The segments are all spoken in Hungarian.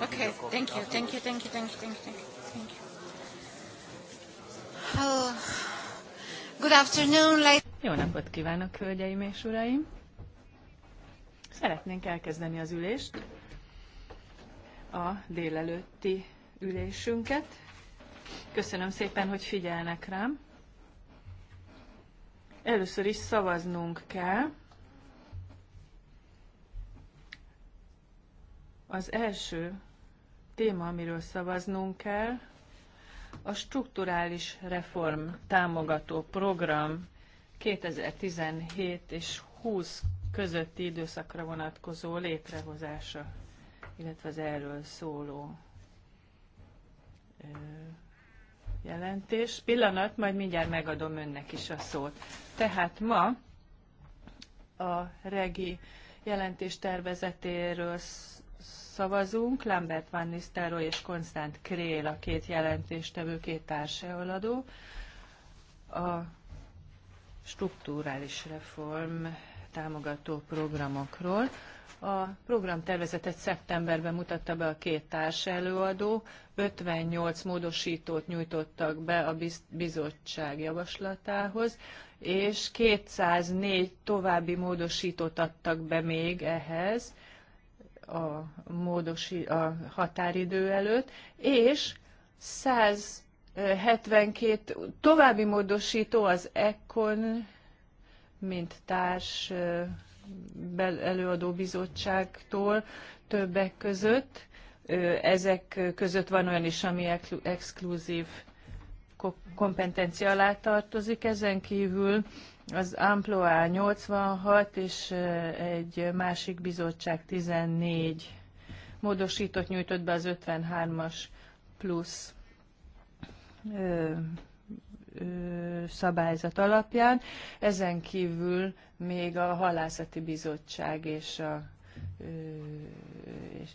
Okay, thank you, thank you, thank you, thank you, thank you, thank you. Hello. Good afternoon, ladies. Jó napot kívánok, hölgyeim és uraim! Szeretnénk elkezdeni az ülést, a délelőtti ülésünket. Köszönöm szépen, hogy figyelnek rám. Először is szavaznunk kell. Az első téma, amiről szavaznunk kell, a strukturális reform támogató program 2017 és 20 közötti időszakra vonatkozó létrehozása, illetve az erről szóló jelentés. Pillanat, majd mindjárt megadom önnek is a szót. Tehát ma a regi jelentés tervezetéről szavazunk. Lambert Van Nistelrooy és Konstant Krél a két jelentéstevő, két társeladó. A strukturális reform támogató programokról. A programtervezetet szeptemberben mutatta be a két társ előadó, 58 módosítót nyújtottak be a bizottság javaslatához, és 204 további módosítót adtak be még ehhez, a, módosi, a határidő előtt, és 172 további módosító az ECON, mint társ előadó bizottságtól többek között. Ezek között van olyan is, ami exkluzív kompetencia alá tartozik. Ezen kívül az Amploa 86 és egy másik bizottság 14 módosított nyújtott be az 53-as plusz ö, ö, szabályzat alapján. Ezen kívül még a halászati bizottság és a, ö, és,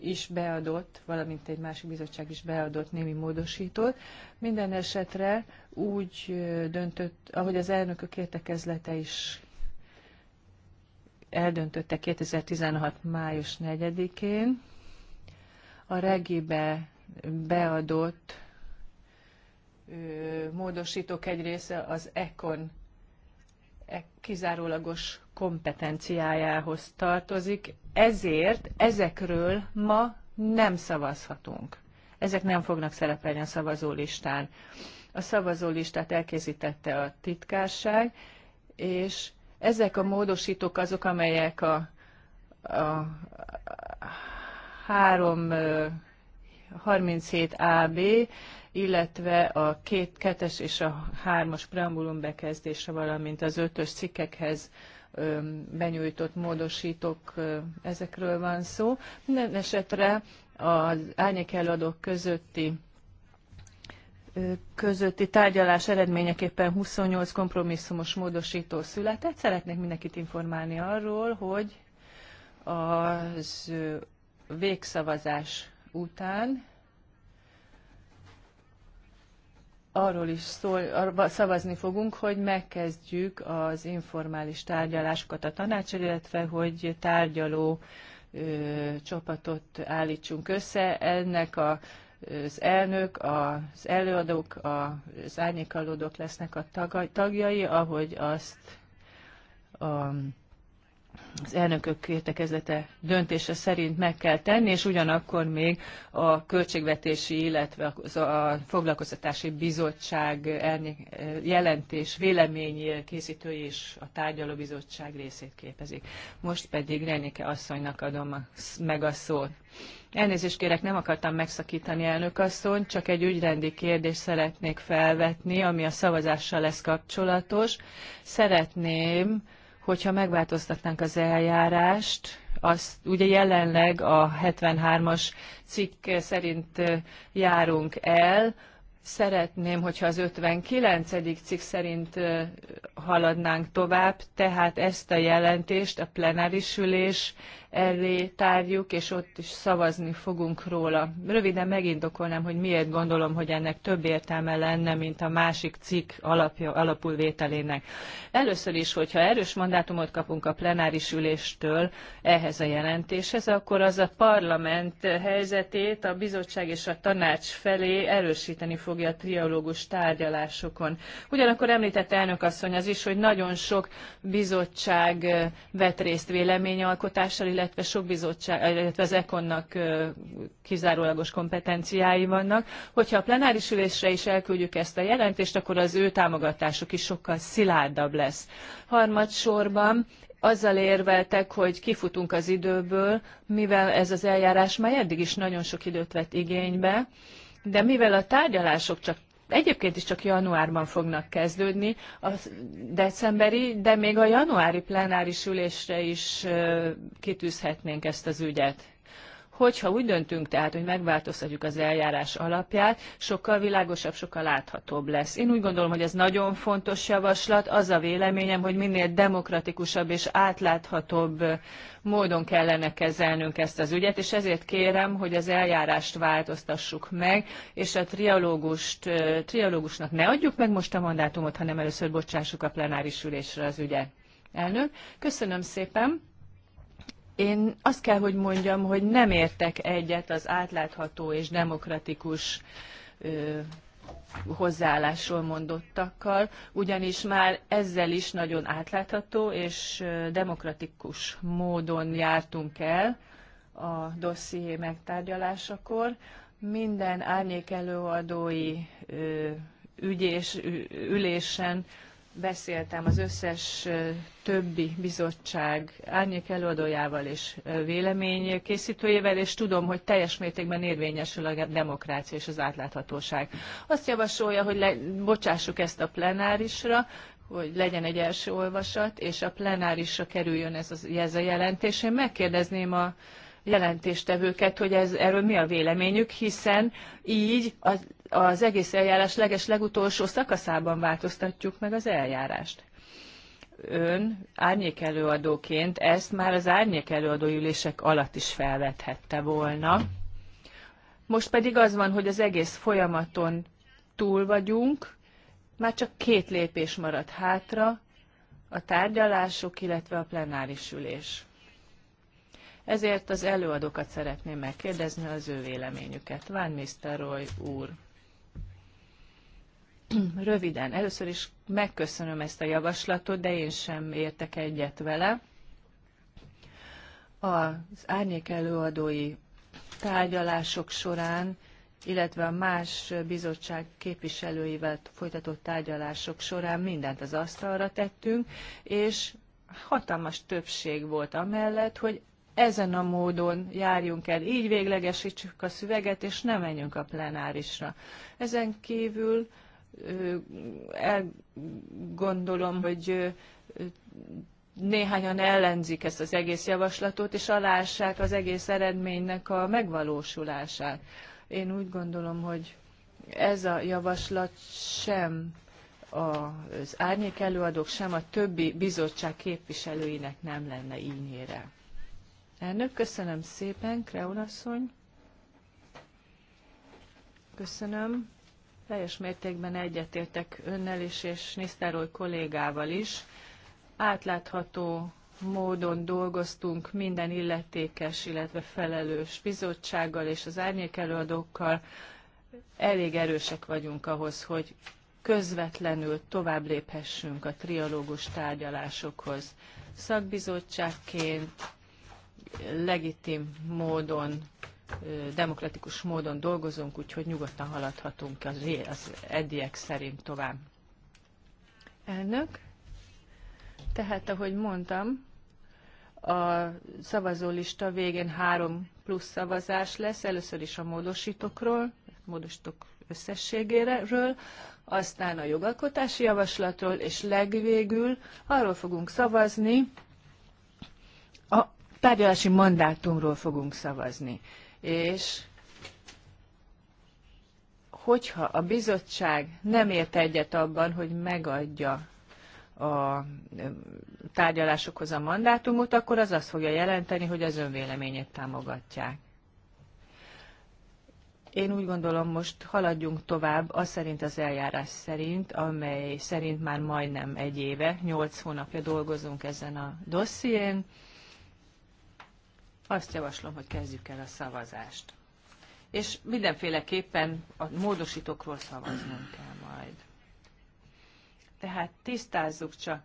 is beadott, valamint egy másik bizottság is beadott némi módosítót. Minden esetre úgy döntött, ahogy az elnökök értekezlete is eldöntötte 2016. május 4-én, a regibe beadott módosítók egy része az ECON E kizárólagos kompetenciájához tartozik, ezért ezekről ma nem szavazhatunk. Ezek nem fognak szerepelni a szavazólistán. A szavazólistát elkészítette a titkárság, és ezek a módosítók azok, amelyek a, a három 37AB, illetve a két, kettes és a hármas preambulum bekezdése, valamint az ötös cikkekhez benyújtott módosítók, ezekről van szó. Minden esetre az árnyék közötti közötti tárgyalás eredményeképpen 28 kompromisszumos módosító született. Szeretnék mindenkit informálni arról, hogy az végszavazás után arról is szól, szavazni fogunk, hogy megkezdjük az informális tárgyalásokat a tanácsra, illetve hogy tárgyaló ö, csapatot állítsunk össze. Ennek a, az elnök, az előadók, az árnyékalódók lesznek a tagjai, ahogy azt a az elnökök értekezlete döntése szerint meg kell tenni, és ugyanakkor még a költségvetési, illetve a foglalkoztatási bizottság eh, jelentés vélemény készítői és a tárgyalóbizottság részét képezik. Most pedig Renike asszonynak adom a, meg a szót. Elnézést kérek, nem akartam megszakítani elnök asszony, csak egy ügyrendi kérdést szeretnék felvetni, ami a szavazással lesz kapcsolatos. Szeretném, hogyha megváltoztatnánk az eljárást, az ugye jelenleg a 73-as cikk szerint járunk el, szeretném, hogyha az 59. cikk szerint haladnánk tovább, tehát ezt a jelentést a plenáris ülés elé tárjuk, és ott is szavazni fogunk róla. Röviden megindokolnám, hogy miért gondolom, hogy ennek több értelme lenne, mint a másik cikk alapja, alapulvételének. Először is, hogyha erős mandátumot kapunk a plenáris üléstől ehhez a jelentéshez, akkor az a parlament helyzetét a bizottság és a tanács felé erősíteni fogja a triológus tárgyalásokon. Ugyanakkor említett elnök asszony az is, hogy nagyon sok bizottság vett részt véleményalkotással, illetve illetve sok bizottság, illetve az ekonnak kizárólagos kompetenciái vannak. Hogyha a plenáris ülésre is elküldjük ezt a jelentést, akkor az ő támogatásuk is sokkal szilárdabb lesz. Harmadsorban azzal érveltek, hogy kifutunk az időből, mivel ez az eljárás már eddig is nagyon sok időt vett igénybe, de mivel a tárgyalások csak egyébként is csak januárban fognak kezdődni a decemberi, de még a januári plenáris ülésre is kitűzhetnénk ezt az ügyet. Hogyha úgy döntünk tehát, hogy megváltoztatjuk az eljárás alapját, sokkal világosabb, sokkal láthatóbb lesz. Én úgy gondolom, hogy ez nagyon fontos javaslat. Az a véleményem, hogy minél demokratikusabb és átláthatóbb módon kellene kezelnünk ezt az ügyet, és ezért kérem, hogy az eljárást változtassuk meg, és a trialógust, trialógusnak ne adjuk meg most a mandátumot, hanem először bocsássuk a plenáris ülésre az ügyet. Elnök, köszönöm szépen! Én azt kell, hogy mondjam, hogy nem értek egyet az átlátható és demokratikus ö, hozzáállásról mondottakkal, ugyanis már ezzel is nagyon átlátható és demokratikus módon jártunk el a dosszié megtárgyalásakor. Minden árnyék előadói ö, ügyés, ülésen beszéltem az összes többi bizottság árnyék előadójával és vélemény készítőjével, és tudom, hogy teljes mértékben érvényesül a demokrácia és az átláthatóság. Azt javasolja, hogy le, bocsássuk ezt a plenárisra, hogy legyen egy első olvasat, és a plenárisra kerüljön ez a, ez a jelentés. Én megkérdezném a jelentéstevőket, hogy ez, erről mi a véleményük, hiszen így az az egész eljárás leges legutolsó szakaszában változtatjuk meg az eljárást. Ön árnyék előadóként ezt már az árnyék ülések alatt is felvethette volna. Most pedig az van, hogy az egész folyamaton túl vagyunk, már csak két lépés maradt hátra, a tárgyalások, illetve a plenáris ülés. Ezért az előadókat szeretném megkérdezni az ő véleményüket. Van Mr. Roy úr. Röviden, először is megköszönöm ezt a javaslatot, de én sem értek egyet vele. Az árnyék előadói tárgyalások során, illetve a más bizottság képviselőivel folytatott tárgyalások során mindent az asztalra tettünk, és hatalmas többség volt amellett, hogy ezen a módon járjunk el, így véglegesítsük a szüveget, és nem menjünk a plenárisra. Ezen kívül elgondolom, hogy néhányan ellenzik ezt az egész javaslatot, és alássák az egész eredménynek a megvalósulását. Én úgy gondolom, hogy ez a javaslat sem az árnyék előadók, sem a többi bizottság képviselőinek nem lenne ínyére. Elnök, köszönöm szépen, Kreulasszony. Köszönöm. Teljes mértékben egyetértek önnel is, és Nisztároly kollégával is. Átlátható módon dolgoztunk minden illetékes, illetve felelős bizottsággal és az árnyékelőadókkal. Elég erősek vagyunk ahhoz, hogy közvetlenül tovább léphessünk a trialógus tárgyalásokhoz. Szakbizottságként legitim módon demokratikus módon dolgozunk, úgyhogy nyugodtan haladhatunk az, az eddiek szerint tovább. Elnök, tehát ahogy mondtam, a szavazólista végén három plusz szavazás lesz, először is a módosítókról, módosítók összességéről, aztán a jogalkotási javaslatról, és legvégül arról fogunk szavazni, a tárgyalási mandátumról fogunk szavazni és hogyha a bizottság nem ért egyet abban, hogy megadja a tárgyalásokhoz a mandátumot, akkor az azt fogja jelenteni, hogy az önvéleményét támogatják. Én úgy gondolom, most haladjunk tovább, az szerint az eljárás szerint, amely szerint már majdnem egy éve, nyolc hónapja dolgozunk ezen a dosszién. Azt javaslom, hogy kezdjük el a szavazást. És mindenféleképpen a módosítókról szavaznunk kell majd. Tehát tisztázzuk csak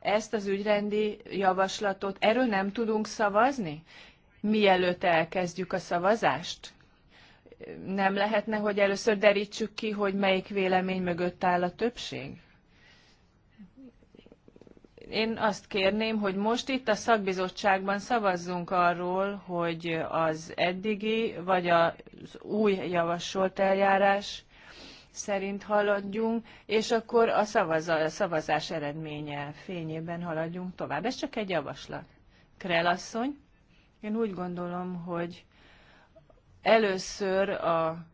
ezt az ügyrendi javaslatot, erről nem tudunk szavazni, mielőtt elkezdjük a szavazást? Nem lehetne, hogy először derítsük ki, hogy melyik vélemény mögött áll a többség? Én azt kérném, hogy most itt a szakbizottságban szavazzunk arról, hogy az eddigi vagy az új javasolt eljárás szerint haladjunk, és akkor a, a szavazás eredménye fényében haladjunk tovább. Ez csak egy javaslat. Krelasszony, én úgy gondolom, hogy először a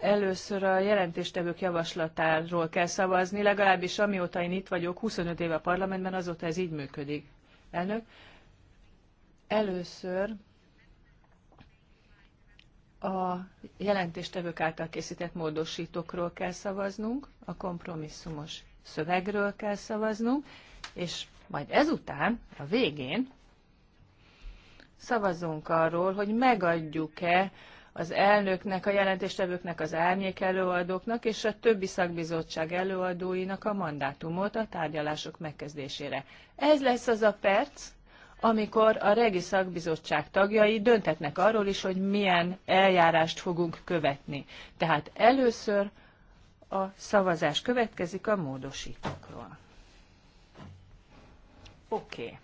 először a jelentéstevők javaslatáról kell szavazni, legalábbis amióta én itt vagyok, 25 éve a parlamentben, azóta ez így működik. Elnök, először a jelentéstevők által készített módosítókról kell szavaznunk, a kompromisszumos szövegről kell szavaznunk, és majd ezután, a végén szavazunk arról, hogy megadjuk-e az elnöknek, a jelentéstevőknek, az árnyék előadóknak és a többi szakbizottság előadóinak a mandátumot a tárgyalások megkezdésére. Ez lesz az a perc, amikor a Regi Szakbizottság tagjai döntetnek arról is, hogy milyen eljárást fogunk követni. Tehát először a szavazás következik a módosítókról. Oké. Okay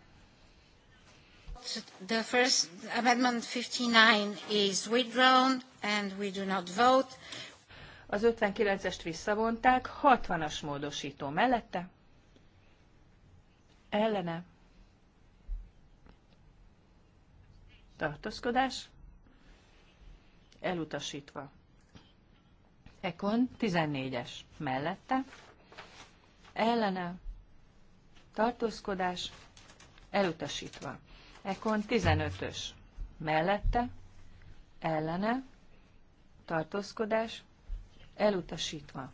the first amendment 59 is withdrawn and we do not vote. Az 59-est visszavonták, 60-as módosító mellette. Ellene. Tartózkodás. Elutasítva. Ekon 14-es mellette. Ellene. Tartózkodás. Elutasítva. Ekon 15-ös. Mellette, ellene, tartózkodás, elutasítva.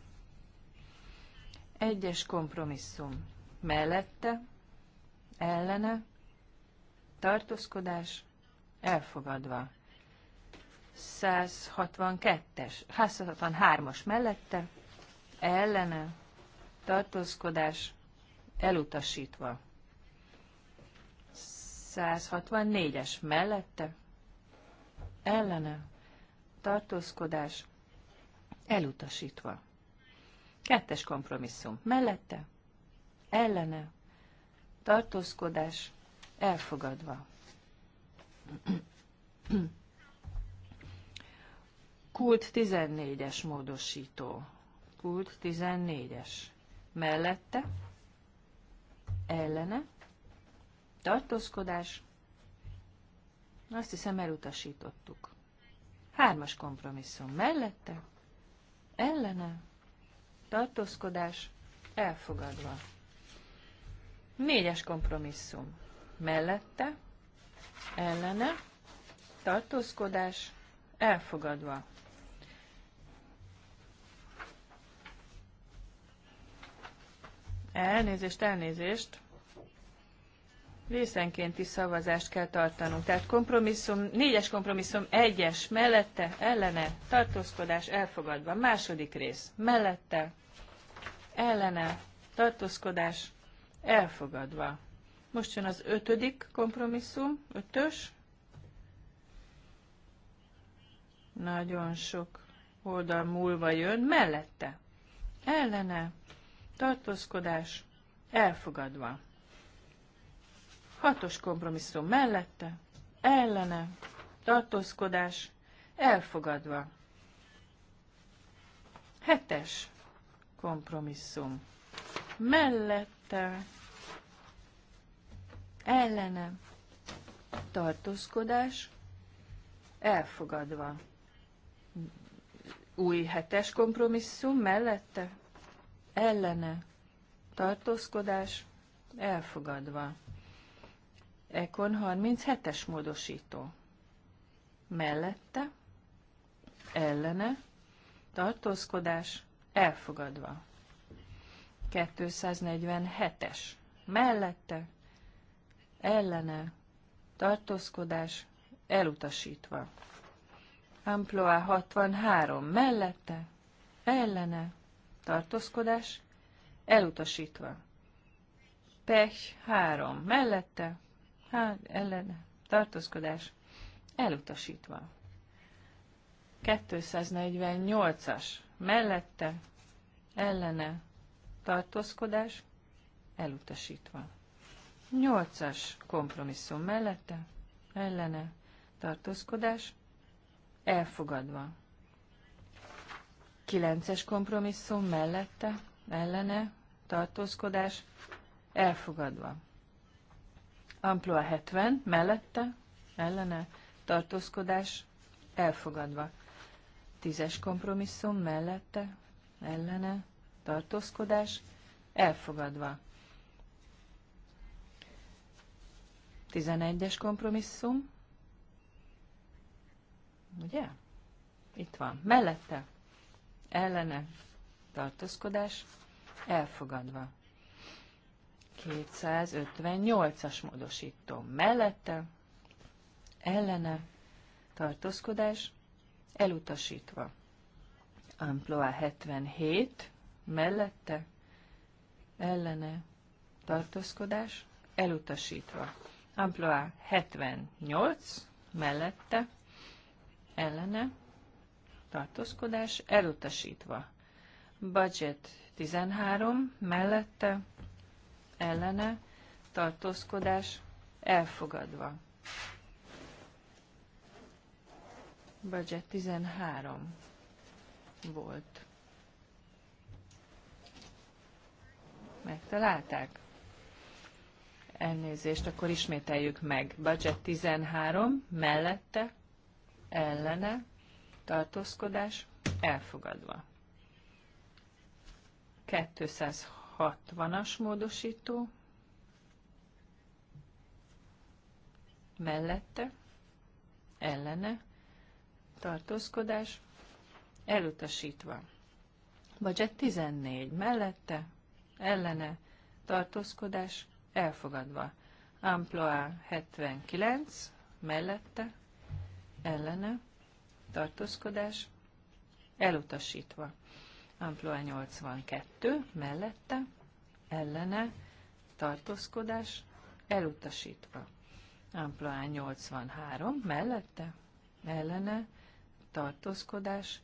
Egyes kompromisszum. Mellette, ellene, tartózkodás, elfogadva. 162-es, 163-as mellette, ellene, tartózkodás, elutasítva. 164-es mellette, ellene, tartózkodás, elutasítva. Kettes kompromisszum mellette, ellene, tartózkodás, elfogadva. Kult 14-es módosító. Kult 14-es. Mellette, ellene, tartózkodás, azt hiszem elutasítottuk. Hármas kompromisszum mellette, ellene, tartózkodás, elfogadva. Négyes kompromisszum mellette, ellene, tartózkodás, elfogadva. Elnézést, elnézést részenkénti szavazást kell tartanunk. Tehát kompromisszum, négyes kompromisszum, egyes, mellette, ellene, tartózkodás elfogadva. Második rész, mellette, ellene, tartózkodás elfogadva. Most jön az ötödik kompromisszum, ötös. Nagyon sok oldal múlva jön, mellette, ellene, tartózkodás elfogadva. Hatos kompromisszum mellette, ellene, tartózkodás, elfogadva. Hetes kompromisszum mellette, ellene, tartózkodás, elfogadva. Új hetes kompromisszum mellette, ellene, tartózkodás, elfogadva. Ekon 37-es módosító. Mellette, ellene, tartózkodás, elfogadva. 247-es. Mellette, ellene, tartózkodás, elutasítva. Amploa 63 mellette, ellene, tartózkodás, elutasítva. Pech 3 mellette, hát ellen tartózkodás elutasítva. 248-as mellette ellene tartózkodás elutasítva. 8-as kompromisszum mellette ellene tartózkodás elfogadva. 9-es kompromisszum mellette ellene tartózkodás elfogadva. Amplua 70, mellette, ellene, tartózkodás, elfogadva. Tízes kompromisszum, mellette, ellene, tartózkodás, elfogadva. Tizenegyes kompromisszum, ugye? Itt van. Mellette, ellene, tartózkodás, elfogadva. 258-as módosító mellette, ellene, tartózkodás, elutasítva. Amploa 77 mellette, ellene, tartózkodás, elutasítva. Amploa 78 mellette, ellene, tartózkodás, elutasítva. Budget 13 mellette, ellene, tartózkodás elfogadva. Budget 13 volt. Megtalálták? Elnézést, akkor ismételjük meg. Budget 13, mellette, ellene, tartózkodás, elfogadva. 206 60-as módosító mellette, ellene, tartózkodás, elutasítva. Budget 14 mellette, ellene, tartózkodás, elfogadva. Amploa 79 mellette, ellene, tartózkodás, elutasítva. Amploa 82 mellette, ellene, tartózkodás, elutasítva. Amploa 83 mellette, ellene, tartózkodás,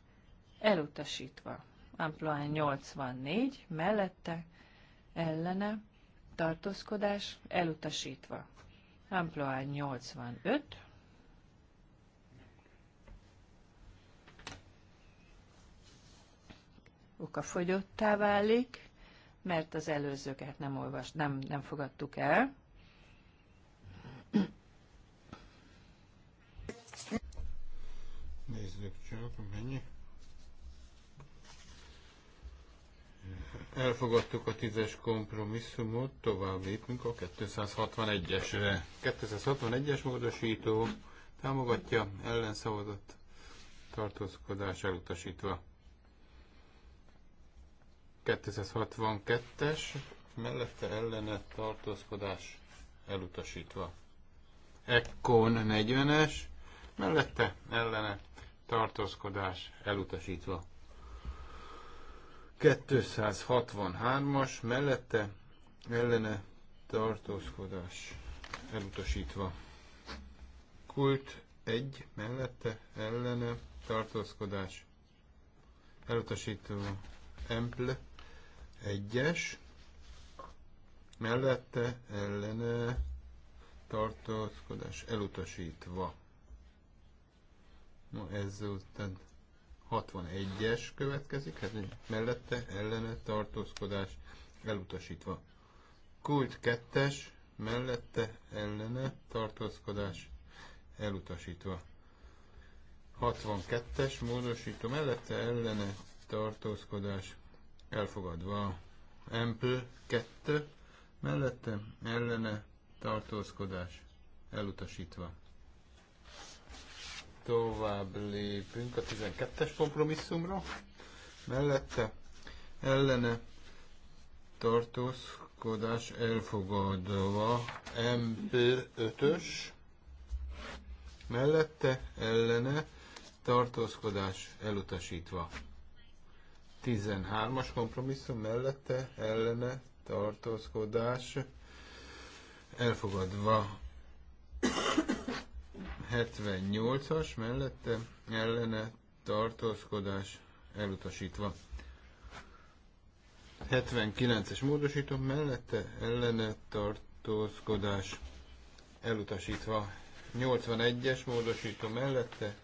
elutasítva. Amploa 84 mellette, ellene, tartózkodás, elutasítva. Amploa 85 okafogyottá válik, mert az előzőket nem, olvas, nem, nem fogadtuk el. Nézzük csak, mennyi. Elfogadtuk a tízes kompromisszumot, tovább lépünk a 261-esre. 261-es módosító támogatja ellenszavazat tartózkodás elutasítva. 262-es, mellette ellene tartózkodás elutasítva. Ekkon 40-es, mellette ellene tartózkodás elutasítva. 263-as, mellette ellene tartózkodás elutasítva. Kult 1, mellette ellene tartózkodás elutasítva. Emple egyes, mellette ellene tartózkodás elutasítva. ezzel ezután 61-es következik, hát mellette ellene tartózkodás elutasítva. Kult 2-es, mellette ellene tartózkodás elutasítva. 62-es módosító mellette ellene tartózkodás elfogadva. mp 2 mellette ellene tartózkodás elutasítva. Tovább lépünk a 12-es kompromisszumra. Mellette ellene tartózkodás elfogadva MP5-ös. Mellette ellene tartózkodás elutasítva. 13-as kompromisszum mellette ellene tartózkodás elfogadva 78-as mellette ellene tartózkodás elutasítva. 79-es módosító mellette ellene tartózkodás elutasítva. 81-es módosító mellette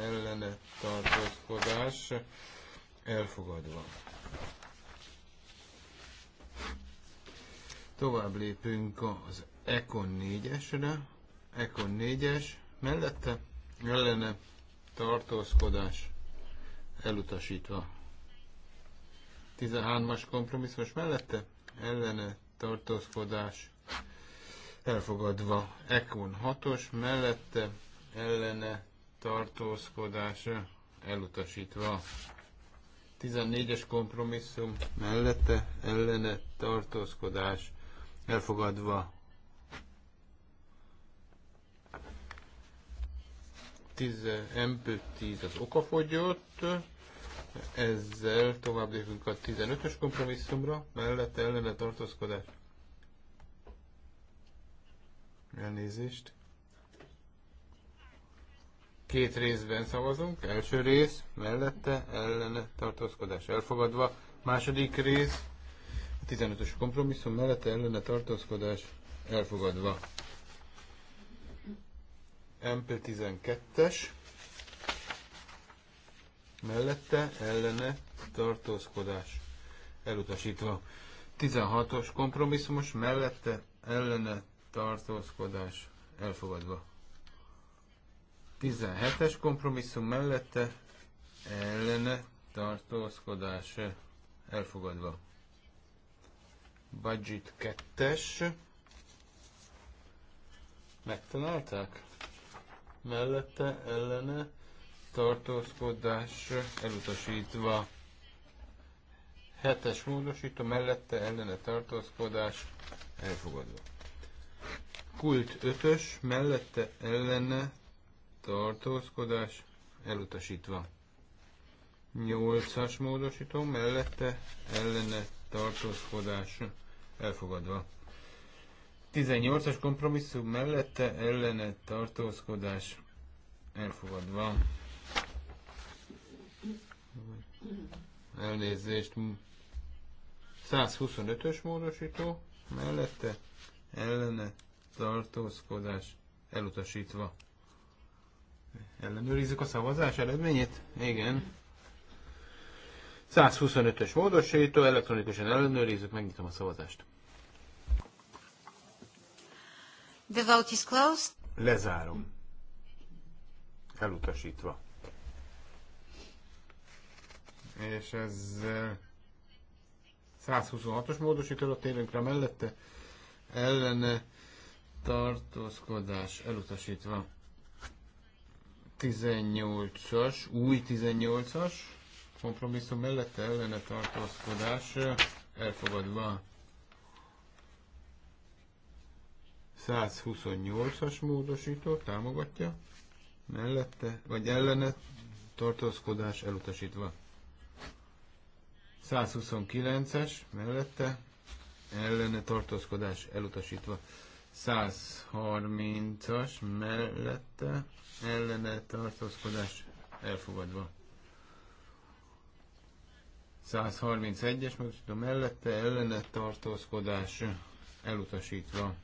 ellene tartózkodás elfogadva. Tovább lépünk az Econ 4-esre. Econ 4-es mellette ellene tartózkodás elutasítva. 13-as kompromisszus mellette ellene tartózkodás elfogadva. Econ 6-os mellette ellene tartózkodás elutasítva. 14-es kompromisszum mellette ellene tartózkodás elfogadva 10, MP 10 az okafogyott, ezzel tovább lépünk a 15-ös kompromisszumra, mellette ellene tartózkodás. Elnézést. Két részben szavazunk. Első rész mellette ellene tartózkodás elfogadva. Második rész a 15-ös kompromisszum mellette ellene tartózkodás elfogadva. MP12-es mellette ellene tartózkodás elutasítva. 16-os kompromisszumos mellette ellene tartózkodás elfogadva. 17-es kompromisszum mellette ellene tartózkodás elfogadva. Budget 2-es. Megtalálták? Mellette ellene tartózkodás elutasítva. 7-es módosító mellette ellene tartózkodás elfogadva. Kult 5-ös mellette ellene tartózkodás elutasítva. 8-as módosító mellette ellene tartózkodás elfogadva. 18-as kompromisszum mellette ellene tartózkodás elfogadva. Elnézést. 125-ös módosító mellette ellene tartózkodás elutasítva. Ellenőrizzük a szavazás eredményét? Igen. 125-ös módosító, elektronikusan ellenőrizzük, megnyitom a szavazást. The vote is closed. Lezárom. Elutasítva. És ez 126-os eh, módosító a rá mellette. Ellene tartózkodás elutasítva. 18-as, új 18-as, kompromisszum mellette ellene tartózkodás elfogadva. 128-as módosító támogatja, mellette, vagy ellene tartózkodás elutasítva. 129-es mellette, ellene tartózkodás elutasítva. 130-as mellette ellene tartózkodás elfogadva. 131-es módosító mellette ellene tartózkodás elutasítva.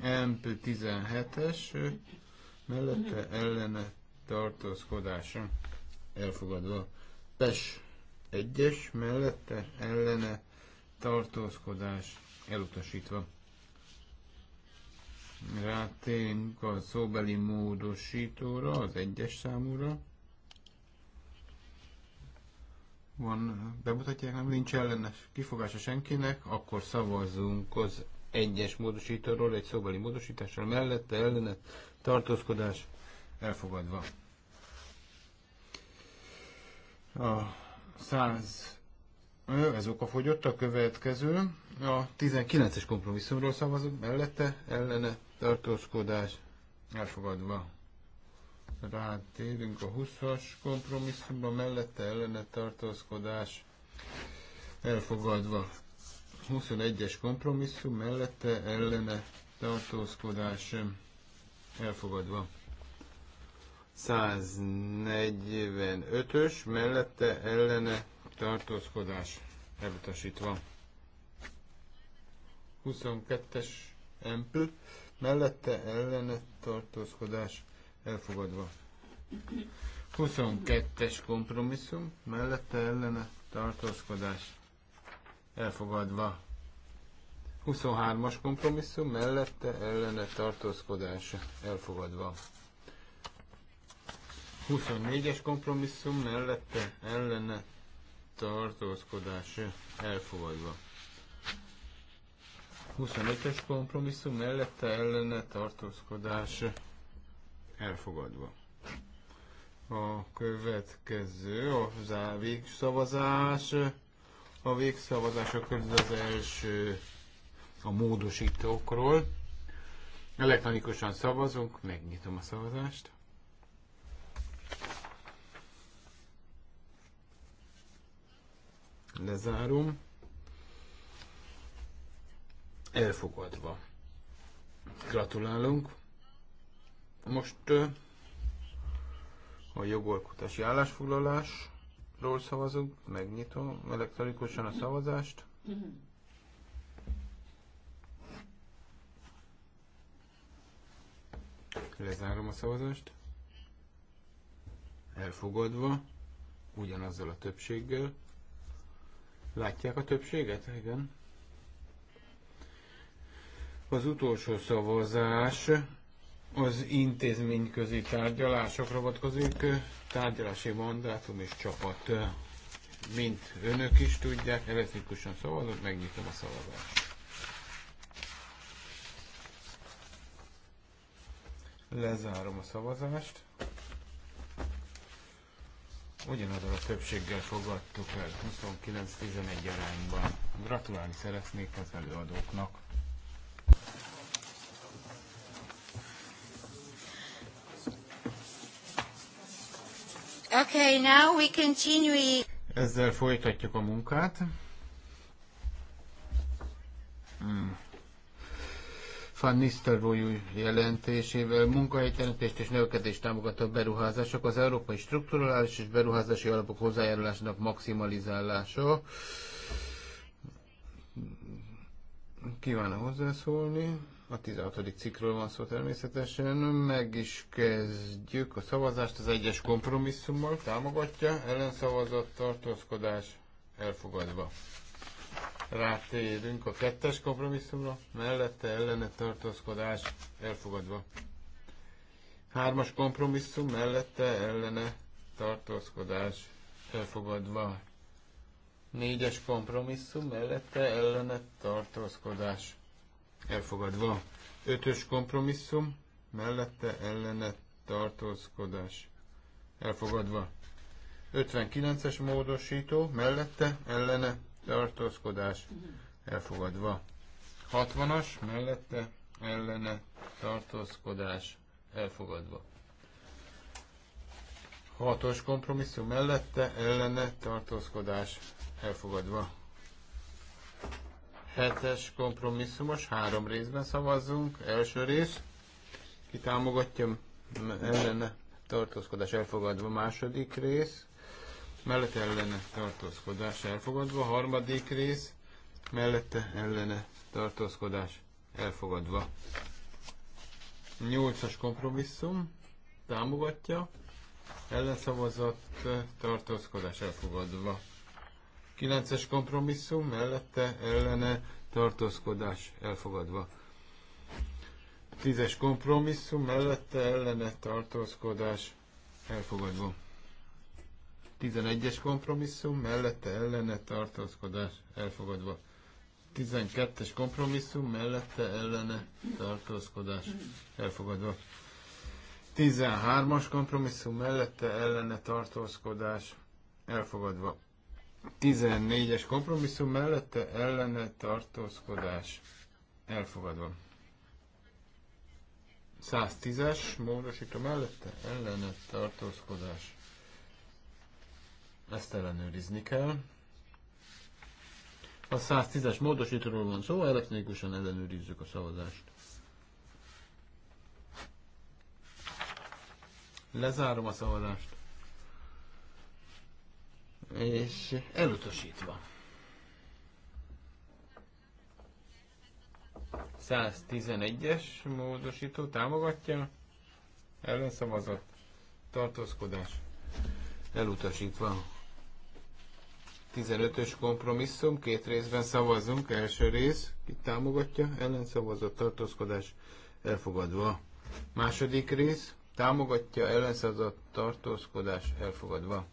MP 17-es mellette ellene tartózkodás elfogadva. PES 1-es mellette ellene tartózkodás elutasítva rátérünk a szóbeli módosítóra, az egyes számúra. Van, bemutatják, nem nincs ellenes kifogása senkinek, akkor szavazzunk az egyes módosítóról, egy szóbeli módosítással mellette ellene tartózkodás elfogadva. A száz, ez okafogyott a következő. A 19-es kompromisszumról szavazunk mellette, ellene tartózkodás elfogadva. Rátérünk a 20-as kompromisszumban, mellette ellene tartózkodás elfogadva. 21-es kompromisszum, mellette ellene tartózkodás elfogadva. 145-ös, mellette ellene tartózkodás elutasítva. 22-es empl mellette ellene tartózkodás elfogadva. 22-es kompromisszum, mellette ellene tartózkodás elfogadva. 23-as kompromisszum, mellette ellene tartózkodás elfogadva. 24-es kompromisszum, mellette ellene tartózkodás elfogadva. 25-ös kompromisszum mellette ellene tartózkodás elfogadva. A következő, a végszavazás. A végszavazások közül az első a módosítókról. Elektronikusan szavazunk, megnyitom a szavazást. Lezárom elfogadva. Gratulálunk. Most a jogolkotási állásfoglalásról szavazunk. Megnyitom elektronikusan a szavazást. Lezárom a szavazást. Elfogadva, ugyanazzal a többséggel. Látják a többséget? Igen. Az utolsó szavazás az intézményközi tárgyalásokra vonatkozik, tárgyalási mandátum és csapat. Mint önök is tudják, elektrikusan szavazott, megnyitom a szavazást. Lezárom a szavazást. Ugyanazon a többséggel fogadtuk el 29-11 arányban. Gratulálni szeretnék az előadóknak. Okay, now we continue. Ezzel folytatjuk a munkát. Hmm. Van Nistelrooy jelentésével munkahelyteremtést és növekedést támogató beruházások, az európai strukturális és beruházási alapok hozzájárulásának maximalizálása. Kívánok hozzászólni. A 16. cikkről van szó természetesen. Meg is kezdjük a szavazást az egyes kompromisszummal. Támogatja, ellenszavazat, tartózkodás elfogadva. Rátérünk a kettes kompromisszumra, mellette ellene tartózkodás elfogadva. Hármas kompromisszum, mellette ellene tartózkodás elfogadva. Négyes kompromisszum, mellette ellene tartózkodás elfogadva. Ötös kompromisszum, mellette ellene tartózkodás elfogadva. 59-es módosító, mellette ellene tartózkodás elfogadva. 60-as, mellette ellene tartózkodás elfogadva. 6-os kompromisszum mellette ellene tartózkodás elfogadva. Hetes kompromisszumos, három részben szavazzunk. Első rész, ki támogatja ellene tartózkodás elfogadva. Második rész, mellette ellene tartózkodás elfogadva. Harmadik rész, mellette ellene tartózkodás elfogadva. Nyolcas kompromisszum, támogatja, ellenszavazat, tartózkodás elfogadva. 9-es kompromisszum mellette ellene tartózkodás elfogadva. 10-es kompromisszum mellette ellene tartózkodás elfogadva. 11-es kompromisszum mellette ellene tartózkodás elfogadva. 12-es kompromisszum mellette ellene tartózkodás elfogadva. 13-as kompromisszum mellette ellene tartózkodás elfogadva. 14-es kompromisszum mellette ellene tartózkodás elfogadva. 110-es módosító mellette ellene tartózkodás. Ezt ellenőrizni kell. A 110-es módosítóról van szó, elektronikusan ellenőrizzük a szavazást. Lezárom a szavazást és elutasítva. 111-es módosító támogatja, ellenszavazat, tartózkodás, elutasítva. 15-ös kompromisszum, két részben szavazunk, első rész, ki támogatja, ellenszavazat, tartózkodás, elfogadva. Második rész, támogatja, ellenszavazat, tartózkodás, elfogadva.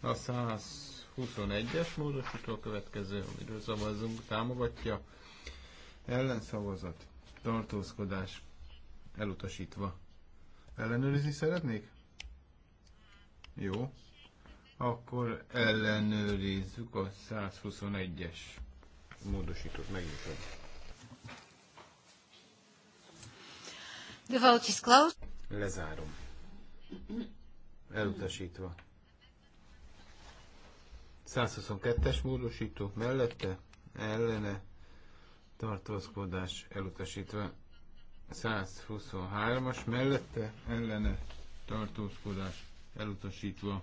A 121-es módosító a következő, amiről szavazunk, támogatja. Ellenszavazat, tartózkodás, elutasítva. Ellenőrizni szeretnék? Jó. Akkor ellenőrizzük a 121-es módosítót, megnyitom. The vote is closed. Lezárom. Elutasítva. 122-es módosító mellette ellene tartózkodás elutasítva. 123-as mellette ellene tartózkodás elutasítva.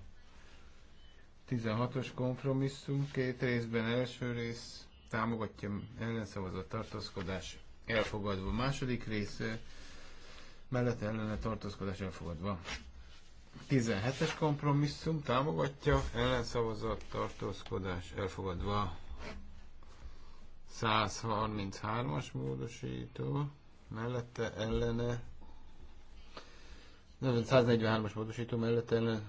16-os kompromisszum két részben első rész támogatja ellenszavazott tartózkodás elfogadva. Második rész mellette ellene tartózkodás elfogadva. 17-es kompromisszum támogatja, ellenszavazat, tartózkodás elfogadva. 133-as módosító, mellette ellene, 143-as módosító mellette ellene,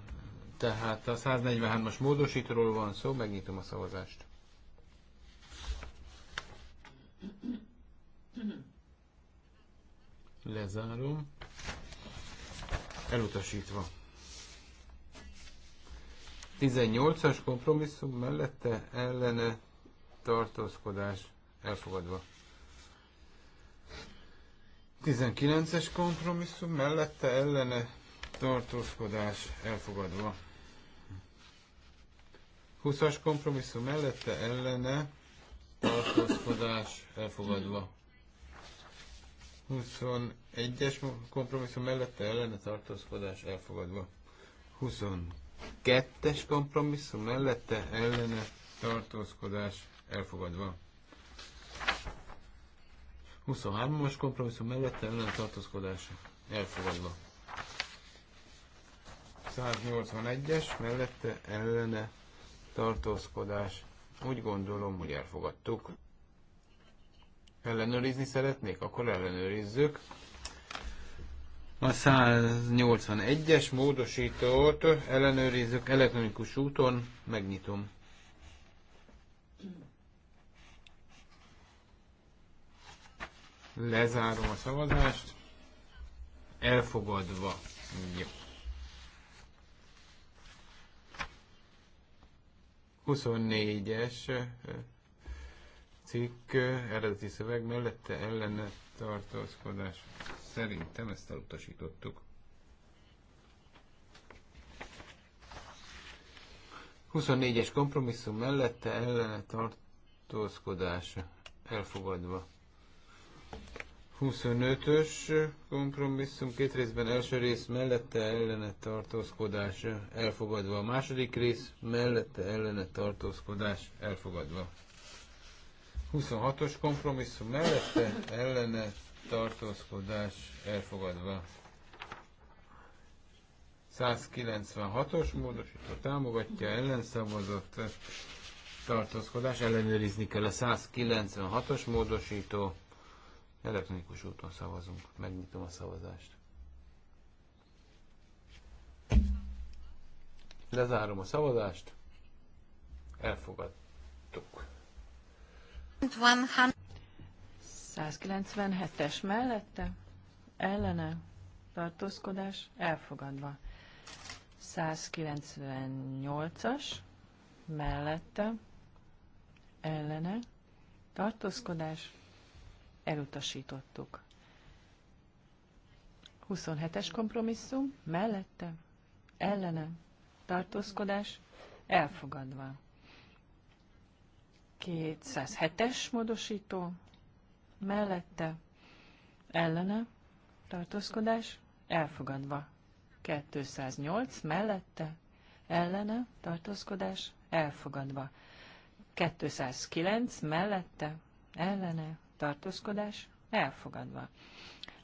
tehát a 143-as módosítóról van szó, megnyitom a szavazást. Lezárom. Elutasítva. 18-as kompromisszum mellette ellene tartózkodás elfogadva. 19-es kompromisszum mellette ellene tartózkodás elfogadva. 20-as kompromisszum mellette ellene tartózkodás elfogadva. 21-es kompromisszum mellette ellene tartózkodás elfogadva. 22 Kettes kompromisszum mellette ellene tartózkodás elfogadva. 23-as kompromisszum mellette ellen tartózkodás elfogadva. 181-es mellette ellene tartózkodás. Úgy gondolom, hogy elfogadtuk. Ellenőrizni szeretnék? Akkor ellenőrizzük a 181-es módosítót ellenőrizzük elektronikus úton, megnyitom. Lezárom a szavazást. Elfogadva. Jó. 24-es eh, cikk eh, eredeti szöveg mellette ellene tartózkodás Szerintem ezt elutasítottuk. 24-es kompromisszum mellette ellene tartózkodás elfogadva. 25-ös kompromisszum két részben első rész mellette ellene tartózkodás elfogadva. A második rész mellette ellene tartózkodás elfogadva. 26-os kompromisszum mellette ellene tartózkodás elfogadva. 196-os módosító támogatja, ellenszavazott tartózkodás, ellenőrizni kell a 196-os módosító. Elektronikus úton szavazunk. Megnyitom a szavazást. Lezárom a szavazást. Elfogadtuk. 197-es mellette, ellene, tartózkodás, elfogadva. 198-as mellette, ellene, tartózkodás, elutasítottuk. 27-es kompromisszum, mellette, ellene, tartózkodás, elfogadva. 207-es módosító, mellette, ellene, tartózkodás, elfogadva. 208 mellette, ellene, tartózkodás, elfogadva. 209 mellette, ellene, tartózkodás, elfogadva.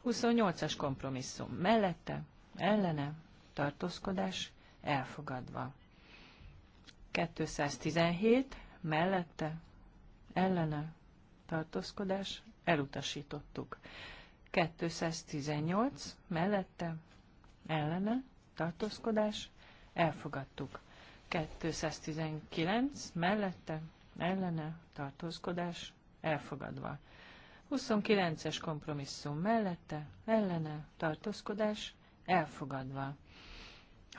28-as kompromisszum mellette, ellene, tartózkodás, elfogadva. 217 mellette, ellene, tartózkodás, elutasítottuk. 218 mellette ellene tartózkodás elfogadtuk. 219 mellette ellene tartózkodás elfogadva. 29-es kompromisszum mellette ellene tartózkodás elfogadva.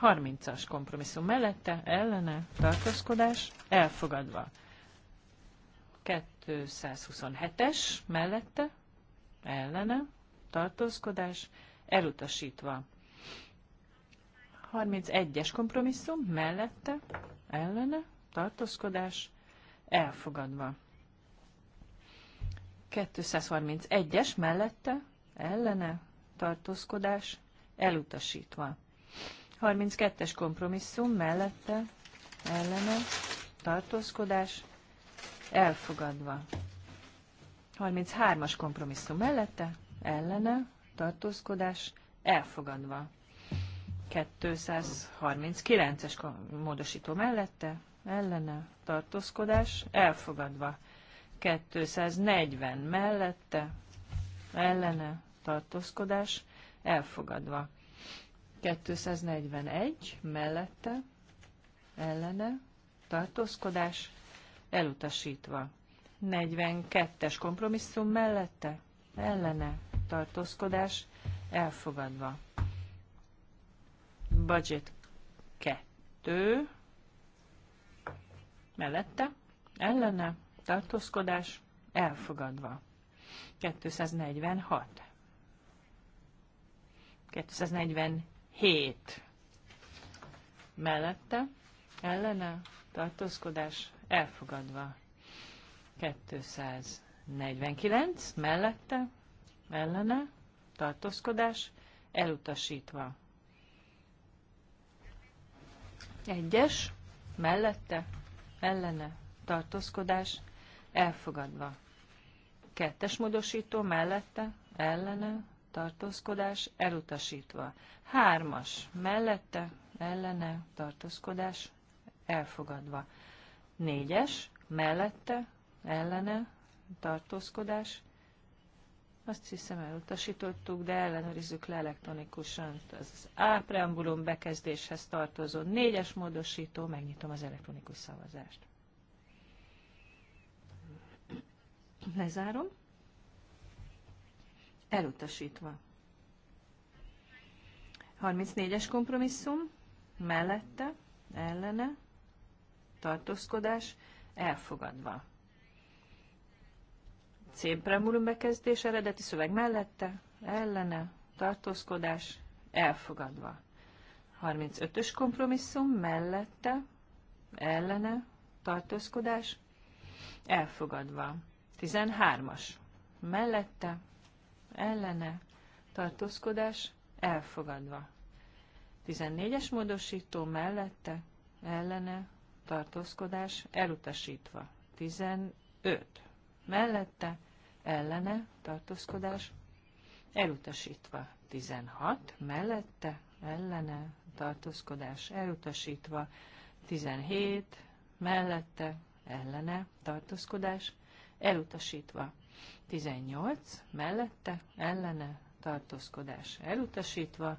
30-as kompromisszum mellette ellene tartózkodás elfogadva. 227-es mellette, ellene, tartózkodás, elutasítva. 31-es kompromisszum mellette, ellene, tartózkodás, elfogadva. 231-es mellette, ellene, tartózkodás, elutasítva. 32-es kompromisszum mellette, ellene, tartózkodás, elfogadva. 33-as kompromisszum mellette, ellene, tartózkodás, elfogadva. 239-es módosító mellette, ellene, tartózkodás, elfogadva. 240 mellette, ellene, tartózkodás, elfogadva. 241 mellette, ellene, tartózkodás, elutasítva. 42-es kompromisszum mellette, ellene tartózkodás elfogadva. Budget 2 mellette, ellene tartózkodás elfogadva. 246. 247 mellette, ellene tartózkodás elfogadva. 249 mellette, ellene, tartózkodás, elutasítva. Egyes, mellette, ellene, tartózkodás, elfogadva. Kettes módosító, mellette, ellene, tartózkodás, elutasítva. Hármas, mellette, ellene, tartózkodás, elfogadva. Négyes, mellette, ellene, tartózkodás. Azt hiszem elutasítottuk, de ellenőrizzük le elektronikusan. az A preambulum bekezdéshez tartozó négyes módosító, megnyitom az elektronikus szavazást. Lezárom. Elutasítva. 34-es kompromisszum, mellette, ellene, tartózkodás elfogadva. C bekezdés eredeti szöveg mellette, ellene, tartózkodás elfogadva. 35-ös kompromisszum mellette, ellene, tartózkodás elfogadva. 13-as mellette, ellene, tartózkodás elfogadva. 14-es módosító mellette, ellene, tartózkodás elutasítva. 15 mellette ellene tartózkodás elutasítva. 16 mellette ellene tartózkodás elutasítva. 17 mellette ellene tartózkodás elutasítva. 18 mellette ellene tartózkodás elutasítva.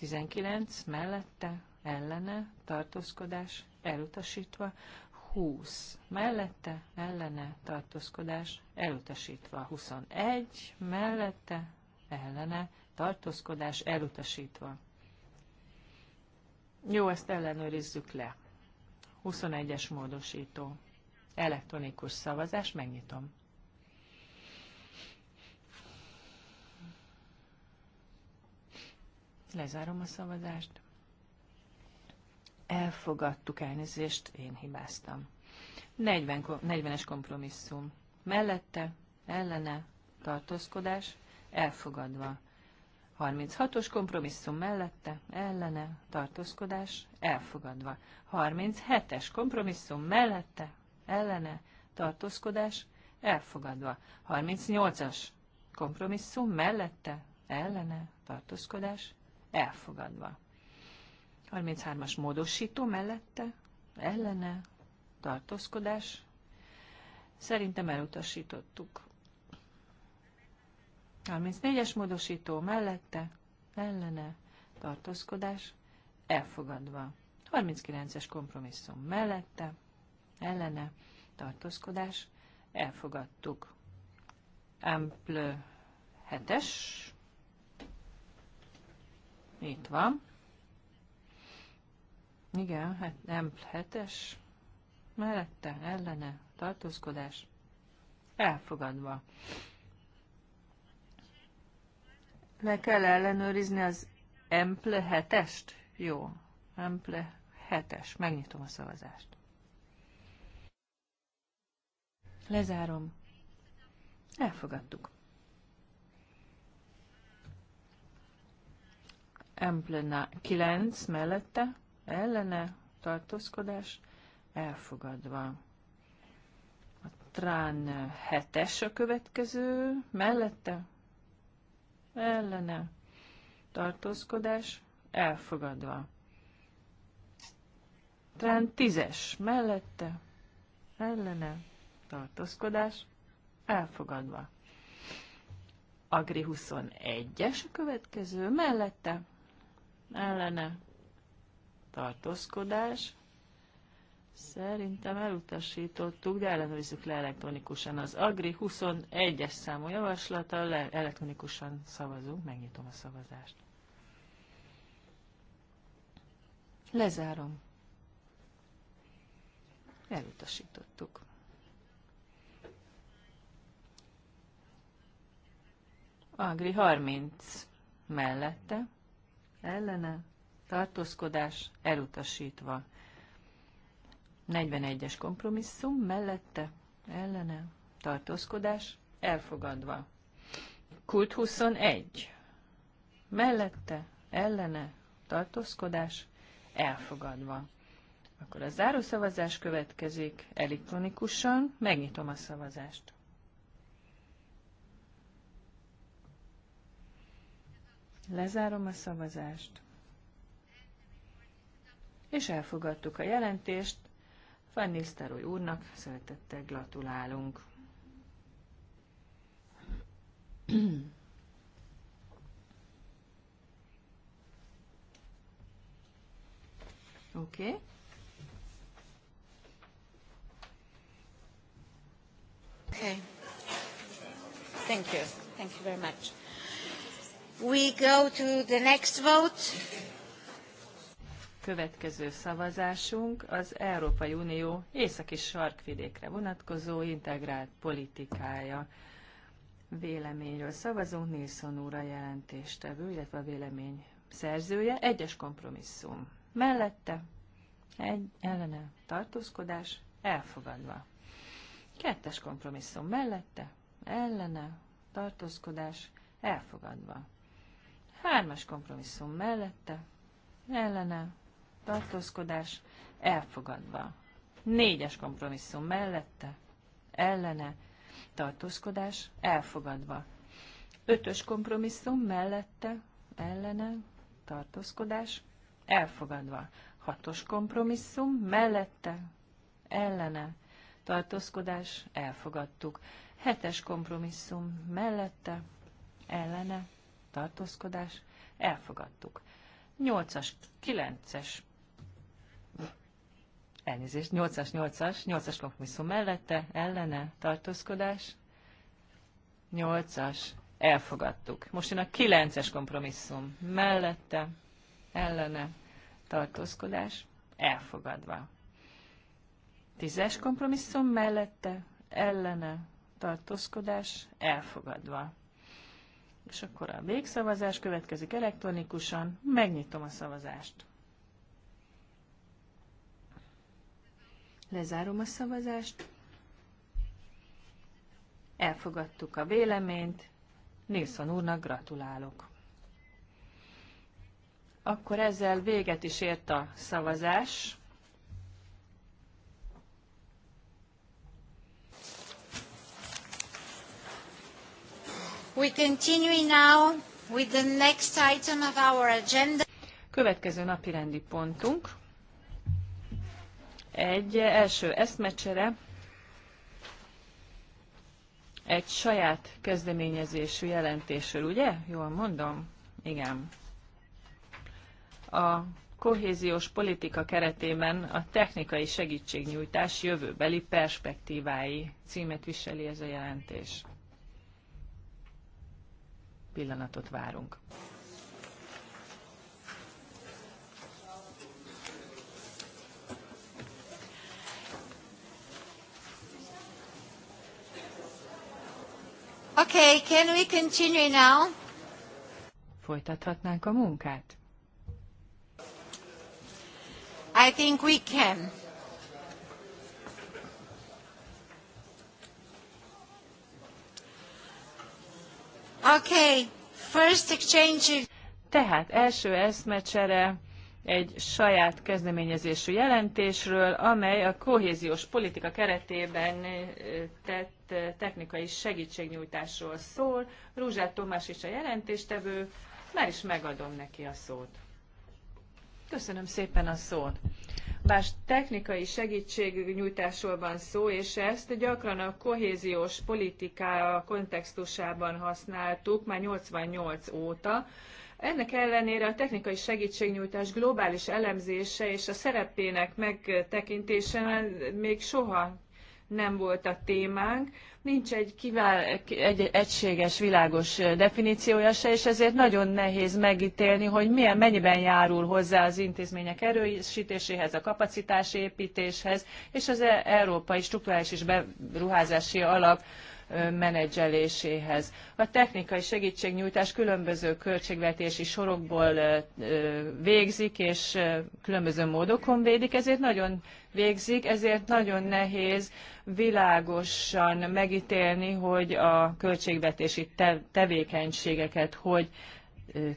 19 mellette ellene tartózkodás elutasítva, 20 mellette, ellene tartózkodás, elutasítva, 21 mellette, ellene tartózkodás, elutasítva. Jó, ezt ellenőrizzük le. 21-es módosító. Elektronikus szavazás, megnyitom. Lezárom a szavazást elfogadtuk elnézést, én hibáztam. 40, 40-es kompromisszum. Mellette, ellene, tartózkodás, elfogadva. 36-os kompromisszum mellette, ellene, tartózkodás, elfogadva. 37-es kompromisszum mellette, ellene, tartózkodás, elfogadva. 38-as kompromisszum mellette, ellene, tartózkodás, elfogadva. 33-as módosító mellette, ellene, tartózkodás. Szerintem elutasítottuk. 34-es módosító mellette, ellene, tartózkodás, elfogadva. 39-es kompromisszum mellette, ellene, tartózkodás, elfogadtuk. Ample 7-es, itt van, igen, hát nem hetes. Mellette, ellene, tartózkodás. Elfogadva. Le kell ellenőrizni az emple hetest? Jó, emple hetes. Megnyitom a szavazást. Lezárom. Elfogadtuk. Emple 9 mellette ellene tartózkodás elfogadva. A trán hetes a következő, mellette ellene tartózkodás elfogadva. Trán tízes, mellette ellene tartózkodás elfogadva. Agri 21-es a következő, mellette ellene tartózkodás. Szerintem elutasítottuk, de ellenőrizzük le elektronikusan. Az Agri 21-es számú javaslata, le elektronikusan szavazunk, megnyitom a szavazást. Lezárom. Elutasítottuk. Agri 30 mellette, ellene, tartózkodás elutasítva. 41-es kompromisszum mellette, ellene, tartózkodás elfogadva. Kult 21. Mellette, ellene, tartózkodás elfogadva. Akkor a zárószavazás következik elektronikusan. Megnyitom a szavazást. Lezárom a szavazást és elfogadtuk a jelentést. Van Nisztároly úrnak szeretettel gratulálunk. Oké. Okay. Okay. Thank you. Thank you very much. We go to the next vote következő szavazásunk az Európai Unió északi sarkvidékre vonatkozó integrált politikája. Véleményről szavazunk, Nilsson úr a jelentéstevő, illetve a vélemény szerzője, egyes kompromisszum. Mellette egy ellene tartózkodás elfogadva. Kettes kompromisszum mellette ellene tartózkodás elfogadva. Hármas kompromisszum mellette ellene tartózkodás elfogadva. Négyes kompromisszum mellette, ellene, tartózkodás elfogadva. Ötös kompromisszum mellette, ellene, tartózkodás elfogadva. Hatos kompromisszum mellette, ellene, tartózkodás elfogadtuk. Hetes kompromisszum mellette, ellene, tartózkodás elfogadtuk. 8-as, 9-es elnézést, 8-as, 8-as, 8-as kompromisszum mellette, ellene, tartózkodás, 8-as, elfogadtuk. Most jön a 9-es kompromisszum mellette, ellene, tartózkodás, elfogadva. 10-es kompromisszum mellette, ellene, tartózkodás, elfogadva. És akkor a végszavazás következik elektronikusan, megnyitom a szavazást. Lezárom a szavazást. Elfogadtuk a véleményt. Nilsson úrnak gratulálok. Akkor ezzel véget is ért a szavazás. We continue now with the next item of our agenda. Következő napi rendi pontunk egy első eszmecsere egy saját kezdeményezésű jelentésről, ugye? Jól mondom? Igen. A kohéziós politika keretében a technikai segítségnyújtás jövőbeli perspektívái címet viseli ez a jelentés. Pillanatot várunk. Okay, can we continue now? Folytathatnánk a munkát? I think we can. Okay, first exchange. Tehát első eszmecsere egy saját kezdeményezésű jelentésről, amely a kohéziós politika keretében tett technikai segítségnyújtásról szól. Rúzsát Tomás is a jelentéstevő, már is megadom neki a szót. Köszönöm szépen a szót. Bár technikai segítségnyújtásról van szó, és ezt gyakran a kohéziós politika kontextusában használtuk már 88 óta, ennek ellenére a technikai segítségnyújtás globális elemzése és a szerepének megtekintése még soha nem volt a témánk, nincs egy, kivál, egy egységes, világos definíciója se, és ezért nagyon nehéz megítélni, hogy milyen mennyiben járul hozzá az intézmények erősítéséhez, a kapacitásépítéshez, és az e-, Európai struktúrális és Beruházási Alap menedzseléséhez. A technikai segítségnyújtás különböző költségvetési sorokból végzik, és különböző módokon védik, ezért nagyon végzik, ezért nagyon nehéz világosan megítélni, hogy a költségvetési tevékenységeket hogy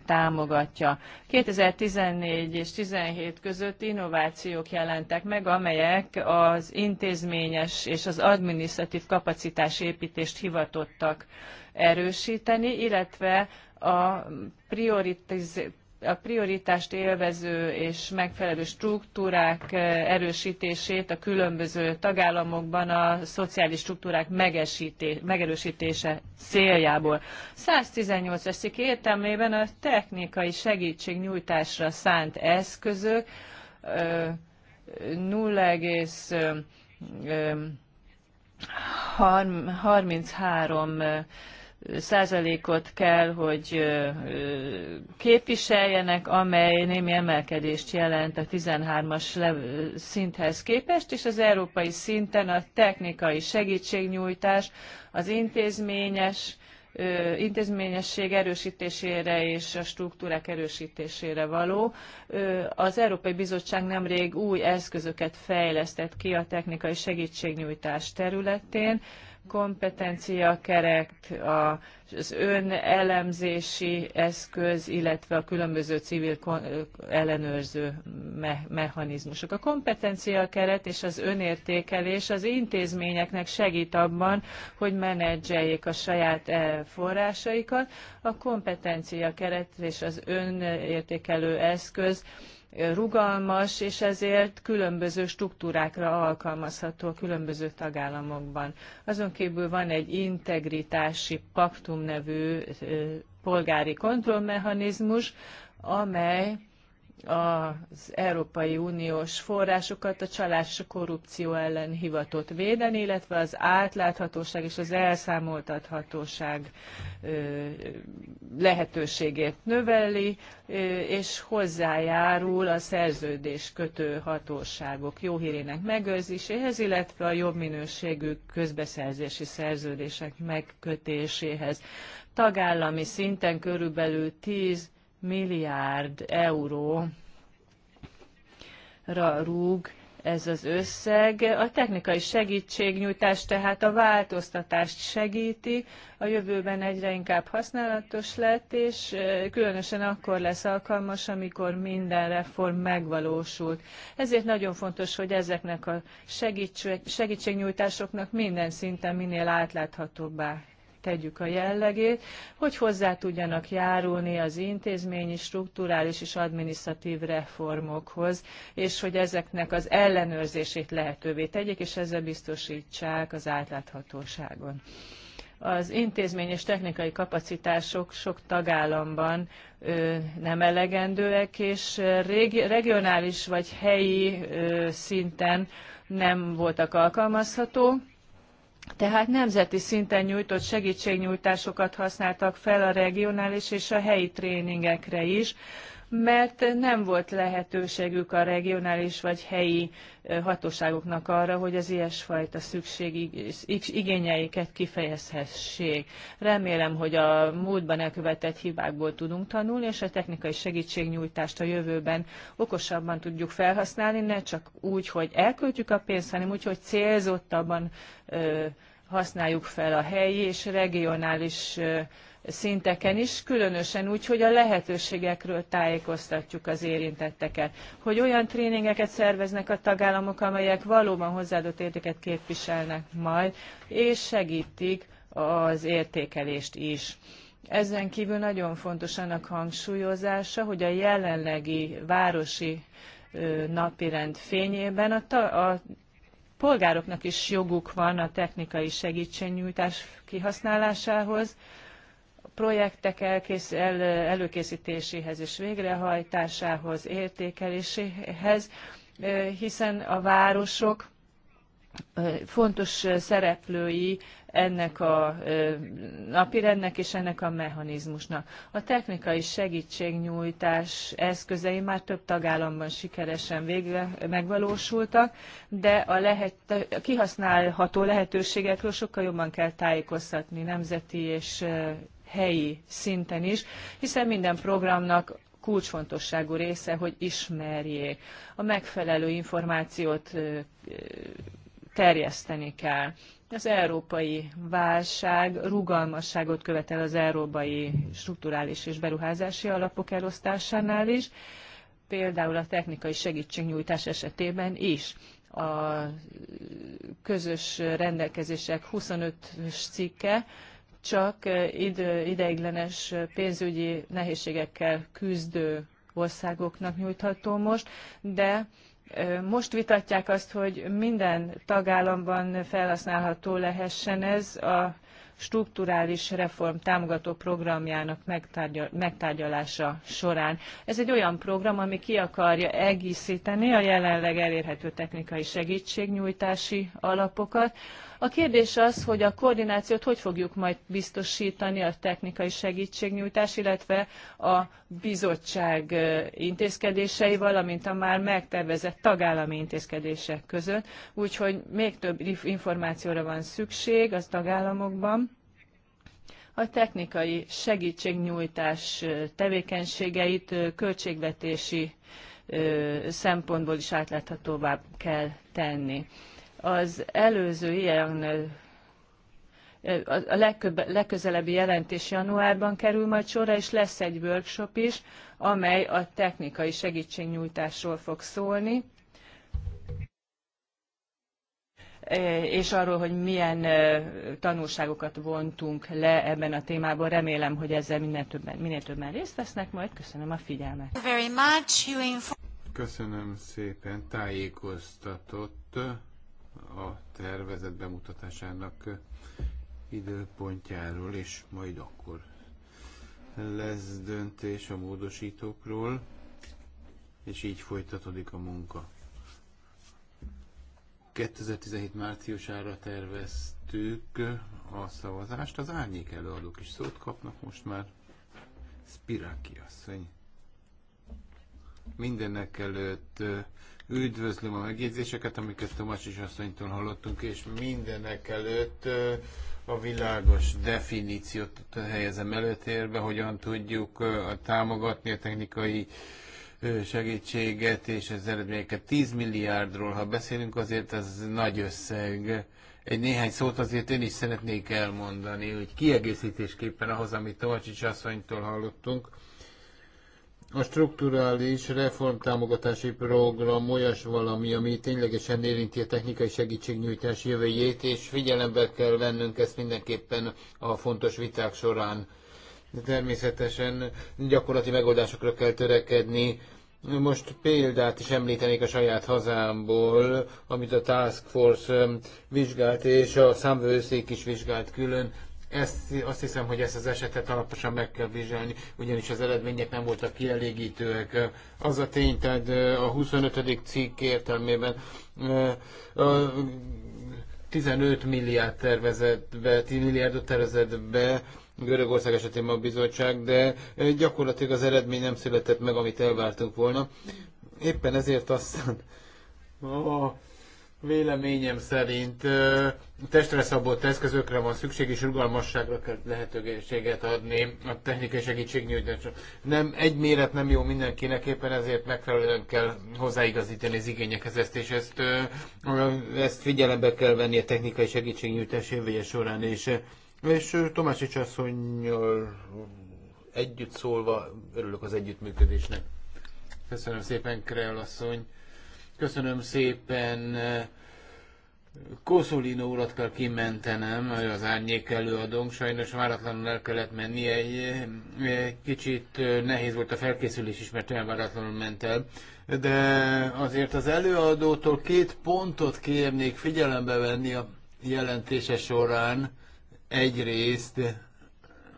támogatja. 2014 és 2017 között innovációk jelentek meg, amelyek az intézményes és az adminisztratív kapacitás építést hivatottak erősíteni, illetve a a prioritást élvező és megfelelő struktúrák eh, erősítését a különböző tagállamokban a szociális struktúrák megerősítése céljából. 118 eszik értelmében a technikai segítségnyújtásra szánt eszközök 33 eh, százalékot kell, hogy képviseljenek, amely némi emelkedést jelent a 13-as szinthez képest, és az európai szinten a technikai segítségnyújtás, az intézményes, intézményesség erősítésére és a struktúrák erősítésére való. Az Európai Bizottság nemrég új eszközöket fejlesztett ki a technikai segítségnyújtás területén, kompetencia kerekt, az önelemzési eszköz, illetve a különböző civil ellenőrző mechanizmusok. A kompetencia keret és az önértékelés az intézményeknek segít abban, hogy menedzseljék a saját eh, forrásaikat. A kompetencia keret és az önértékelő eszköz rugalmas, és ezért különböző struktúrákra alkalmazható a különböző tagállamokban. Azon kívül van egy integritási paktum nevű polgári kontrollmechanizmus, amely az Európai Uniós forrásokat a csalás korrupció ellen hivatott védeni, illetve az átláthatóság és az elszámoltathatóság lehetőségét növeli, és hozzájárul a szerződés kötő hatóságok jó hírének megőrzéséhez, illetve a jobb minőségű közbeszerzési szerződések megkötéséhez. Tagállami szinten körülbelül 10 milliárd euróra rúg ez az összeg. A technikai segítségnyújtás tehát a változtatást segíti, a jövőben egyre inkább használatos lett, és különösen akkor lesz alkalmas, amikor minden reform megvalósult. Ezért nagyon fontos, hogy ezeknek a segítség, segítségnyújtásoknak minden szinten minél átláthatóbbá tegyük a jellegét, hogy hozzá tudjanak járulni az intézményi, strukturális és adminisztratív reformokhoz, és hogy ezeknek az ellenőrzését lehetővé tegyék, és ezzel biztosítsák az átláthatóságon az intézmény és technikai kapacitások sok tagállamban ö, nem elegendőek, és régi, regionális vagy helyi ö, szinten nem voltak alkalmazhatók tehát nemzeti szinten nyújtott segítségnyújtásokat használtak fel a regionális és a helyi tréningekre is, mert nem volt lehetőségük a regionális vagy helyi hatóságoknak arra, hogy az ilyesfajta szükség igényeiket kifejezhessék. Remélem, hogy a múltban elkövetett hibákból tudunk tanulni, és a technikai segítségnyújtást a jövőben okosabban tudjuk felhasználni, ne csak úgy, hogy elköltjük a pénzt, hanem úgy, hogy célzottabban ö, használjuk fel a helyi és regionális ö, szinteken is, különösen úgy, hogy a lehetőségekről tájékoztatjuk az érintetteket. Hogy olyan tréningeket szerveznek a tagállamok, amelyek valóban hozzáadott értéket képviselnek majd, és segítik az értékelést is. Ezen kívül nagyon fontos annak hangsúlyozása, hogy a jelenlegi városi napirend fényében a, a polgároknak is joguk van a technikai segítségnyújtás kihasználásához, projektek előkésztéséhez és végrehajtásához, értékeléséhez, hiszen a városok fontos szereplői ennek a napirendnek és ennek a mechanizmusnak. A technikai segítségnyújtás eszközei már több tagállamban sikeresen végre megvalósultak, de a, lehet, a kihasználható lehetőségekről sokkal jobban kell tájékoztatni nemzeti és helyi szinten is, hiszen minden programnak kulcsfontosságú része, hogy ismerjék. A megfelelő információt terjeszteni kell. Az európai válság rugalmasságot követel az európai strukturális és beruházási alapok elosztásánál is, például a technikai segítségnyújtás esetében is. A közös rendelkezések 25-ös cikke csak eh, idő, ideiglenes eh, pénzügyi nehézségekkel küzdő országoknak nyújtható most, de eh, most vitatják azt, hogy minden tagállamban felhasználható lehessen ez a strukturális reform támogató programjának megtárgyal, megtárgyalása során. Ez egy olyan program, ami ki akarja egészíteni a jelenleg elérhető technikai segítségnyújtási alapokat, a kérdés az, hogy a koordinációt hogy fogjuk majd biztosítani a technikai segítségnyújtás, illetve a bizottság intézkedései valamint a már megtervezett tagállami intézkedések között. Úgyhogy még több információra van szükség az tagállamokban a technikai segítségnyújtás tevékenységeit költségvetési szempontból is átláthatóvá kell tenni. Az előző ilyen a legközelebbi jelentés januárban kerül majd sorra, és lesz egy workshop is, amely a technikai segítségnyújtásról fog szólni, e, és arról, hogy milyen e, tanulságokat vontunk le ebben a témában. Remélem, hogy ezzel minél többen, minél többen részt vesznek, majd köszönöm a figyelmet. Köszönöm szépen, tájékoztatott a tervezet bemutatásának időpontjáról, és majd akkor lesz döntés a módosítókról, és így folytatódik a munka. 2017 márciusára terveztük a szavazást, az árnyék előadók is szót kapnak most már. Spiráki asszony. Mindenek előtt Üdvözlöm a megjegyzéseket, amiket Tomás is asszonytól hallottunk, és mindenek előtt a világos definíciót helyezem előtérbe, hogyan tudjuk támogatni a technikai segítséget és az eredményeket. 10 milliárdról, ha beszélünk, azért ez nagy összeg. Egy néhány szót azért én is szeretnék elmondani, hogy kiegészítésképpen ahhoz, amit Tomacsics asszonytól hallottunk, a strukturális reformtámogatási program olyas valami, ami ténylegesen érinti a technikai segítségnyújtás jövőjét, és figyelembe kell vennünk ezt mindenképpen a fontos viták során. De természetesen gyakorlati megoldásokra kell törekedni. Most példát is említenék a saját hazámból, amit a Task Force um, vizsgált, és a számvőszék is vizsgált külön. Ezt, azt hiszem, hogy ezt az esetet alaposan meg kell vizsgálni, ugyanis az eredmények nem voltak kielégítőek. Az a tény, tehát a 25. cikk értelmében a 15 milliárd tervezett be, 10 milliárdot tervezett be Görögország esetében a bizottság, de gyakorlatilag az eredmény nem született meg, amit elvártunk volna. Éppen ezért aztán a véleményem szerint testre szabott eszközökre van szükség, és rugalmasságra kell lehetőséget adni a technikai segítségnyújtásra. Nem, egy méret nem jó mindenkinek, éppen ezért megfelelően kell hozzáigazítani az igényekhez ezt, és ezt, ezt figyelembe kell venni a technikai segítségnyújtás jövője során, és, és Tomási asszonynal együtt szólva örülök az együttműködésnek. Köszönöm szépen, Kreol asszony. Köszönöm szépen Koszolino urat kell kimentenem, az árnyék előadónk, sajnos váratlanul el kellett menni, egy, egy kicsit nehéz volt a felkészülés is, mert olyan váratlanul ment el, de azért az előadótól két pontot kérnék figyelembe venni a jelentése során. Egyrészt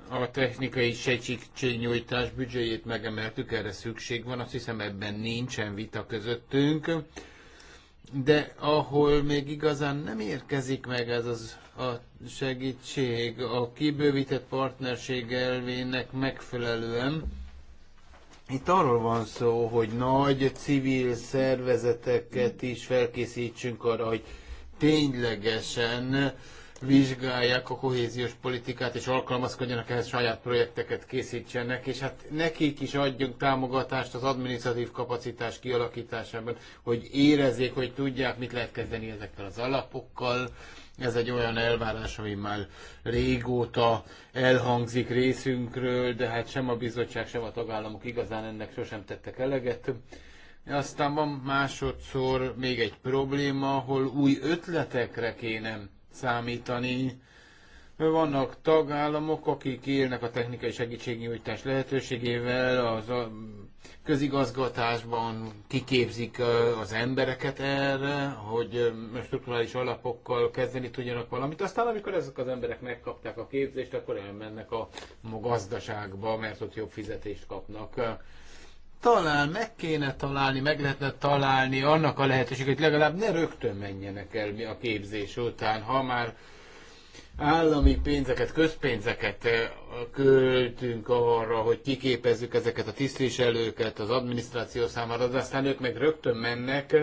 a technikai segítségnyújtás büdzséjét megemeltük, erre szükség van, azt hiszem ebben nincsen vita közöttünk de ahol még igazán nem érkezik meg ez az a segítség a kibővített partnerség elvének megfelelően, itt arról van szó, hogy nagy civil szervezeteket is felkészítsünk arra, hogy ténylegesen vizsgálják a kohéziós politikát, és alkalmazkodjanak ehhez, saját projekteket készítsenek, és hát nekik is adjunk támogatást az administratív kapacitás kialakításában, hogy érezzék, hogy tudják, mit lehet kezdeni ezekkel az alapokkal. Ez egy olyan elvárás, ami már régóta elhangzik részünkről, de hát sem a bizottság, sem a tagállamok igazán ennek sosem tettek eleget. Aztán van másodszor még egy probléma, ahol új ötletekre kéne számítani. Vannak tagállamok, akik élnek a technikai segítségnyújtás lehetőségével, az a közigazgatásban kiképzik az embereket erre, hogy strukturális alapokkal kezdeni tudjanak valamit. Aztán amikor ezek az emberek megkapták a képzést, akkor elmennek a gazdaságba, mert ott jobb fizetést kapnak talán meg kéne találni, meg lehetne találni annak a lehetőséget, hogy legalább ne rögtön menjenek el a képzés után, ha már állami pénzeket, közpénzeket eh, költünk arra, hogy kiképezzük ezeket a tisztviselőket az adminisztráció számára, de aztán ők meg rögtön mennek.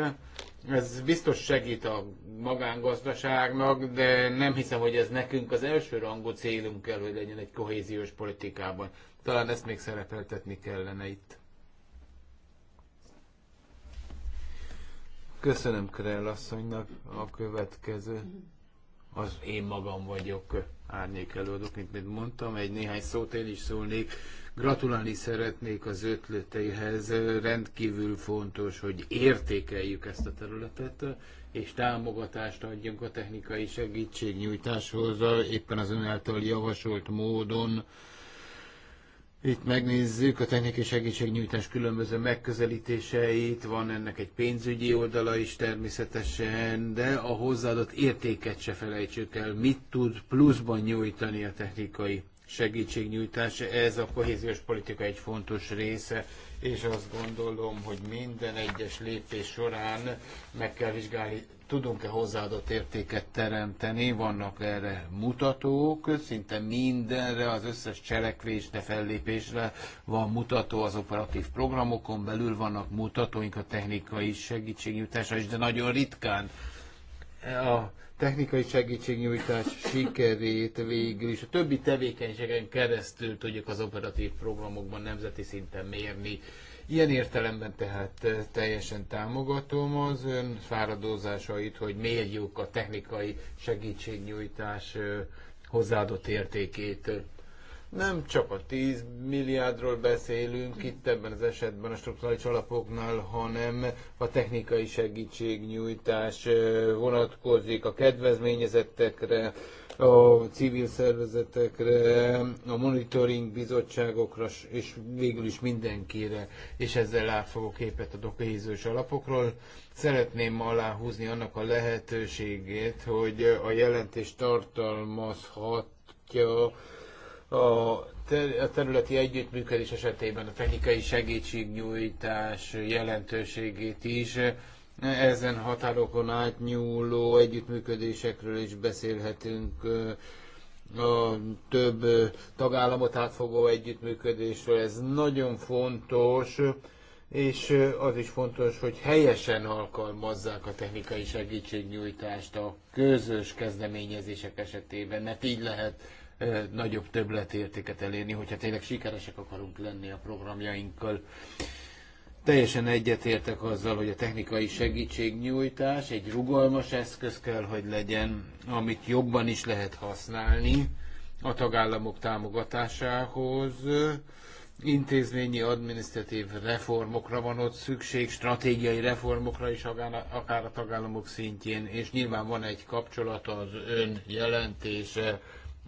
Ez biztos segít a magángazdaságnak, de nem hiszem, hogy ez nekünk az első rangú célunk kell, hogy legyen egy kohéziós politikában. Talán ezt még szerepeltetni kellene itt. Köszönöm Krell asszonynak a következő. Az én magam vagyok árnyék előadók, mint, mint mondtam, egy néhány szót én is szólnék. Gratulálni szeretnék az ötleteihez. Rendkívül fontos, hogy értékeljük ezt a területet, és támogatást adjunk a technikai segítségnyújtáshoz, éppen az ön által javasolt módon itt megnézzük a technikai segítségnyújtás különböző megközelítéseit, van ennek egy pénzügyi oldala is természetesen, de a hozzáadott értéket se felejtsük el. Mit tud pluszban nyújtani a technikai segítségnyújtás? Ez a kohéziós politika egy fontos része, és azt gondolom, hogy minden egyes lépés során meg kell vizsgálni tudunk-e hozzáadott értéket teremteni, vannak erre mutatók, szinte mindenre, az összes cselekvésre, fellépésre van mutató az operatív programokon belül, vannak mutatóink a technikai segítségnyújtásra is, de nagyon ritkán a technikai segítségnyújtás sikerét végül is a többi tevékenységen keresztül tudjuk az operatív programokban nemzeti szinten mérni Ilyen értelemben tehát eh, teljesen támogatom az ön fáradozásait, hogy mérjük a technikai segítségnyújtás eh, hozzáadott értékét. Nem csak a 10 milliárdról beszélünk itt ebben az esetben a strukturális alapoknál, hanem a technikai segítségnyújtás vonatkozik a kedvezményezettekre, a civil szervezetekre, a monitoring bizottságokra, és végül is mindenkire, és ezzel átfogó képet adok a hézős alapokról. Szeretném aláhúzni annak a lehetőségét, hogy a jelentés tartalmazhatja a területi együttműködés esetében a technikai segítségnyújtás jelentőségét is. Ezen határokon átnyúló együttműködésekről is beszélhetünk, a több tagállamot átfogó együttműködésről. Ez nagyon fontos, és az is fontos, hogy helyesen alkalmazzák a technikai segítségnyújtást a közös kezdeményezések esetében, mert így lehet nagyobb többletértéket elérni, hogyha tényleg sikeresek akarunk lenni a programjainkkal. Teljesen egyetértek azzal, hogy a technikai segítségnyújtás egy rugalmas eszköz kell, hogy legyen, amit jobban is lehet használni a tagállamok támogatásához. Intézményi adminisztratív reformokra van ott szükség, stratégiai reformokra is akár a tagállamok szintjén, és nyilván van egy kapcsolata az ön jelentése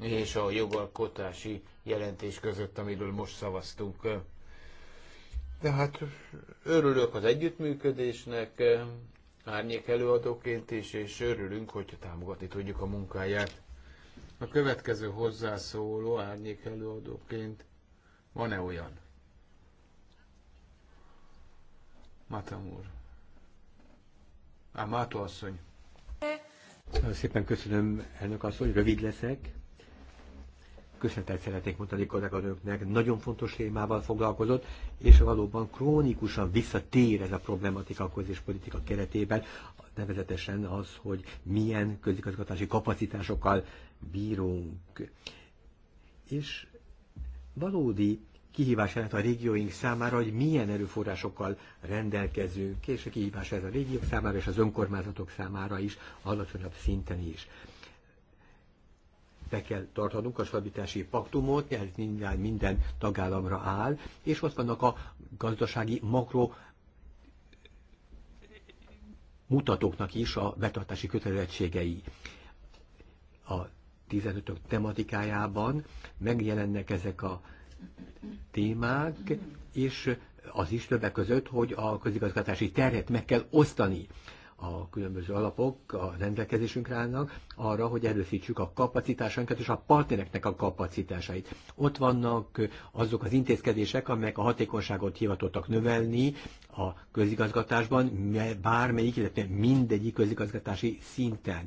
és a jogalkotási jelentés között, amiről most szavaztunk. De hát örülök az együttműködésnek, árnyék előadóként is, és örülünk, hogyha támogatni tudjuk a munkáját. A következő hozzászóló árnyék előadóként van-e olyan? Matam úr. Á, Mátó asszony. Szépen köszönöm, elnök asszony, rövid leszek köszönetet szeretnék mondani kolléganőknek, nagyon fontos témával foglalkozott, és valóban krónikusan visszatér ez a problematika a politika keretében, nevezetesen az, hogy milyen közigazgatási kapacitásokkal bírunk. És valódi kihívás lehet a régióink számára, hogy milyen erőforrásokkal rendelkezünk, és a kihívás ez a régiók számára és az önkormányzatok számára is, alacsonyabb szinten is be kell tartanunk a stabilitási paktumot, ez minden, minden tagállamra áll, és ott vannak a gazdasági makro mutatóknak is a betartási kötelezettségei. A 15-ök tematikájában megjelennek ezek a témák, és az is többek között, hogy a közigazgatási terhet meg kell osztani a különböző alapok a rendelkezésünkre állnak arra, hogy erősítsük a kapacitásainkat, és a partnereknek a kapacitásait. Ott vannak azok az intézkedések, amelyek a hatékonyságot hivatottak növelni a közigazgatásban, bármelyik, illetve mindegyik közigazgatási szinten.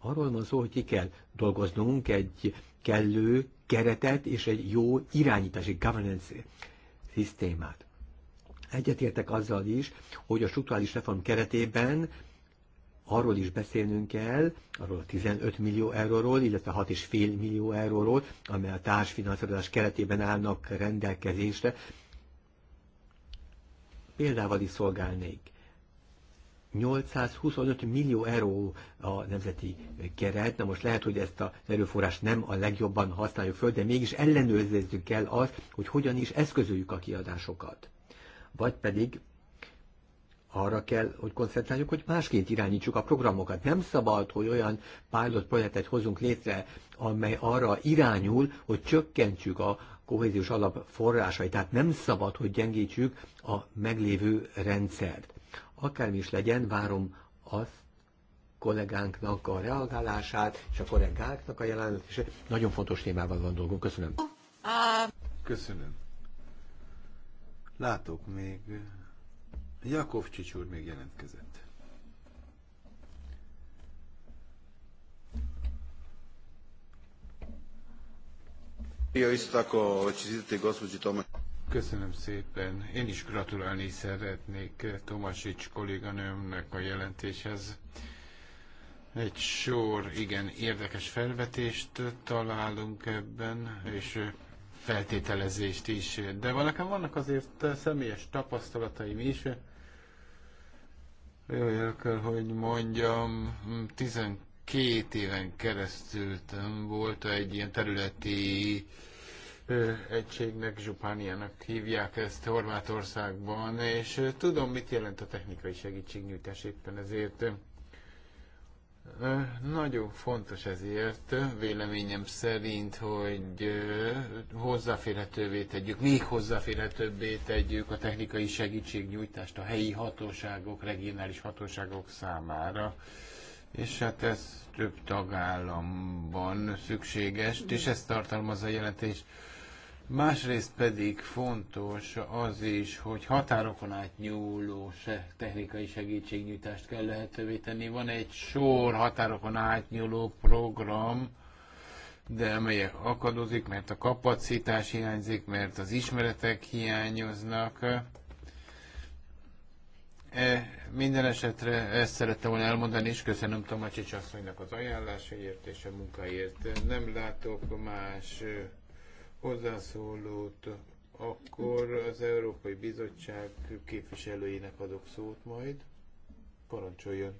Arról van szó, hogy ki kell dolgoznunk egy kellő keretet és egy jó irányítási governance szisztémát. Egyetértek azzal is, hogy a strukturális reform keretében arról is beszélnünk kell, arról a 15 millió euróról, illetve 6,5 millió euróról, amely a társfinanszírozás keretében állnak rendelkezésre. Példával is szolgálnék. 825 millió euró a nemzeti keret. Na most lehet, hogy ezt az erőforrás nem a legjobban használjuk föl, de mégis ellenőrizzük kell azt, hogy hogyan is eszközöljük a kiadásokat vagy pedig arra kell, hogy koncentráljuk, hogy másként irányítsuk a programokat. Nem szabad, hogy olyan pilot projektet hozunk létre, amely arra irányul, hogy csökkentsük a kohéziós alap forrásait. Tehát nem szabad, hogy gyengítsük a meglévő rendszert. Akármi is legyen, várom azt, kollégánknak a reagálását, és a kollégáknak a jelenetését. Nagyon fontos témával van dolgunk. Köszönöm. Ah. Köszönöm. Látok még. Jakov Csicsúr még jelentkezett. Köszönöm szépen. Én is gratulálni szeretnék Tomasics kolléganőmnek a jelentéshez. Egy sor igen érdekes felvetést találunk ebben, és feltételezést is, de nekem vannak azért személyes tapasztalataim is. el kell, hogy mondjam, 12 éven keresztül volt egy ilyen területi egységnek, Zsupániának hívják ezt Horvátországban, és tudom, mit jelent a technikai segítségnyújtás éppen ezért nagyon fontos ezért véleményem szerint, hogy hozzáférhetővé tegyük, még hozzáférhetőbbé tegyük a technikai segítségnyújtást a helyi hatóságok, regionális hatóságok számára. És hát ez több tagállamban szükséges, és ezt tartalmaz a jelentés. Másrészt pedig fontos az is, hogy határokon átnyúló se technikai segítségnyújtást kell lehetővé tenni. Van egy sor határokon átnyúló program, de amelyek akadozik, mert a kapacitás hiányzik, mert az ismeretek hiányoznak. E, minden esetre ezt szerettem volna elmondani, és köszönöm Tamacsics asszonynak az ajánlásaért és a munkáért. Nem látok más hozzászólót, akkor az Európai Bizottság képviselőinek adok szót majd. Parancsoljon!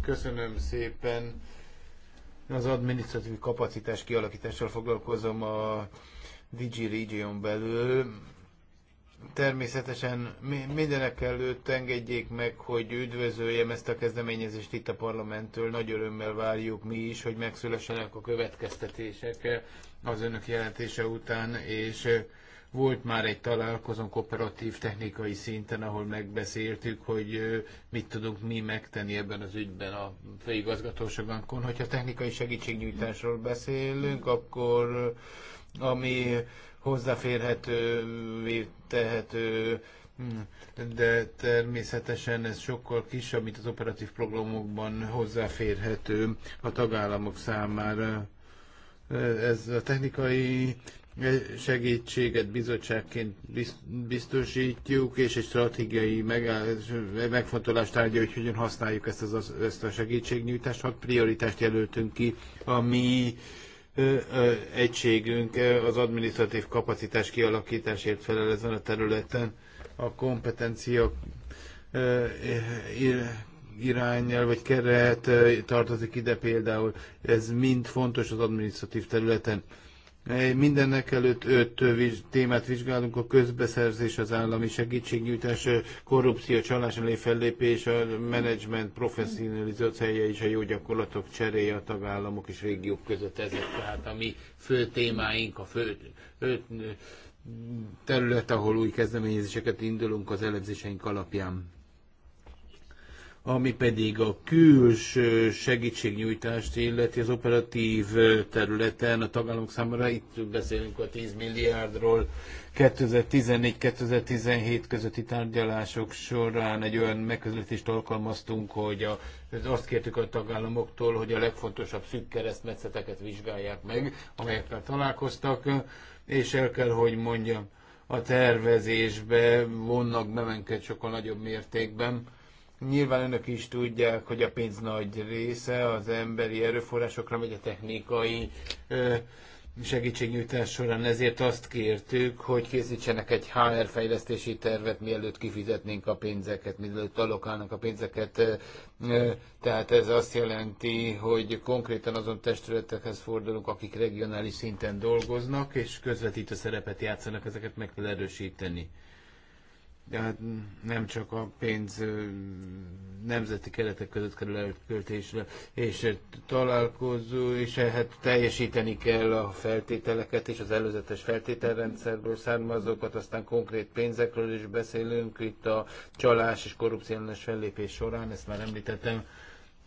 Köszönöm szépen. Az administratív kapacitás kialakítással foglalkozom a Digi Region belül. Természetesen mindenek előtt engedjék meg, hogy üdvözöljem ezt a kezdeményezést itt a parlamenttől. Nagy örömmel várjuk mi is, hogy megszülessenek a következtetések az önök jelentése után, és volt már egy találkozónk kooperatív technikai szinten, ahol megbeszéltük, hogy mit tudunk mi megtenni ebben az ügyben a főigazgatóságunkon. Hogyha technikai segítségnyújtásról beszélünk, akkor ami hozzáférhetővé tehető, hm, de természetesen ez sokkal kisebb, mint az operatív programokban hozzáférhető a tagállamok számára. Ez a technikai segítséget bizottságként biztosítjuk, és egy stratégiai megfontolást tárgya, hogy hogyan használjuk ezt, az, ezt a segítségnyújtást. Hat prioritást jelöltünk ki, ami egységünk az adminisztratív kapacitás kialakításért felel ezen a területen. A kompetencia irányel vagy keret tartozik ide például. Ez mind fontos az adminisztratív területen. Mindennek előtt öt témát vizsgálunk, a közbeszerzés, az állami segítségnyújtás, korrupció, csalás elé fellépés, a menedzsment, professzionalizációja és a jó gyakorlatok cseréje a tagállamok és régiók között. Ezek tehát a mi fő témáink, a fő öt terület, ahol új kezdeményezéseket indulunk az elemzéseink alapján ami pedig a külső segítségnyújtást illeti az operatív területen a tagállamok számára, itt beszélünk a 10 milliárdról, 2014-2017 közötti tárgyalások során egy olyan megközelítést alkalmaztunk, hogy a, azt kértük a tagállamoktól, hogy a legfontosabb szűk keresztmetszeteket vizsgálják meg, amelyekkel találkoztak, és el kell, hogy mondjam, a tervezésbe vonnak be sokkal nagyobb mértékben, Nyilván önök is tudják, hogy a pénz nagy része az emberi erőforrásokra megy a technikai ö, segítségnyújtás során, ezért azt kértük, hogy készítsenek egy HR fejlesztési tervet, mielőtt kifizetnénk a pénzeket, mielőtt alokálnak a pénzeket. Tehát ez azt jelenti, hogy konkrétan azon testületekhez fordulunk, akik regionális szinten dolgoznak, és közvetítő szerepet játszanak, ezeket meg kell erősíteni de hát nem csak a pénz nemzeti keretek között kerül elköltésre, és találkozó, és hát teljesíteni kell a feltételeket, és az előzetes feltételrendszerből származókat, aztán konkrét pénzekről is beszélünk, itt a csalás és korrupciós fellépés során, ezt már említettem,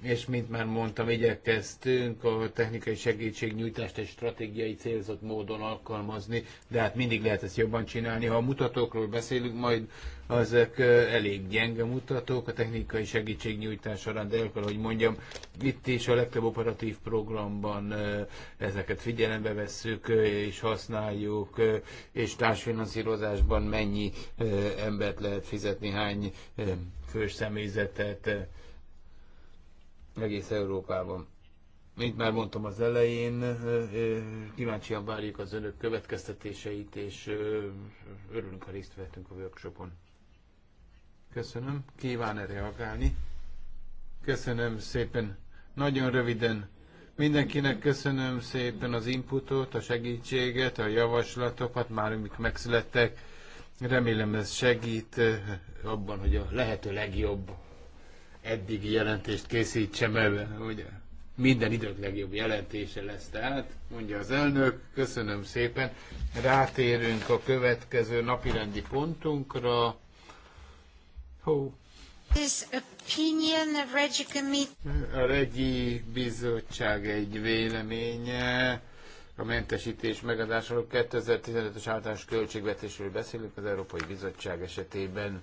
és mint már mondtam, igyekeztünk a technikai segítségnyújtást egy stratégiai célzott módon alkalmazni, de hát mindig lehet ezt jobban csinálni. Ha a mutatókról beszélünk, majd azok elég gyenge mutatók a technikai segítségnyújtás során, de el kell, hogy mondjam, itt is a legtöbb operatív programban ezeket figyelembe vesszük és használjuk, és társfinanszírozásban mennyi embert lehet fizetni, hány fős személyzetet, egész Európában. Mint már mondtam az elején, kíváncsian várjuk az önök következtetéseit, és örülünk, ha részt vettünk a workshopon. Köszönöm. Kíván erre reagálni? Köszönöm szépen. Nagyon röviden. Mindenkinek köszönöm szépen az inputot, a segítséget, a javaslatokat, már amik megszülettek. Remélem ez segít abban, hogy a lehető legjobb eddigi jelentést készítsem el, ugye? Minden idők legjobb jelentése lesz tehát, mondja az elnök, köszönöm szépen. Rátérünk a következő napirendi pontunkra. Hó. This opinion A Regi Bizottság egy véleménye a mentesítés megadásáról 2015-ös általános költségvetésről beszélünk az Európai Bizottság esetében.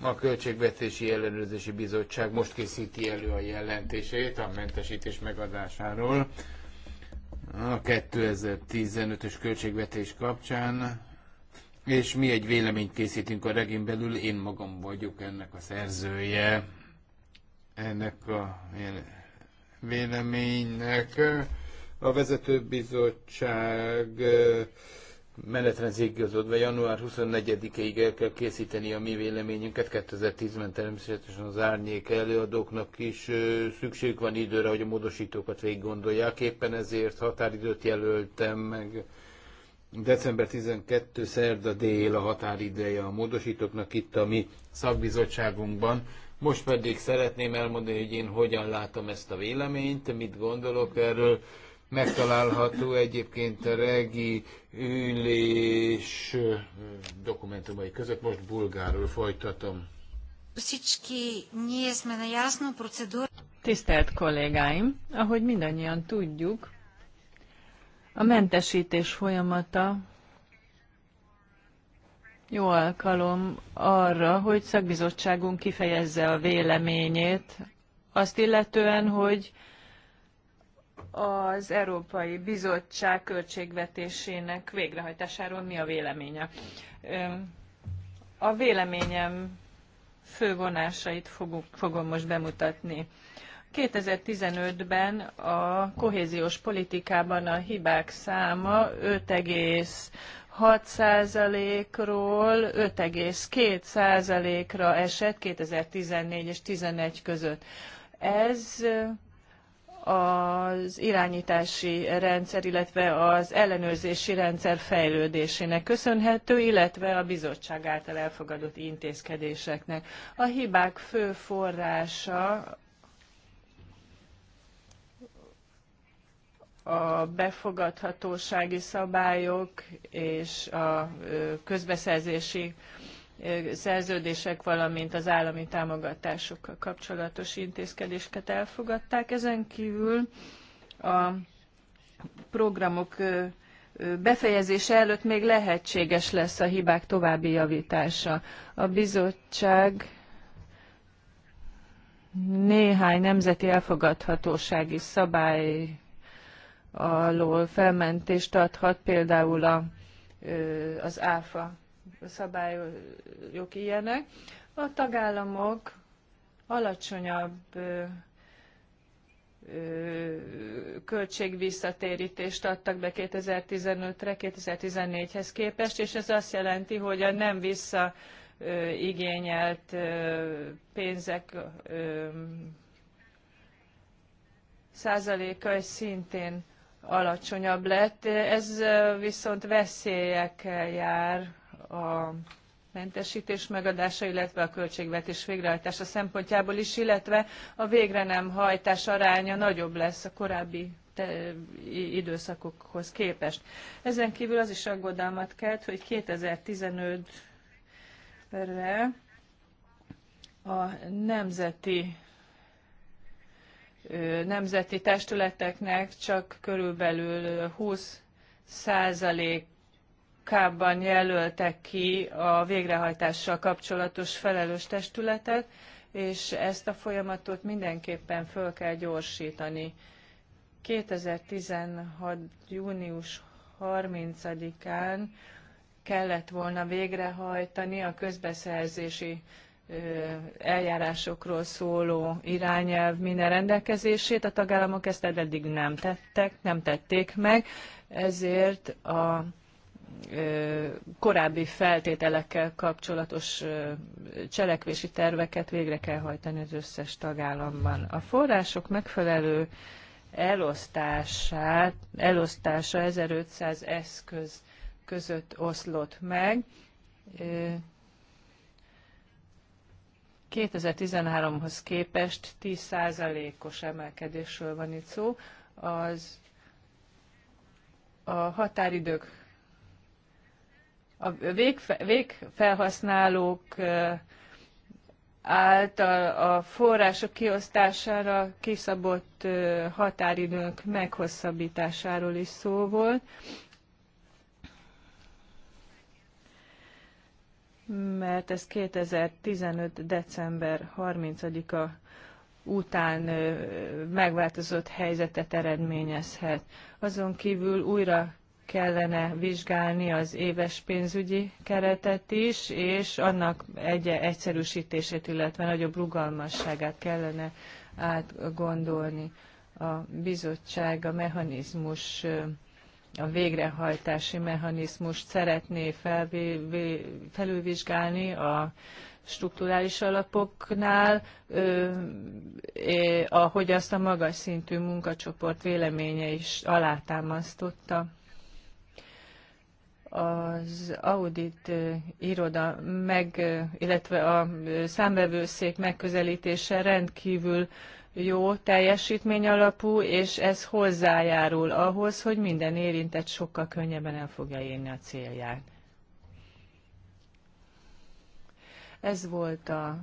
A Költségvetési Ellenőrzési Bizottság most készíti elő a jelentését a mentesítés megadásáról a 2015-ös költségvetés kapcsán, és mi egy véleményt készítünk a regén belül, én magam vagyok ennek a szerzője, ennek a véleménynek. A vezetőbizottság bizottság menetrendhez igazodva január 24-ig el kell készíteni a mi véleményünket. 2010-ben természetesen az árnyék előadóknak is szükség van időre, hogy a módosítókat végig gondolják. Éppen ezért határidőt jelöltem meg. December 12. szerda dél a határideje a módosítóknak itt a mi szakbizottságunkban. Most pedig szeretném elmondani, hogy én hogyan látom ezt a véleményt, mit gondolok erről. Megtalálható egyébként a regi ülés dokumentumai között. Most bulgárul folytatom. Tisztelt kollégáim, ahogy mindannyian tudjuk, a mentesítés folyamata jó alkalom arra, hogy szakbizottságunk kifejezze a véleményét azt illetően, hogy az Európai Bizottság költségvetésének végrehajtásáról mi a véleménye. A véleményem fő fogom most bemutatni. 2015-ben a kohéziós politikában a hibák száma 5,6%-ról 5,2%-ra esett 2014 és 2011 között. Ez az irányítási rendszer, illetve az ellenőrzési rendszer fejlődésének köszönhető, illetve a bizottság által elfogadott intézkedéseknek. A hibák fő forrása a befogadhatósági szabályok és a közbeszerzési szerződések, valamint az állami támogatásokkal kapcsolatos intézkedéseket elfogadták. Ezen kívül a programok befejezése előtt még lehetséges lesz a hibák további javítása. A bizottság néhány nemzeti elfogadhatósági szabály alól felmentést adhat, például a, az ÁFA szabályok ilyenek. A tagállamok alacsonyabb költségvisszatérítést adtak be 2015-re 2014-hez képest, és ez azt jelenti, hogy a nem vissza igényelt pénzek százaléka szintén alacsonyabb lett. Ez viszont veszélyekkel jár a mentesítés megadása, illetve a költségvetés végrehajtása szempontjából is, illetve a végre nem hajtás aránya nagyobb lesz a korábbi időszakokhoz képest. Ezen kívül az is aggodalmat kelt, hogy 2015-re a nemzeti nemzeti testületeknek csak körülbelül 20 százalék K-ban jelöltek ki a végrehajtással kapcsolatos felelős testületet, és ezt a folyamatot mindenképpen föl kell gyorsítani. 2016. június 30-án kellett volna végrehajtani a közbeszerzési eljárásokról szóló irányelv minden rendelkezését. A tagállamok ezt eddig nem tettek, nem tették meg, ezért a korábbi feltételekkel kapcsolatos cselekvési terveket végre kell hajtani az összes tagállamban. A források megfelelő elosztását, elosztása 1500 eszköz között oszlott meg. 2013-hoz képest 10%-os emelkedésről van itt szó. Az a határidők a végfe, végfelhasználók által a források kiosztására kiszabott határidők meghosszabbításáról is szó volt. mert ez 2015. december 30-a után megváltozott helyzetet eredményezhet. Azon kívül újra kellene vizsgálni az éves pénzügyi keretet is, és annak egy egyszerűsítését, illetve nagyobb rugalmasságát kellene átgondolni. A bizottság a mechanizmus, a végrehajtási mechanizmus szeretné felülvizsgálni a strukturális alapoknál, ahogy azt a magas szintű munkacsoport véleménye is alátámasztotta az audit iroda meg, illetve a számvevőszék megközelítése rendkívül jó teljesítmény alapú, és ez hozzájárul ahhoz, hogy minden érintett sokkal könnyebben el fogja érni a célját. Ez volt a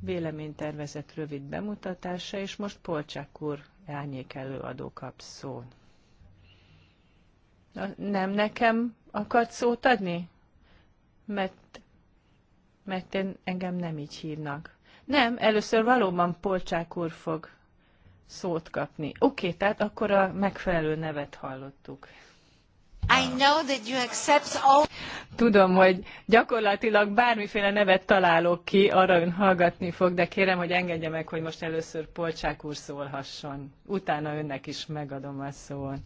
véleménytervezet rövid bemutatása, és most Polcsák úr árnyék előadó kap Nem nekem akart szót adni? Mert, mert én, engem nem így hívnak. Nem, először valóban Polcsák úr fog szót kapni. Oké, okay, tehát akkor a megfelelő nevet hallottuk. I know that you accept all... Tudom, hogy gyakorlatilag bármiféle nevet találok ki, arra ön hallgatni fog, de kérem, hogy engedje meg, hogy most először Polcsák úr szólhasson. Utána önnek is megadom a szót.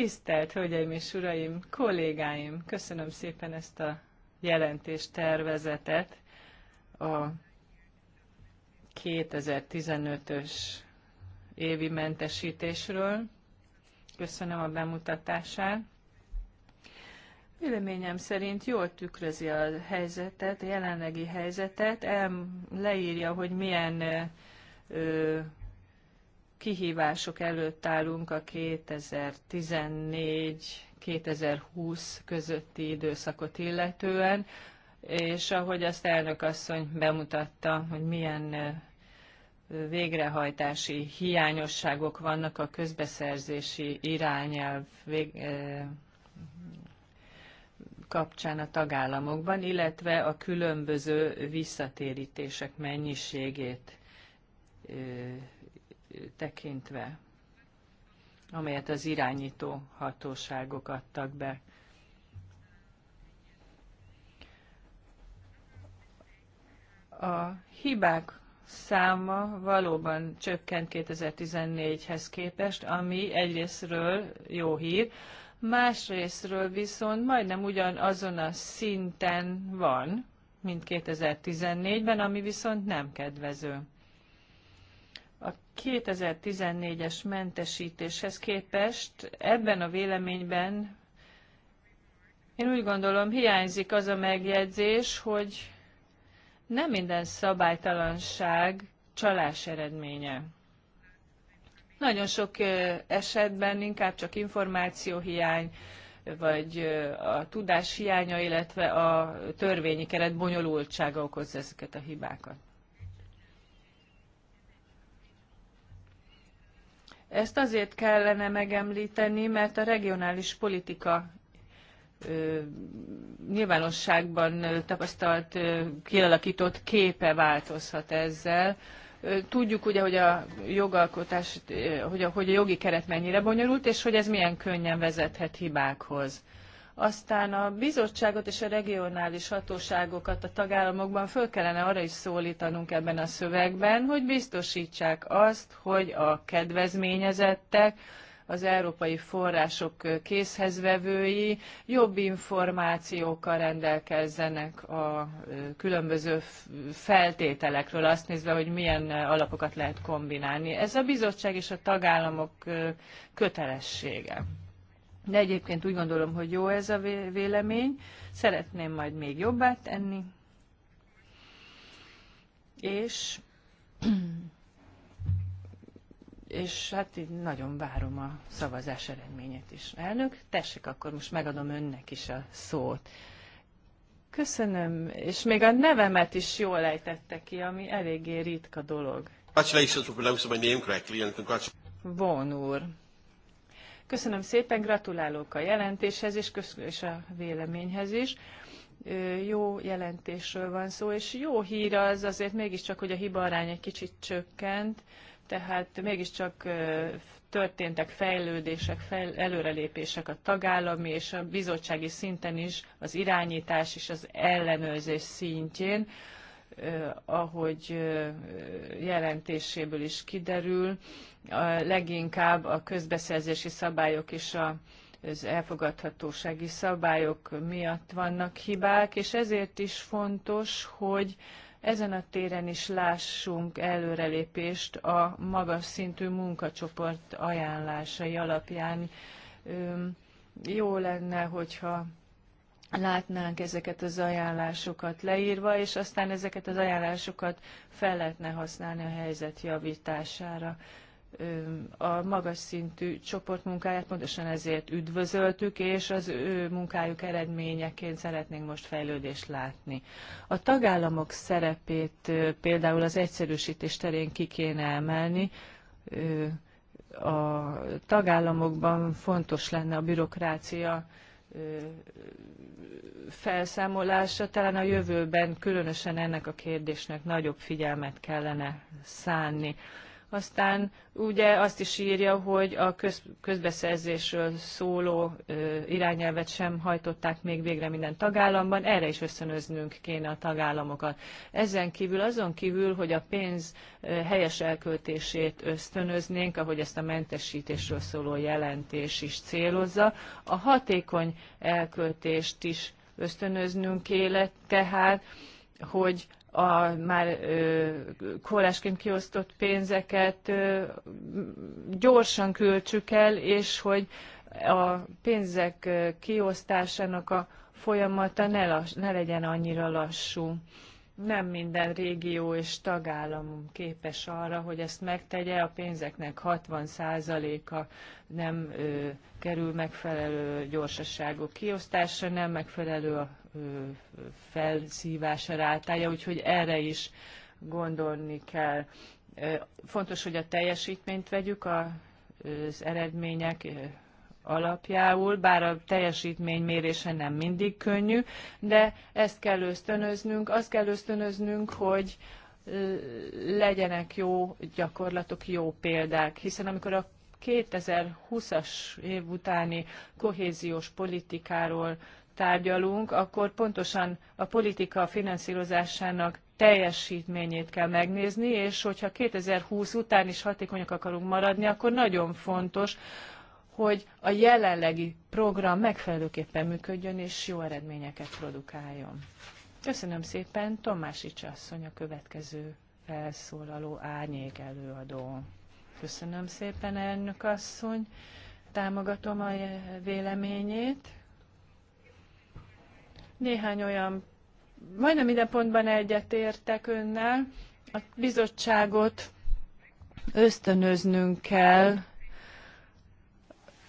Tisztelt Hölgyeim és Uraim, kollégáim, köszönöm szépen ezt a jelentés tervezetet a 2015-ös évi mentesítésről. Köszönöm a bemutatását. Véleményem szerint jól tükrözi a helyzetet, a jelenlegi helyzetet, el, leírja, hogy milyen ö, kihívások előtt állunk a 2014-2020 közötti időszakot illetően, és ahogy azt elnök asszony bemutatta, hogy milyen végrehajtási hiányosságok vannak a közbeszerzési irányelv kapcsán a tagállamokban, illetve a különböző visszatérítések mennyiségét tekintve, amelyet az irányító hatóságok adtak be. A hibák száma valóban csökkent 2014-hez képest, ami egyrésztről jó hír, másrésztről viszont majdnem ugyanazon a szinten van, mint 2014-ben, ami viszont nem kedvező. 2014-es mentesítéshez képest ebben a véleményben én úgy gondolom hiányzik az a megjegyzés, hogy nem minden szabálytalanság csalás eredménye. Nagyon sok esetben inkább csak információhiány, vagy a tudás hiánya, illetve a törvényi keret bonyolultsága okozza ezeket a hibákat. Ezt azért kellene megemlíteni, mert a regionális politika nyilvánosságban tapasztalt, kialakított képe változhat ezzel. Tudjuk ugye, hogy a jogalkotás, hogy a, hogy a jogi keret mennyire bonyolult, és hogy ez milyen könnyen vezethet hibákhoz. Aztán a bizottságot és a regionális hatóságokat a tagállamokban föl kellene arra is szólítanunk ebben a szövegben, hogy biztosítsák azt, hogy a kedvezményezettek, az európai források készhezvevői jobb információkkal rendelkezzenek a különböző feltételekről, azt nézve, hogy milyen alapokat lehet kombinálni. Ez a bizottság és a tagállamok kötelessége. De egyébként úgy gondolom, hogy jó ez a vélemény, szeretném majd még jobbá tenni, és, és hát így nagyon várom a szavazás eredményét is. Elnök, tessék, akkor most megadom önnek is a szót. Köszönöm, és még a nevemet is jól lejtette ki, ami eléggé ritka dolog. Congratulations for pronouncing my name correctly and congratulations. Von úr. Köszönöm szépen, gratulálok a jelentéshez és, és a véleményhez is jó jelentésről van szó, és jó hír az azért mégiscsak, hogy a hiba arány egy kicsit csökkent, tehát mégiscsak történtek fejlődések, fejl előrelépések a tagállami és a bizottsági szinten is, az irányítás és az ellenőrzés szintjén ahogy jelentéséből is kiderül, leginkább a közbeszerzési szabályok és a az elfogadhatósági szabályok miatt vannak hibák, és ezért is fontos, hogy ezen a téren is lássunk előrelépést a magas szintű munkacsoport ajánlásai alapján. Jó lenne, hogyha látnánk ezeket az ajánlásokat leírva, és aztán ezeket az ajánlásokat fel lehetne használni a helyzet javítására. A magas szintű csoportmunkáját pontosan ezért üdvözöltük, és az ő munkájuk eredményeként szeretnénk most fejlődést látni. A tagállamok szerepét például az egyszerűsítés terén ki kéne emelni, a tagállamokban fontos lenne a bürokrácia felszámolása. Talán a jövőben különösen ennek a kérdésnek nagyobb figyelmet kellene szánni. Aztán ugye azt is írja, hogy a köz, közbeszerzésről szóló ö, irányelvet sem hajtották még végre minden tagállamban, erre is összönöznünk kéne a tagállamokat. Ezen kívül, azon kívül, hogy a pénz ö, helyes elköltését ösztönöznénk, ahogy ezt a mentesítésről szóló jelentés is célozza, a hatékony elköltést is ösztönöznünk kéne, tehát, hogy a már korlásként kiosztott pénzeket gyorsan költsük el, és hogy a pénzek kiosztásának a folyamata ne, lass, ne legyen annyira lassú nem minden régió és tagállam képes arra, hogy ezt megtegye, a pénzeknek 60%-a nem ö, kerül megfelelő gyorsaságú kiosztásra, nem megfelelő a ö, felszívása rátája, úgyhogy erre is gondolni kell. Ö, fontos, hogy a teljesítményt vegyük, a, az eredmények alapjául, bár a teljesítmény mérése nem mindig könnyű, de ezt kell ösztönöznünk, azt kell ösztönöznünk, hogy legyenek jó gyakorlatok, jó példák, hiszen amikor a 2020-as év utáni kohéziós politikáról tárgyalunk, akkor pontosan a politika finanszírozásának teljesítményét kell megnézni, és hogyha 2020 után is hatékonyak akarunk maradni, akkor nagyon fontos, hogy a jelenlegi program megfelelőképpen működjön és jó eredményeket produkáljon. Köszönöm szépen, Tomásics asszony a következő felszólaló árnyék előadó. Köszönöm szépen, elnök asszony, támogatom a véleményét. Néhány olyan, majdnem minden pontban egyetértek önnel, a bizottságot ösztönöznünk kell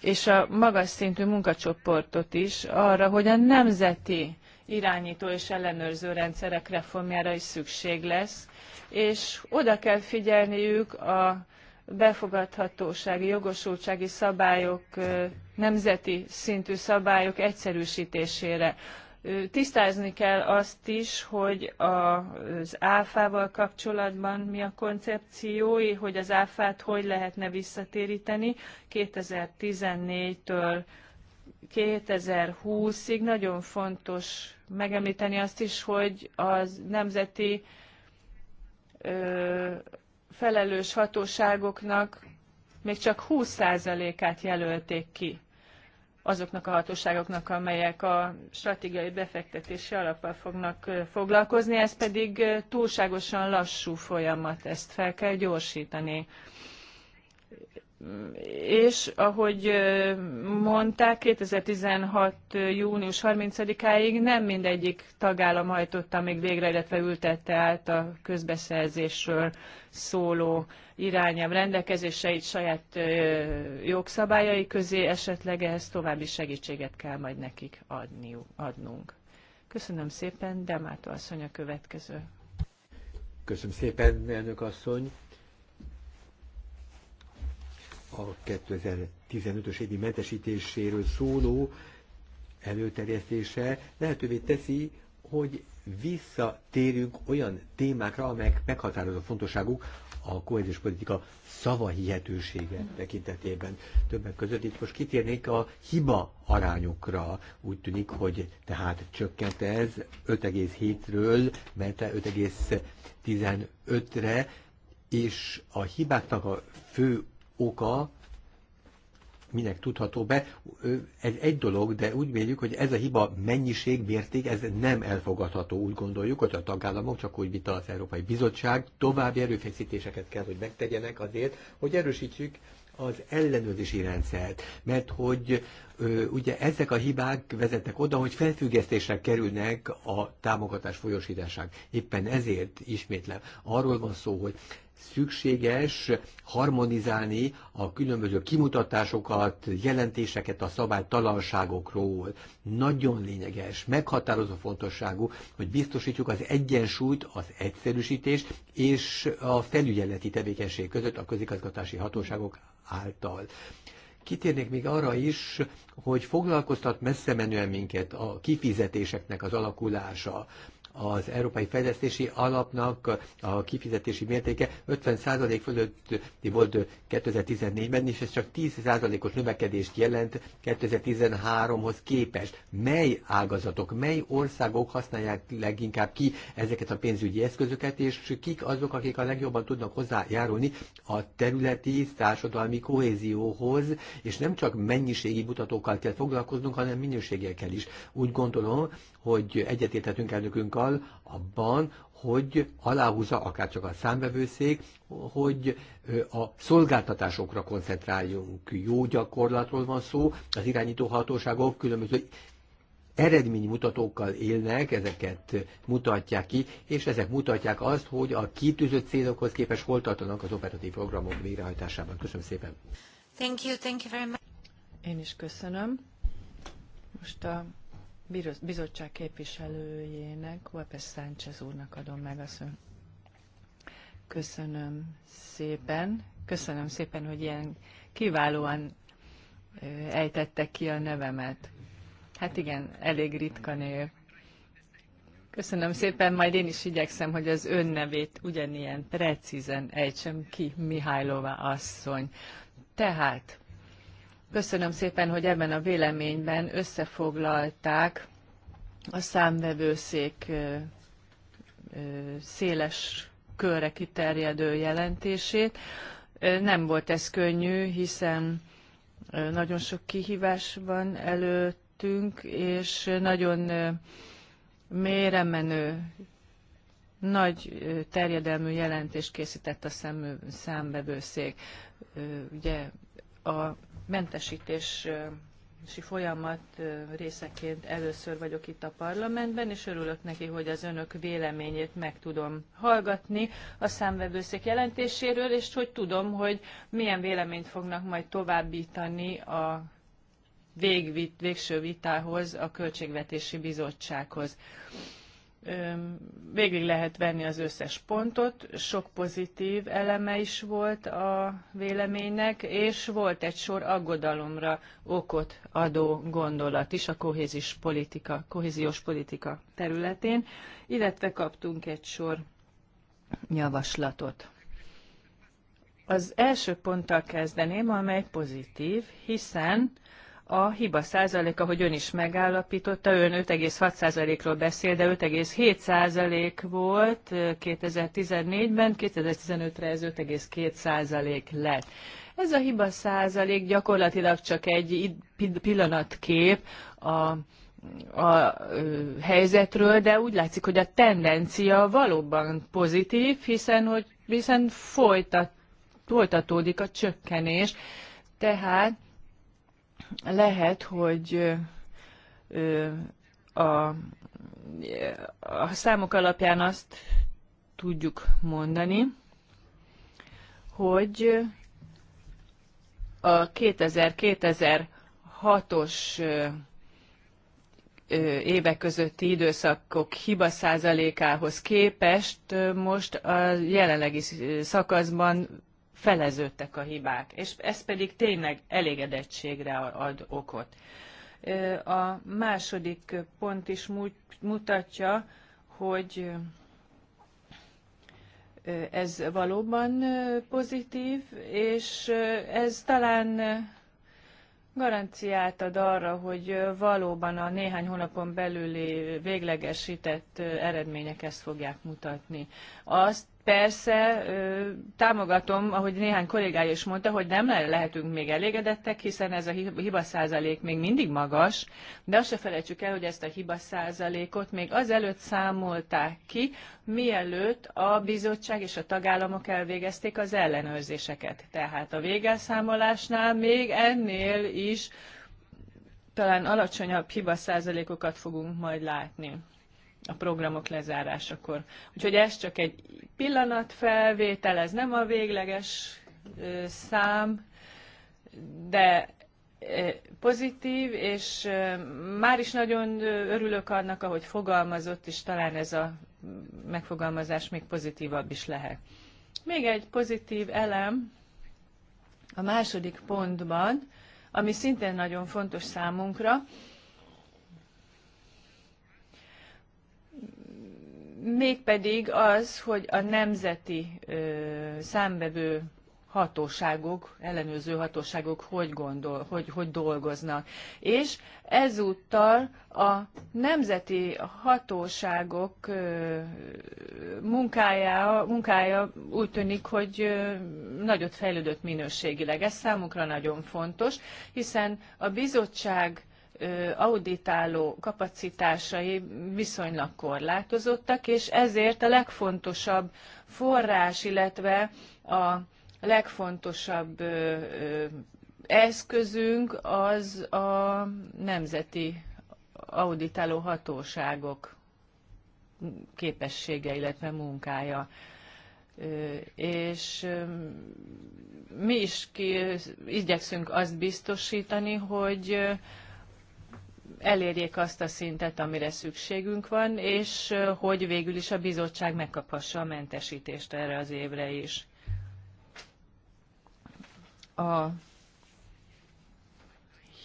és a magas szintű munkacsoportot is arra, hogy a nemzeti irányító és ellenőrző rendszerek reformjára is szükség lesz, és oda kell figyelniük a befogadhatósági, jogosultsági szabályok, nemzeti szintű szabályok egyszerűsítésére. Tisztázni kell azt is, hogy az áfával kapcsolatban mi a koncepciói, hogy az áfát hogy lehetne visszatéríteni 2014-től 2020-ig. Nagyon fontos megemlíteni azt is, hogy az nemzeti ö, felelős hatóságoknak még csak 20%-át jelölték ki azoknak a hatóságoknak, amelyek a stratégiai befektetési alappal fognak foglalkozni, ez pedig túlságosan lassú folyamat, ezt fel kell gyorsítani és ahogy mondták, 2016. június 30-áig nem mindegyik tagállam hajtotta még végre, illetve ültette át a közbeszerzésről szóló irányelv rendelkezéseit saját jogszabályai közé, esetleg ehhez további segítséget kell majd nekik adni, adnunk. Köszönöm szépen, Demátó asszony a következő. Köszönöm szépen, elnök asszony a 2015-ös évi mentesítéséről szóló előterjesztése lehetővé teszi, hogy visszatérünk olyan témákra, amelyek meghatározó fontosságú a kohéziós politika szavahihetősége tekintetében. Többek között itt most kitérnék a hiba arányokra. Úgy tűnik, hogy tehát csökkent ez 5,7-ről, mert 5,15-re, és a hibáknak a fő oka, minek tudható be, ez egy dolog, de úgy véljük, hogy ez a hiba mennyiség, mérték, ez nem elfogadható. Úgy gondoljuk, hogy a tagállamok, csak úgy, mint az Európai Bizottság, további erőfeszítéseket kell, hogy megtegyenek azért, hogy erősítsük az ellenőrzési rendszert, mert hogy ö, ugye ezek a hibák vezetnek oda, hogy felfüggesztésre kerülnek a támogatás folyosítását. Éppen ezért ismétlem, arról van szó, hogy szükséges harmonizálni a különböző kimutatásokat, jelentéseket a szabálytalanságokról. Nagyon lényeges, meghatározó fontosságú, hogy biztosítjuk az egyensúlyt, az egyszerűsítés és a felügyeleti tevékenység között a közigazgatási hatóságok által kitérnék még arra is, hogy foglalkoztat messze menően minket a kifizetéseknek az alakulása az Európai Fejlesztési Alapnak a kifizetési mértéke 50% fölötti volt 2014-ben, és ez csak 10%-os növekedést jelent 2013-hoz képest. Mely ágazatok, mely országok használják leginkább ki ezeket a pénzügyi eszközöket, és kik azok, akik a legjobban tudnak hozzájárulni a területi társadalmi kohézióhoz, és nem csak mennyiségi mutatókkal kell foglalkoznunk, hanem minőségekkel is. Úgy gondolom, hogy egyetérthetünk elnökünkkel abban, hogy aláhúzza akárcsak a számvevőszék, hogy a szolgáltatásokra koncentráljunk. Jó gyakorlatról van szó, az irányító hatóságok különböző eredménymutatókkal élnek, ezeket mutatják ki, és ezek mutatják azt, hogy a kitűzött célokhoz képest hol tartanak az operatív programok végrehajtásában. Köszönöm szépen. Thank you, thank you very much. Én is köszönöm. Most a bizottság képviselőjének, Wapes Sánchez úrnak adom meg a szön. Köszönöm szépen, köszönöm szépen, hogy ilyen kiválóan ejtette ki a nevemet. Hát igen, elég ritka név. Köszönöm szépen, majd én is igyekszem, hogy az ön nevét ugyanilyen precízen ejtsem ki, Mihálylova asszony. Tehát Köszönöm szépen, hogy ebben a véleményben összefoglalták a számvevőszék széles körre kiterjedő jelentését. Nem volt ez könnyű, hiszen nagyon sok kihívás van előttünk, és nagyon mélyremenő, nagy terjedelmű jelentést készített a számvevőszék. Ugye a mentesítési folyamat részeként először vagyok itt a parlamentben, és örülök neki, hogy az önök véleményét meg tudom hallgatni a számvevőszék jelentéséről, és hogy tudom, hogy milyen véleményt fognak majd továbbítani a végvit, végső vitához, a Költségvetési Bizottsághoz végig lehet venni az összes pontot, sok pozitív eleme is volt a véleménynek, és volt egy sor aggodalomra okot adó gondolat is a kohézis politika, kohéziós politika területén, illetve kaptunk egy sor javaslatot. Az első ponttal kezdeném, amely pozitív, hiszen a hiba százalék, ahogy ön is megállapította, ön 5,6 százalékról beszél, de 5,7 százalék volt 2014-ben, 2015-re ez 5,2 százalék lett. Ez a hiba százalék gyakorlatilag csak egy pillanatkép a a helyzetről, de úgy látszik, hogy a tendencia valóban pozitív, hiszen, hogy, hiszen folytat, folytatódik a csökkenés. Tehát lehet, hogy a, a számok alapján azt tudjuk mondani, hogy a 2000-2006-os évek közötti időszakok hiba százalékához képest most a jelenlegi szakaszban feleződtek a hibák, és ez pedig tényleg elégedettségre ad okot. A második pont is mutatja, hogy ez valóban pozitív, és ez talán garanciát ad arra, hogy valóban a néhány hónapon belüli véglegesített eredmények ezt fogják mutatni. Azt Persze támogatom, ahogy néhány kollégája is mondta, hogy nem lehetünk még elégedettek, hiszen ez a hiba százalék még mindig magas, de azt se felejtsük el, hogy ezt a hiba százalékot még azelőtt számolták ki, mielőtt a bizottság és a tagállamok elvégezték az ellenőrzéseket. Tehát a végelszámolásnál még ennél is talán alacsonyabb hiba százalékokat fogunk majd látni a programok lezárásakor. Úgyhogy ez csak egy pillanatfelvétel, ez nem a végleges szám, de pozitív, és már is nagyon örülök annak, ahogy fogalmazott, és talán ez a megfogalmazás még pozitívabb is lehet. Még egy pozitív elem a második pontban, ami szintén nagyon fontos számunkra, mégpedig az, hogy a nemzeti számbevő hatóságok, ellenőrző hatóságok hogy, gondol, hogy, hogy dolgoznak. És ezúttal a nemzeti hatóságok munkája, munkája úgy tűnik, hogy nagyot fejlődött minőségileg. Ez számukra nagyon fontos, hiszen a bizottság auditáló kapacitásai viszonylag korlátozottak, és ezért a legfontosabb forrás, illetve a legfontosabb eszközünk az a nemzeti auditáló hatóságok képessége, illetve munkája. És mi is ki, igyekszünk azt biztosítani, hogy elérjék azt a szintet, amire szükségünk van, és hogy végül is a bizottság megkaphassa a mentesítést erre az évre is. A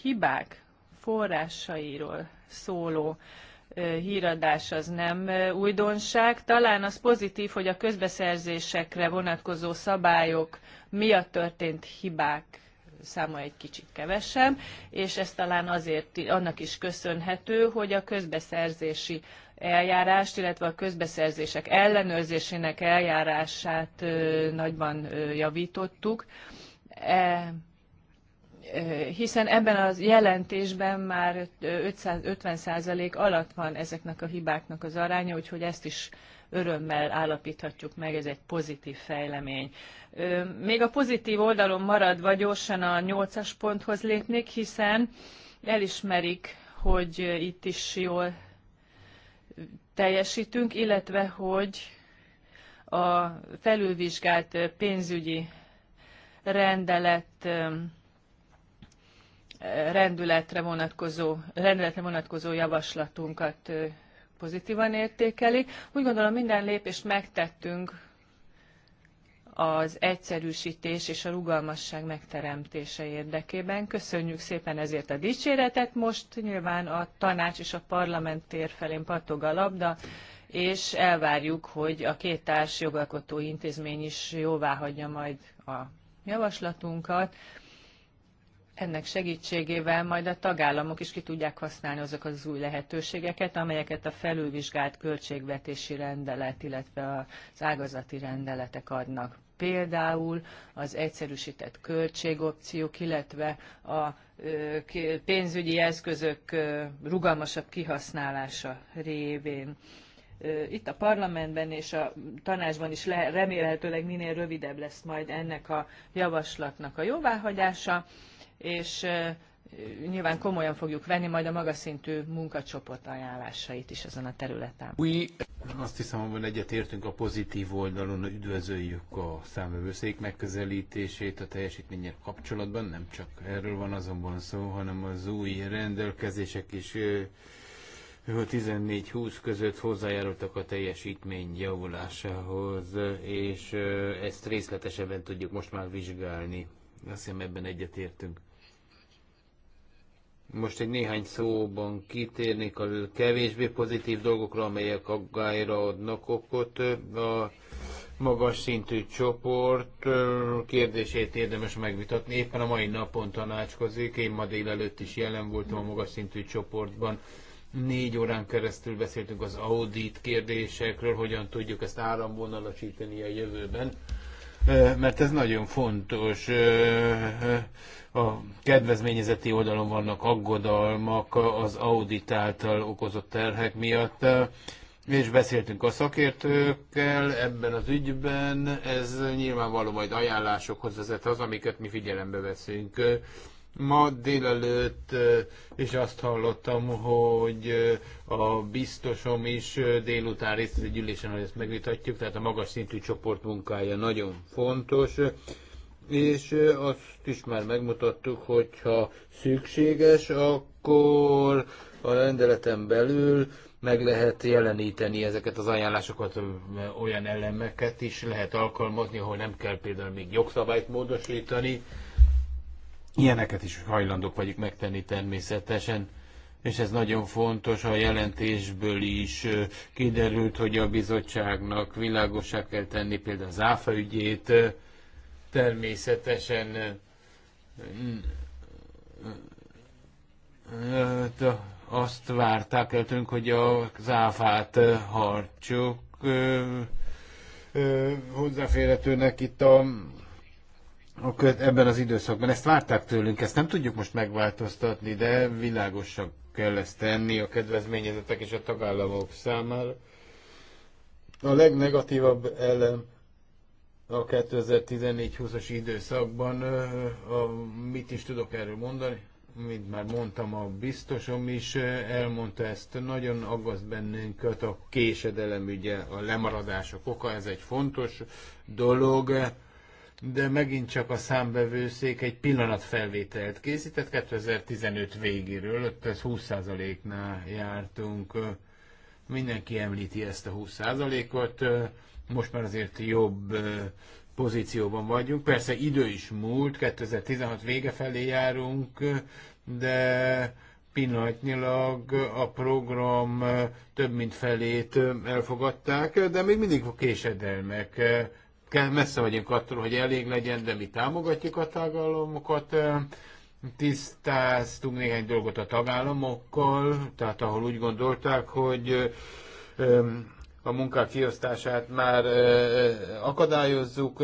hibák forrásairól szóló híradás az nem újdonság. Talán az pozitív, hogy a közbeszerzésekre vonatkozó szabályok miatt történt hibák száma egy kicsit kevesebb, és ez talán azért annak is köszönhető, hogy a közbeszerzési eljárást, illetve a közbeszerzések ellenőrzésének eljárását nagyban javítottuk e, hiszen ebben az jelentésben már 550% alatt van ezeknek a hibáknak az aránya, úgyhogy ezt is örömmel állapíthatjuk meg, ez egy pozitív fejlemény. Még a pozitív oldalon maradva gyorsan a nyolcas ponthoz lépnék, hiszen elismerik, hogy itt is jól teljesítünk, illetve hogy a felülvizsgált pénzügyi rendelet rendületre vonatkozó, rendületre vonatkozó javaslatunkat pozitívan értékeli. Úgy gondolom, minden lépést megtettünk az egyszerűsítés és a rugalmasság megteremtése érdekében. Köszönjük szépen ezért a dicséretet. Most nyilván a tanács és a parlament tér felén patog a labda, és elvárjuk, hogy a két társ jogalkotó intézmény is jóvá hagyja majd a javaslatunkat ennek segítségével majd a tagállamok is ki tudják használni azok az új lehetőségeket, amelyeket a felülvizsgált költségvetési rendelet, illetve az ágazati rendeletek adnak. Például az egyszerűsített költségopciók, illetve a pénzügyi eszközök rugalmasabb kihasználása révén itt a parlamentben és a tanácsban is remélhetőleg minél rövidebb lesz majd ennek a javaslatnak a jóváhagyása és nyilván komolyan fogjuk venni majd a magas szintű munkacsoport ajánlásait is ezen a területen. We... Azt hiszem, hogy egyetértünk a pozitív oldalon, hogy üdvözöljük a számövőszék megközelítését a teljesítmények kapcsolatban, nem csak erről van azonban szó, hanem az új rendelkezések is 14-20 között hozzájárultak a teljesítmény javulásához, és ezt részletesebben tudjuk most már vizsgálni azt hiszem ebben egyetértünk. Most egy néhány szóban kitérnék a kevésbé pozitív dolgokra, amelyek aggályra adnak okot. A magas szintű csoport kérdését érdemes megvitatni. Éppen a mai napon tanácskozik, én ma délelőtt is jelen voltam a magas szintű csoportban. Négy órán keresztül beszéltünk az audit kérdésekről, hogyan tudjuk ezt áramvonalasítani a jövőben mert ez nagyon fontos. A kedvezményezeti oldalon vannak aggodalmak az audit által okozott terhek miatt, és beszéltünk a szakértőkkel ebben az ügyben, ez nyilvánvaló majd ajánlásokhoz vezet az, amiket mi figyelembe veszünk. Ma délelőtt és azt hallottam, hogy a biztosom is délután részt egy ülésen, hogy ezt megvitatjuk, tehát a magas szintű csoport munkája nagyon fontos, és azt is már megmutattuk, hogyha szükséges, akkor a rendeleten belül meg lehet jeleníteni ezeket az ajánlásokat, olyan elemeket is lehet alkalmazni, ahol nem kell például még jogszabályt módosítani, Ilyeneket is hajlandók vagyunk megtenni természetesen, és ez nagyon fontos, a jelentésből is kiderült, hogy a bizottságnak világosá kell tenni például az áfa ügyét, természetesen mm, hát, azt várták el tőlünk, hogy az áfát harcsuk hozzáférhetőnek itt a a köt, ebben az időszakban. Ezt várták tőlünk, ezt nem tudjuk most megváltoztatni, de világosan kell ezt tenni a kedvezményezetek és a tagállamok számára. A legnegatívabb elem a 2014-20-as időszakban, a, mit is tudok erről mondani? Mint már mondtam, a biztosom is elmondta ezt, nagyon aggaszt bennünket a késedelem ugye a lemaradások oka, ez egy fontos dolog de megint csak a számbevőszék egy pillanatfelvételt készített 2015 végéről, ez 20%-nál jártunk. Mindenki említi ezt a 20%-ot, most már azért jobb pozícióban vagyunk. Persze idő is múlt, 2016 vége felé járunk, de pillanatnyilag a program több mint felét elfogadták, de még mindig késedelmek messze vagyunk attól, hogy elég legyen, de mi támogatjuk a tagállamokat. Tisztáztunk néhány dolgot a tagállamokkal, tehát ahol úgy gondolták, hogy a munkák kiosztását már akadályozzuk,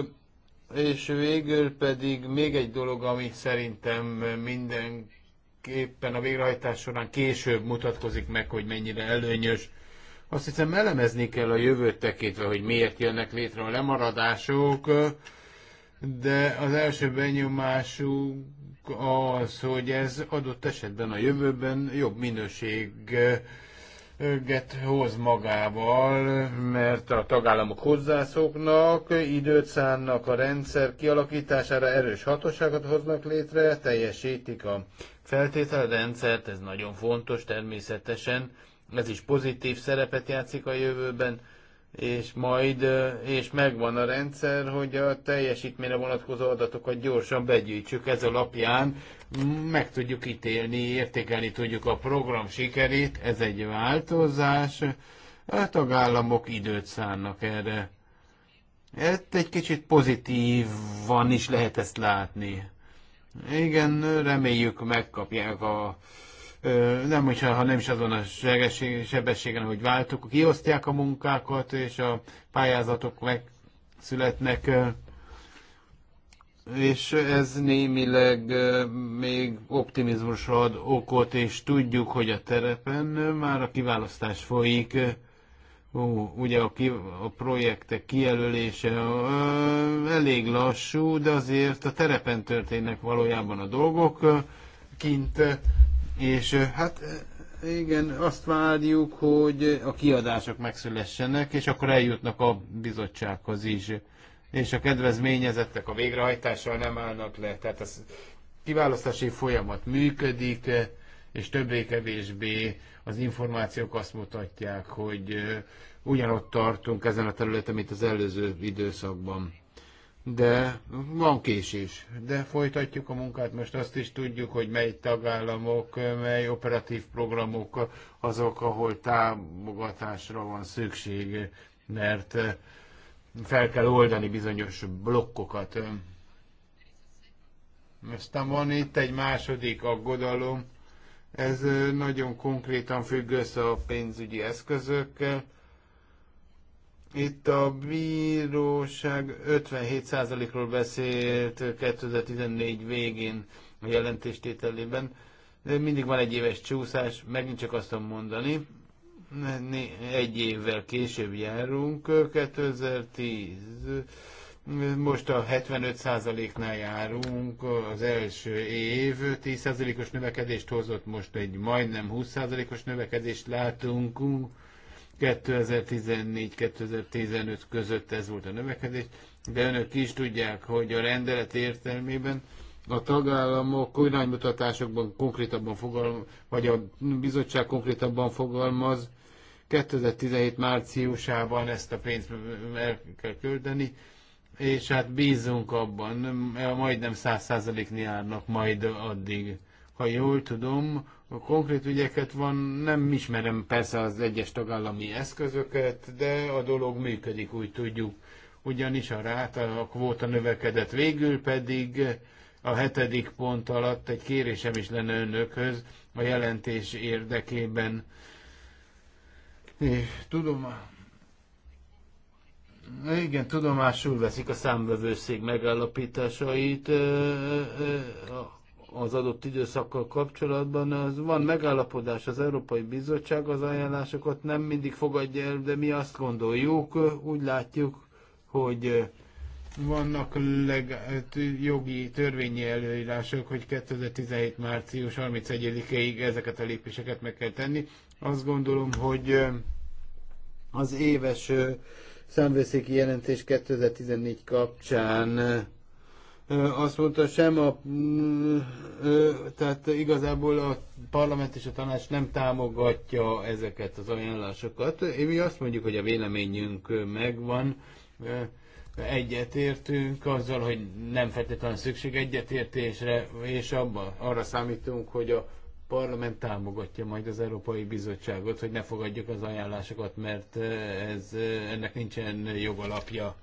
és végül pedig még egy dolog, ami szerintem mindenképpen a végrehajtás során később mutatkozik meg, hogy mennyire előnyös, azt hiszem elemezni kell a jövőt tekintve, hogy miért jönnek létre a lemaradások, de az első benyomásuk az, hogy ez adott esetben a jövőben jobb minőséget hoz magával, mert a tagállamok hozzászoknak, időt szánnak a rendszer kialakítására, erős hatóságot hoznak létre, teljesítik a feltételrendszert, ez nagyon fontos természetesen, ez is pozitív szerepet játszik a jövőben, és majd, és megvan a rendszer, hogy a teljesítményre vonatkozó adatokat gyorsan begyűjtsük ez alapján, meg tudjuk ítélni, értékelni tudjuk a program sikerét, ez egy változás, a tagállamok időt szánnak erre. Ezt egy kicsit pozitívan is lehet ezt látni. Igen, reméljük megkapják a nem, hogyha, ha nem is azon a sebességen, hogy váltok, kiosztják a munkákat, és a pályázatok megszületnek, és ez némileg még optimizmusra ad okot, és tudjuk, hogy a terepen már a kiválasztás folyik, Ó, ugye a, ki, a projektek kijelölése ö, elég lassú, de azért a terepen történnek valójában a dolgok. Kint és hát igen, azt várjuk, hogy a kiadások megszülessenek, és akkor eljutnak a bizottsághoz is. És a kedvezményezettek a végrehajtással nem állnak le. Tehát a kiválasztási folyamat működik, és többé-kevésbé az információk azt mutatják, hogy ugyanott tartunk ezen a területen, mint az előző időszakban de van késés. De folytatjuk a munkát, most azt is tudjuk, hogy mely tagállamok, mely operatív programok azok, ahol támogatásra van szükség, mert fel kell oldani bizonyos blokkokat. Aztán van itt egy második aggodalom, ez nagyon konkrétan függ össze a pénzügyi eszközökkel, itt a bíróság 57%-ról beszélt 2014 végén a jelentéstételében. Mindig van egy éves csúszás, megint csak azt tudom mondani, egy évvel később járunk, 2010, most a 75%-nál járunk, az első év 10%-os növekedést hozott, most egy majdnem 20%-os növekedést látunk, 2014-2015 között ez volt a növekedés, de önök is tudják, hogy a rendelet értelmében a tagállamok iránymutatásokban konkrétabban fogalmaz, vagy a bizottság konkrétabban fogalmaz, 2017 márciusában ezt a pénzt el kell küldeni, és hát bízunk abban, majdnem 100%-ni járnak majd addig ha jól tudom, a konkrét ügyeket van, nem ismerem persze az egyes tagállami eszközöket, de a dolog működik, úgy tudjuk. Ugyanis a ráta, a kvóta növekedett végül pedig a hetedik pont alatt egy kérésem is lenne önökhöz a jelentés érdekében. És tudom, igen, tudomásul veszik a számvevőszék megállapításait az adott időszakkal kapcsolatban, az van megállapodás, az Európai Bizottság az ajánlásokat nem mindig fogadja el, de mi azt gondoljuk, úgy látjuk, hogy vannak leg, hát jogi törvényi előírások, hogy 2017. március 31-ig ezeket a lépéseket meg kell tenni. Azt gondolom, hogy az éves számvőszéki jelentés 2014 kapcsán azt mondta, sem a, mm, tehát igazából a parlament és a tanács nem támogatja ezeket az ajánlásokat. Mi azt mondjuk, hogy a véleményünk megvan, egyetértünk azzal, hogy nem feltétlenül szükség egyetértésre, és abban arra számítunk, hogy a parlament támogatja majd az Európai Bizottságot, hogy ne fogadjuk az ajánlásokat, mert ez, ennek nincsen jogalapja.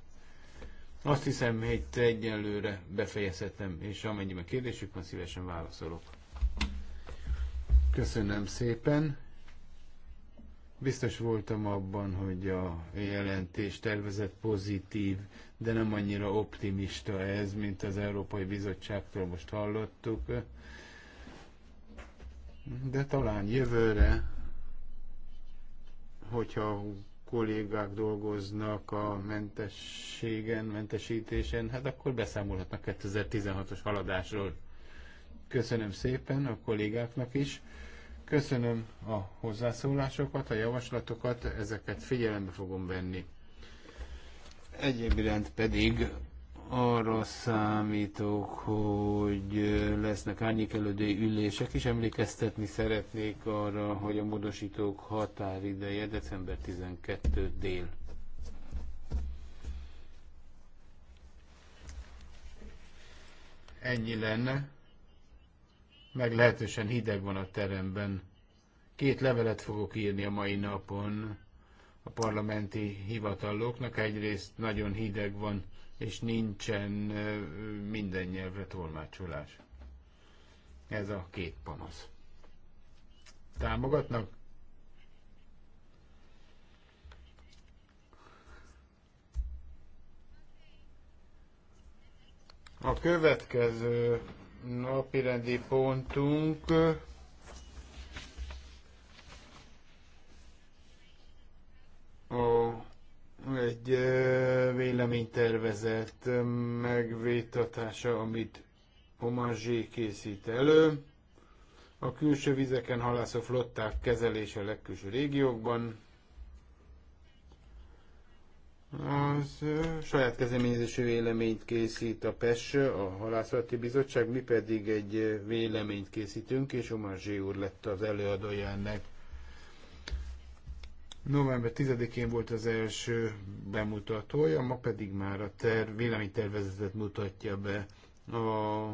Azt hiszem, itt egyelőre befejezhetem, és amennyiben kérdésük van, szívesen válaszolok. Köszönöm szépen. Biztos voltam abban, hogy a jelentés tervezett pozitív, de nem annyira optimista ez, mint az Európai Bizottságtól most hallottuk. De talán jövőre, hogyha kollégák dolgoznak a mentességen, mentesítésen, hát akkor beszámolhatnak 2016-os haladásról. Köszönöm szépen a kollégáknak is. Köszönöm a hozzászólásokat, a javaslatokat, ezeket figyelembe fogom venni. Egyéb iránt pedig arra számítok, hogy lesznek árnyékelődő ülések is. Emlékeztetni szeretnék arra, hogy a módosítók határideje december 12 dél. Ennyi lenne. Meglehetősen hideg van a teremben. Két levelet fogok írni a mai napon a parlamenti hivataloknak Egyrészt nagyon hideg van, és nincsen minden nyelvre tolmácsolás. Ez a két panasz. Támogatnak? A következő napirendi pontunk a egy véleménytervezet megvétatása, amit Omazsé készít elő. A külső vizeken halászó flották kezelése a legkülső régiókban. Az saját kezdeményezésű véleményt készít a PES, a Halászati Bizottság, mi pedig egy véleményt készítünk, és Omar Zsé úr lett az előadója ennek. November 10-én volt az első bemutatója, ma pedig már a terv, véleménytervezetet mutatja be. A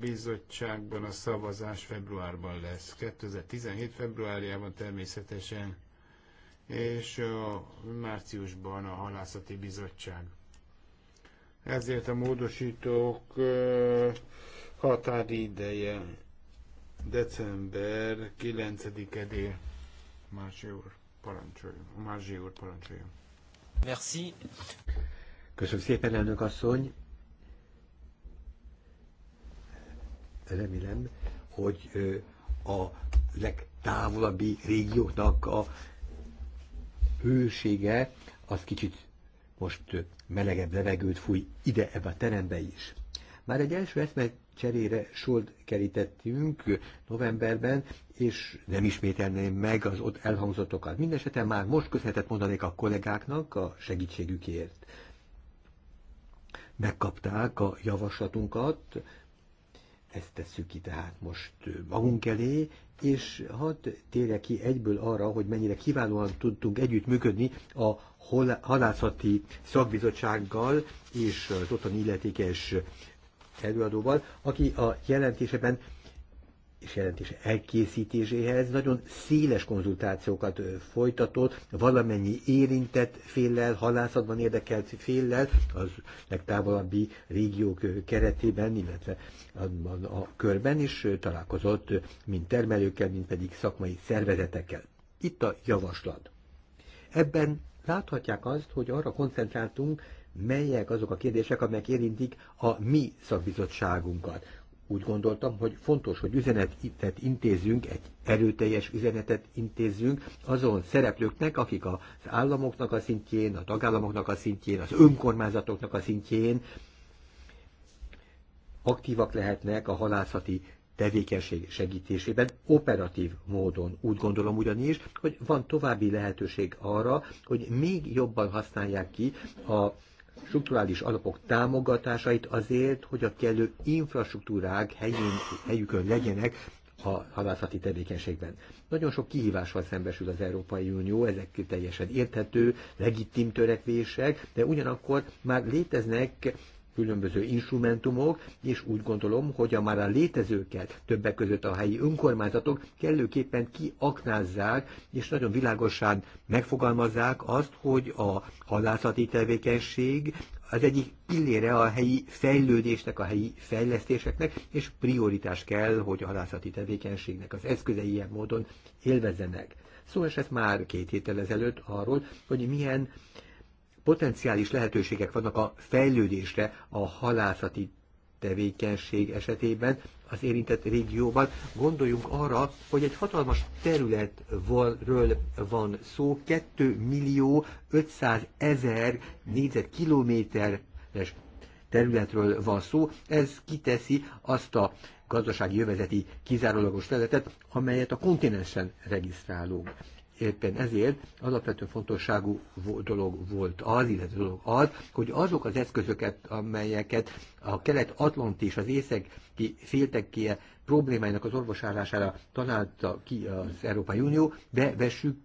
bizottságban a szavazás februárban lesz, 2017 februárjában természetesen, és a márciusban a halászati bizottság. Ezért a módosítók határideje december 9-e dél másfél óra. Parancsoljon. Mázsi úr, parancsoljon. Merci. Köszönöm szépen, elnök asszony. Remélem, hogy a legtávolabbi régióknak a hősége az kicsit most melegebb levegőt fúj ide ebbe a terembe is. Már egy első eszmet cserére sold kerítettünk novemberben, és nem ismételném meg az ott elhangzottokat. Mindenesetre már most köszönetet mondanék a kollégáknak a segítségükért. Megkapták a javaslatunkat, ezt tesszük ki tehát most magunk elé, és hadd térje ki egyből arra, hogy mennyire kiválóan tudtunk együttműködni a halászati szakbizottsággal és az ottani illetékes előadóval, aki a jelentéseben és jelentés elkészítéséhez nagyon széles konzultációkat folytatott, valamennyi érintett féllel, halászatban érdekelt féllel, az legtávolabbi régiók keretében, illetve a körben is találkozott, mind termelőkkel, mind pedig szakmai szervezetekkel. Itt a javaslat. Ebben láthatják azt, hogy arra koncentráltunk, melyek azok a kérdések, amelyek érintik a mi szakbizottságunkat. Úgy gondoltam, hogy fontos, hogy üzenetet intézzünk, egy erőteljes üzenetet intézzünk azon szereplőknek, akik az államoknak a szintjén, a tagállamoknak a szintjén, az önkormányzatoknak a szintjén aktívak lehetnek a halászati tevékenység segítésében operatív módon. Úgy gondolom ugyanis, hogy van további lehetőség arra, hogy még jobban használják ki a strukturális alapok támogatásait azért, hogy a kellő infrastruktúrák helyén, helyükön legyenek a halászati tevékenységben. Nagyon sok kihívással szembesül az Európai Unió, ezek teljesen érthető, legitim törekvések, de ugyanakkor már léteznek különböző instrumentumok, és úgy gondolom, hogy a már a létezőket, többek között a helyi önkormányzatok kellőképpen kiaknázzák, és nagyon világosan megfogalmazzák azt, hogy a halászati tevékenység az egyik pillére a helyi fejlődésnek, a helyi fejlesztéseknek, és prioritás kell, hogy a halászati tevékenységnek az eszközei ilyen módon élvezzenek. szóval ez már két héttel ezelőtt arról, hogy milyen potenciális lehetőségek vannak a fejlődésre a halászati tevékenység esetében az érintett régióban. Gondoljunk arra, hogy egy hatalmas területről van szó, 2 millió 500 ezer négyzetkilométeres területről van szó. Ez kiteszi azt a gazdasági jövezeti kizárólagos területet, amelyet a kontinensen regisztrálunk éppen ezért alapvető fontosságú dolog volt az, illetve dolog az, hogy azok az eszközöket, amelyeket a kelet-atlanti és az ki ki féltekie problémáinak az orvosállására tanálta ki az Európai Unió, bevessük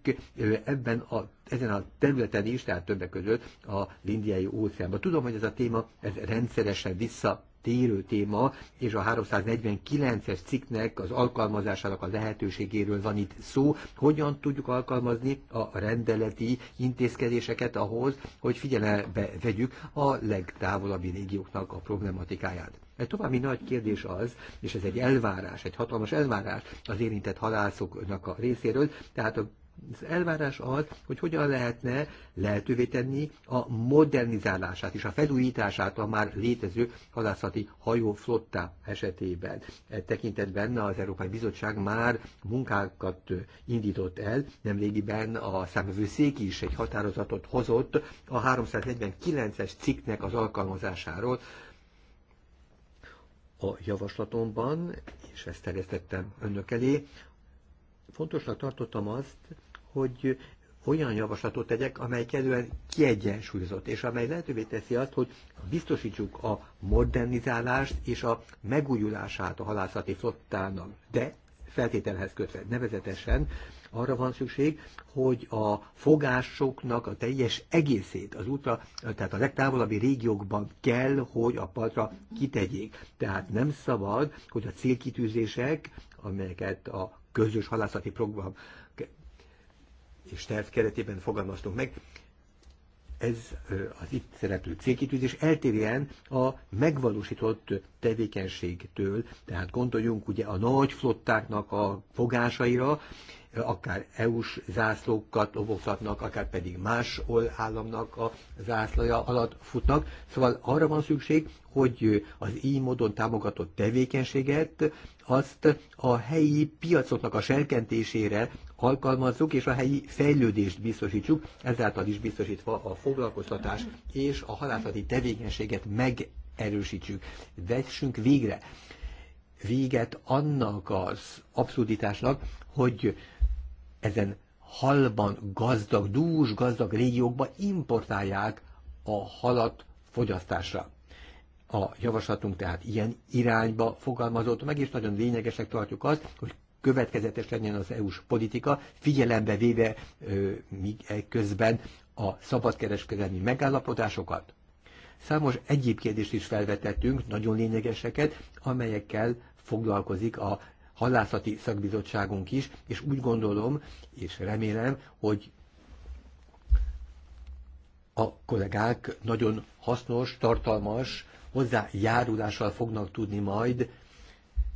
ebben a, ezen a területen is, tehát többek között a indiai óceánban. Tudom, hogy ez a téma ez rendszeresen vissza térő téma, és a 349-es cikknek az alkalmazásának a lehetőségéről van itt szó. Hogyan tudjuk alkalmazni a rendeleti intézkedéseket ahhoz, hogy figyelembe vegyük a legtávolabbi régióknak a problematikáját. Egy további nagy kérdés az, és ez egy elvárás, egy hatalmas elvárás az érintett halászoknak a részéről, tehát a az elvárás az, hogy hogyan lehetne lehetővé tenni a modernizálását és a felújítását a már létező halászati hajóflotta esetében. E tekintetben az Európai Bizottság már munkákat indított el, nemrégiben a számvevőszék is egy határozatot hozott a 349-es cikknek az alkalmazásáról, a javaslatomban, és ezt terjesztettem önök elé, fontosnak tartottam azt, hogy olyan javaslatot tegyek, amely kellően kiegyensúlyozott, és amely lehetővé teszi azt, hogy biztosítsuk a modernizálást és a megújulását a halászati flottának. De feltételhez kötve, nevezetesen arra van szükség, hogy a fogásoknak a teljes egészét az útra, tehát a legtávolabbi régiókban kell, hogy a partra kitegyék. Tehát nem szabad, hogy a célkitűzések, amelyeket a közös halászati program és terv keretében fogalmaztunk meg, ez az itt szereplő célkitűzés eltérjen a megvalósított tevékenységtől, tehát gondoljunk ugye a nagy flottáknak a fogásaira, akár EU-s zászlókat lobogtatnak, akár pedig más államnak a zászlaja alatt futnak. Szóval arra van szükség, hogy az így módon támogatott tevékenységet azt a helyi piacoknak a serkentésére alkalmazzuk, és a helyi fejlődést biztosítsuk, ezáltal is biztosítva a foglalkoztatás és a halászati tevékenységet megerősítsük. Vessünk végre véget annak az abszurditásnak, hogy ezen halban gazdag, dús gazdag régiókba importálják a halat fogyasztásra. A javaslatunk tehát ilyen irányba fogalmazott meg, és nagyon lényegesek tartjuk azt, hogy következetes legyen az EU-s politika, figyelembe véve ö, míg e közben a szabadkereskedelmi megállapodásokat. Számos egyéb kérdést is felvetettünk, nagyon lényegeseket, amelyekkel foglalkozik a halászati szakbizottságunk is, és úgy gondolom, és remélem, hogy a kollégák nagyon hasznos, tartalmas hozzájárulással fognak tudni majd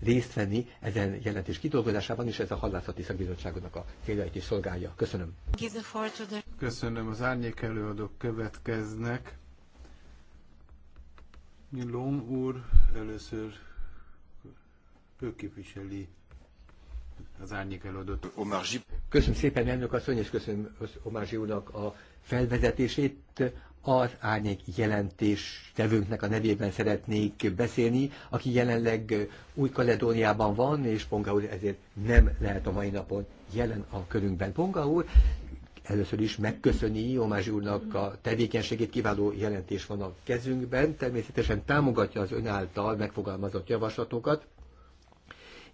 részt venni ezen jelentés kidolgozásában, és ez a hallászati szakbizottságodnak a céljait is szolgálja. Köszönöm. Köszönöm. Az árnyék előadók következnek. Lom úr, először az árnyék előadott. Köszönöm szépen elnök asszony, és köszönöm Omar a felvezetését. Az árnyék jelentés tevőnknek a nevében szeretnék beszélni, aki jelenleg Új-Kaledóniában van, és Ponga úr ezért nem lehet a mai napon jelen a körünkben. Ponga úr először is megköszöni Omázs úrnak a tevékenységét, kiváló jelentés van a kezünkben, természetesen támogatja az ön által megfogalmazott javaslatokat,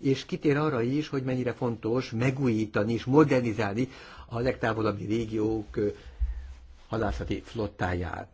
és kitér arra is, hogy mennyire fontos megújítani és modernizálni a legtávolabbi régiók halászati flottáját.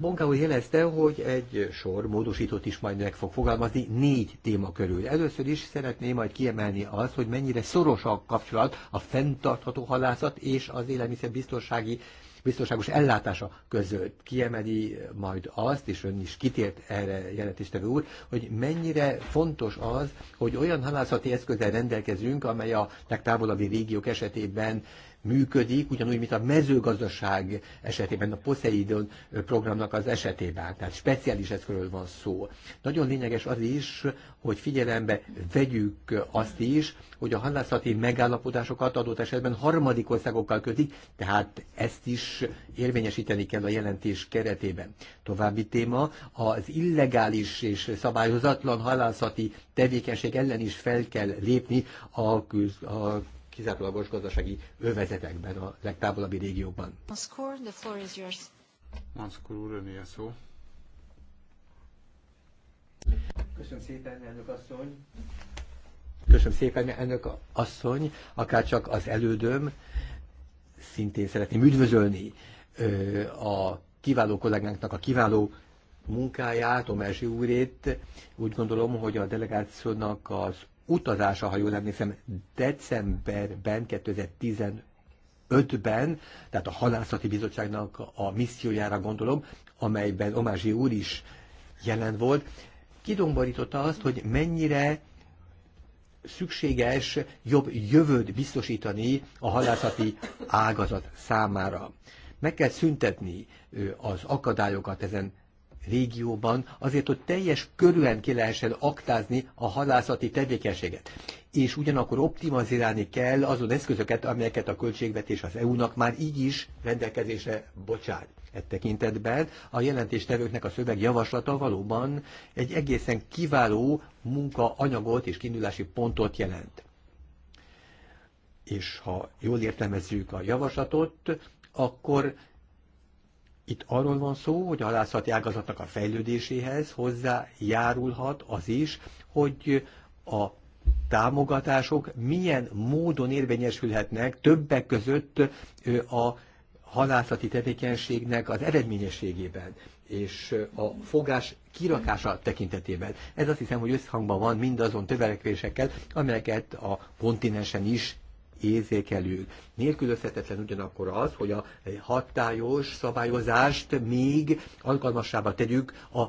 Bonka jelezte, hogy egy sor módosított is majd meg fog fogalmazni négy téma körül. Először is szeretném majd kiemelni azt, hogy mennyire szoros a kapcsolat a fenntartható halászat és az élelmiszerbiztonsági biztonságos ellátása között. Kiemeli majd azt, és ön is kitért erre jelentéstevő úr, hogy mennyire fontos az, hogy olyan halászati eszközzel rendelkezünk, amely a legtávolabbi régiók esetében működik, ugyanúgy, mint a mezőgazdaság esetében, a Poseidon programnak az esetében. Tehát speciális eszközről van szó. Nagyon lényeges az is, hogy figyelembe vegyük azt is, hogy a halászati megállapodásokat adott esetben harmadik országokkal kötik, tehát ezt is érvényesíteni kell a jelentés keretében. További téma az illegális és szabályozatlan halászati tevékenység ellen is fel kell lépni a, küz, a kizárólagos gazdasági övezetekben, a legtávolabbi régióban. Manszkor, the floor is yours. Manszkor úr, a szó. Köszönöm szépen, elnök asszony. Köszönöm szépen, elnök asszony, akárcsak az elődöm, szintén szeretném üdvözölni a kiváló kollégánknak a kiváló munkáját, Omerzsi úrét. Úgy gondolom, hogy a delegációnak az utazása, ha jól emlékszem, decemberben, 2015-ben, tehát a Halászati Bizottságnak a missziójára gondolom, amelyben Omázsi úr is jelen volt, kidomborította azt, hogy mennyire szükséges jobb jövőt biztosítani a halászati ágazat számára. Meg kell szüntetni az akadályokat ezen régióban, azért, hogy teljes körülön ki lehessen aktázni a halászati tevékenységet. És ugyanakkor optimalizálni kell azon eszközöket, amelyeket a költségvetés az EU-nak már így is rendelkezésre bocsát. E tekintetben a jelentéstevőknek a szöveg javaslata valóban egy egészen kiváló munkaanyagot és kiindulási pontot jelent. És ha jól értelmezzük a javaslatot, akkor itt arról van szó, hogy a halászati ágazatnak a fejlődéséhez hozzájárulhat az is, hogy a támogatások milyen módon érvényesülhetnek többek között a halászati tevékenységnek az eredményességében és a fogás kirakása tekintetében. Ez azt hiszem, hogy összhangban van mindazon tövelekvésekkel, amelyeket a kontinensen is érzékelők. Nélkülözhetetlen ugyanakkor az, hogy a hatályos szabályozást még alkalmassába tegyük a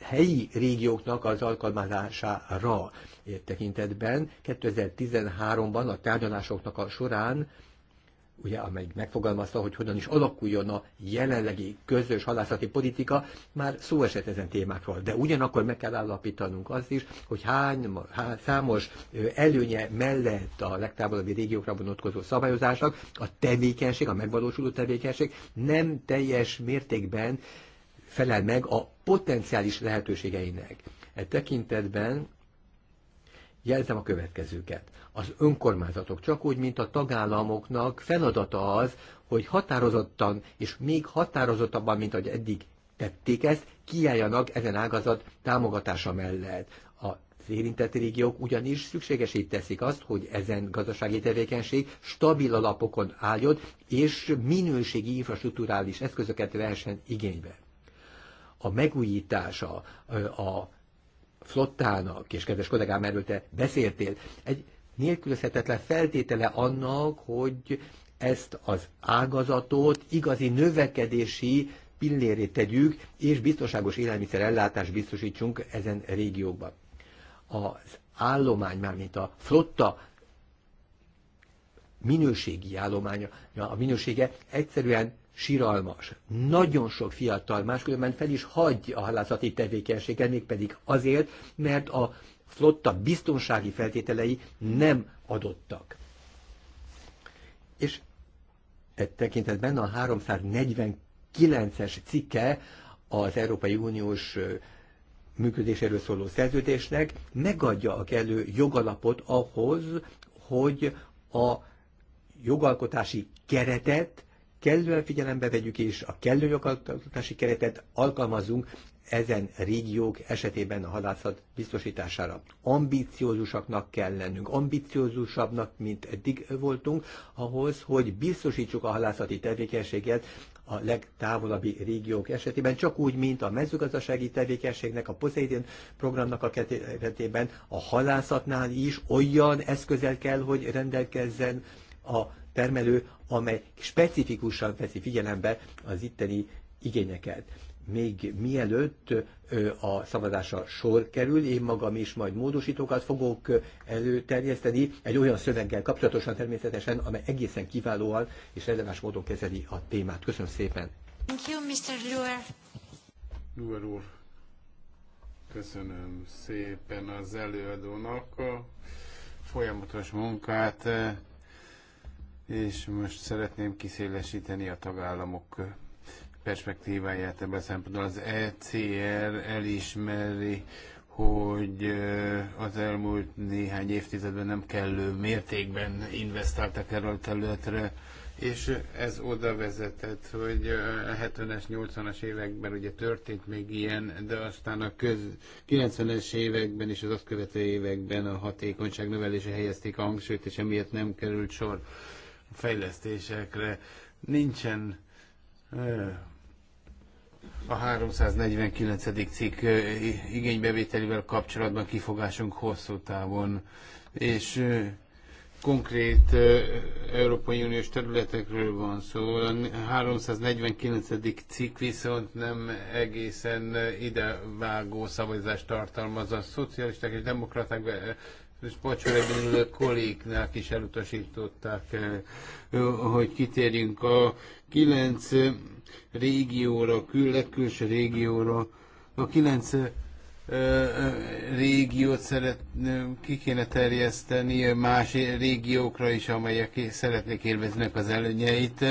helyi régióknak az alkalmazására. Tekintetben 2013-ban a tárgyalásoknak a során ugye, amely megfogalmazta, hogy hogyan is alakuljon a jelenlegi közös halászati politika, már szó esett ezen témákról. De ugyanakkor meg kell állapítanunk azt is, hogy hány, há, számos előnye mellett a legtávolabbi régiókra vonatkozó szabályozásnak a tevékenység, a megvalósuló tevékenység nem teljes mértékben felel meg a potenciális lehetőségeinek. E tekintetben jelzem a következőket. Az önkormányzatok csak úgy, mint a tagállamoknak feladata az, hogy határozottan és még határozottabban, mint ahogy eddig tették ezt, kiálljanak ezen ágazat támogatása mellett. A az érintett régiók ugyanis szükségesét teszik azt, hogy ezen gazdasági tevékenység stabil alapokon álljon, és minőségi infrastruktúrális eszközöket vehessen igénybe. A megújítása, a flottának, és kedves kollégám erről te beszéltél, egy nélkülözhetetlen feltétele annak, hogy ezt az ágazatot igazi növekedési pillérét tegyük, és biztonságos élelmiszerellátást biztosítsunk ezen régiókban. Az állomány, mármint a flotta minőségi állománya, a minősége egyszerűen siralmas. Nagyon sok fiatal máskülönben fel is hagy a halászati tevékenységet, mégpedig azért, mert a flotta biztonsági feltételei nem adottak. És egy tekintetben a 349-es cikke az Európai Uniós működéséről szóló szerződésnek megadja a kellő jogalapot ahhoz, hogy a jogalkotási keretet kellően figyelembe vegyük és a kellő jogalkotási keretet alkalmazunk ezen régiók esetében a hadászat biztosítására. Ambiciózusaknak kell lennünk, ambiciózusabbnak, mint eddig voltunk, ahhoz, hogy biztosítsuk a halászati tevékenységet a legtávolabbi régiók esetében, csak úgy, mint a mezőgazdasági tevékenységnek, a Poseidon programnak a keretében, a halászatnál is olyan eszközel kell, hogy rendelkezzen a termelő, amely specifikusan veszi figyelembe az itteni igényeket. Még mielőtt a szavazásra sor kerül, én magam is majd módosítókat fogok előterjeszteni, egy olyan szöveggel kapcsolatosan természetesen, amely egészen kiválóan és releváns módon kezeli a témát. Köszönöm szépen! Thank you, Mr. Luer. Luer úr, köszönöm szépen az előadónak a folyamatos munkát és most szeretném kiszélesíteni a tagállamok perspektíváját ebben a szempontból. Az ECR elismeri, hogy eh, az elmúlt néhány évtizedben nem kellő mértékben investáltak erre a területre, és ez oda vezetett, hogy a 70-es, 80-as években ugye történt még ilyen, de aztán a köz, 90-es években és az azt követő években a hatékonyság növelése helyezték a hangsúlyt, és emiatt nem került sor fejlesztésekre. Nincsen a 349. cikk igénybevételivel kapcsolatban kifogásunk hosszú távon, és konkrét Európai Uniós területekről van szó. A 349. cikk viszont nem egészen idevágó szavazást tartalmaz. A szocialisták és demokraták és pacsoregben ülő kollégnák is elutasították, eh, hogy kitérjünk a kilenc régióra, kül, legkülső régióra, a kilenc eh, eh, régiót szeret, ki kéne terjeszteni más régiókra is, amelyek szeretnék élvezni az előnyeit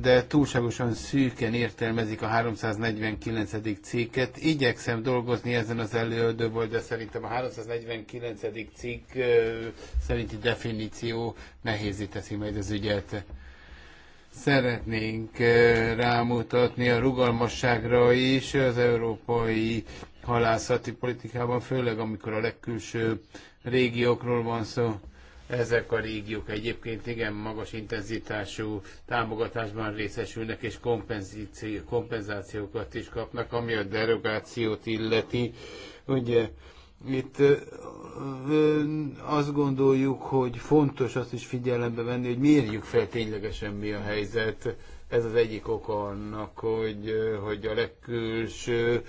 de túlságosan szűken értelmezik a 349. cikket. Igyekszem dolgozni ezen az előadóból, de szerintem a 349. cikk szerinti definíció nehézé teszi majd az ügyet. Szeretnénk rámutatni a rugalmasságra is az európai halászati politikában, főleg amikor a legkülső régiókról van szó ezek a régiók egyébként igen magas intenzitású támogatásban részesülnek, és kompenzációkat is kapnak, ami a derogációt illeti. Ugye itt azt gondoljuk, hogy fontos azt is figyelembe venni, hogy mérjük fel ténylegesen mi a helyzet. Ez az egyik oka annak, hogy, hogy a legkülső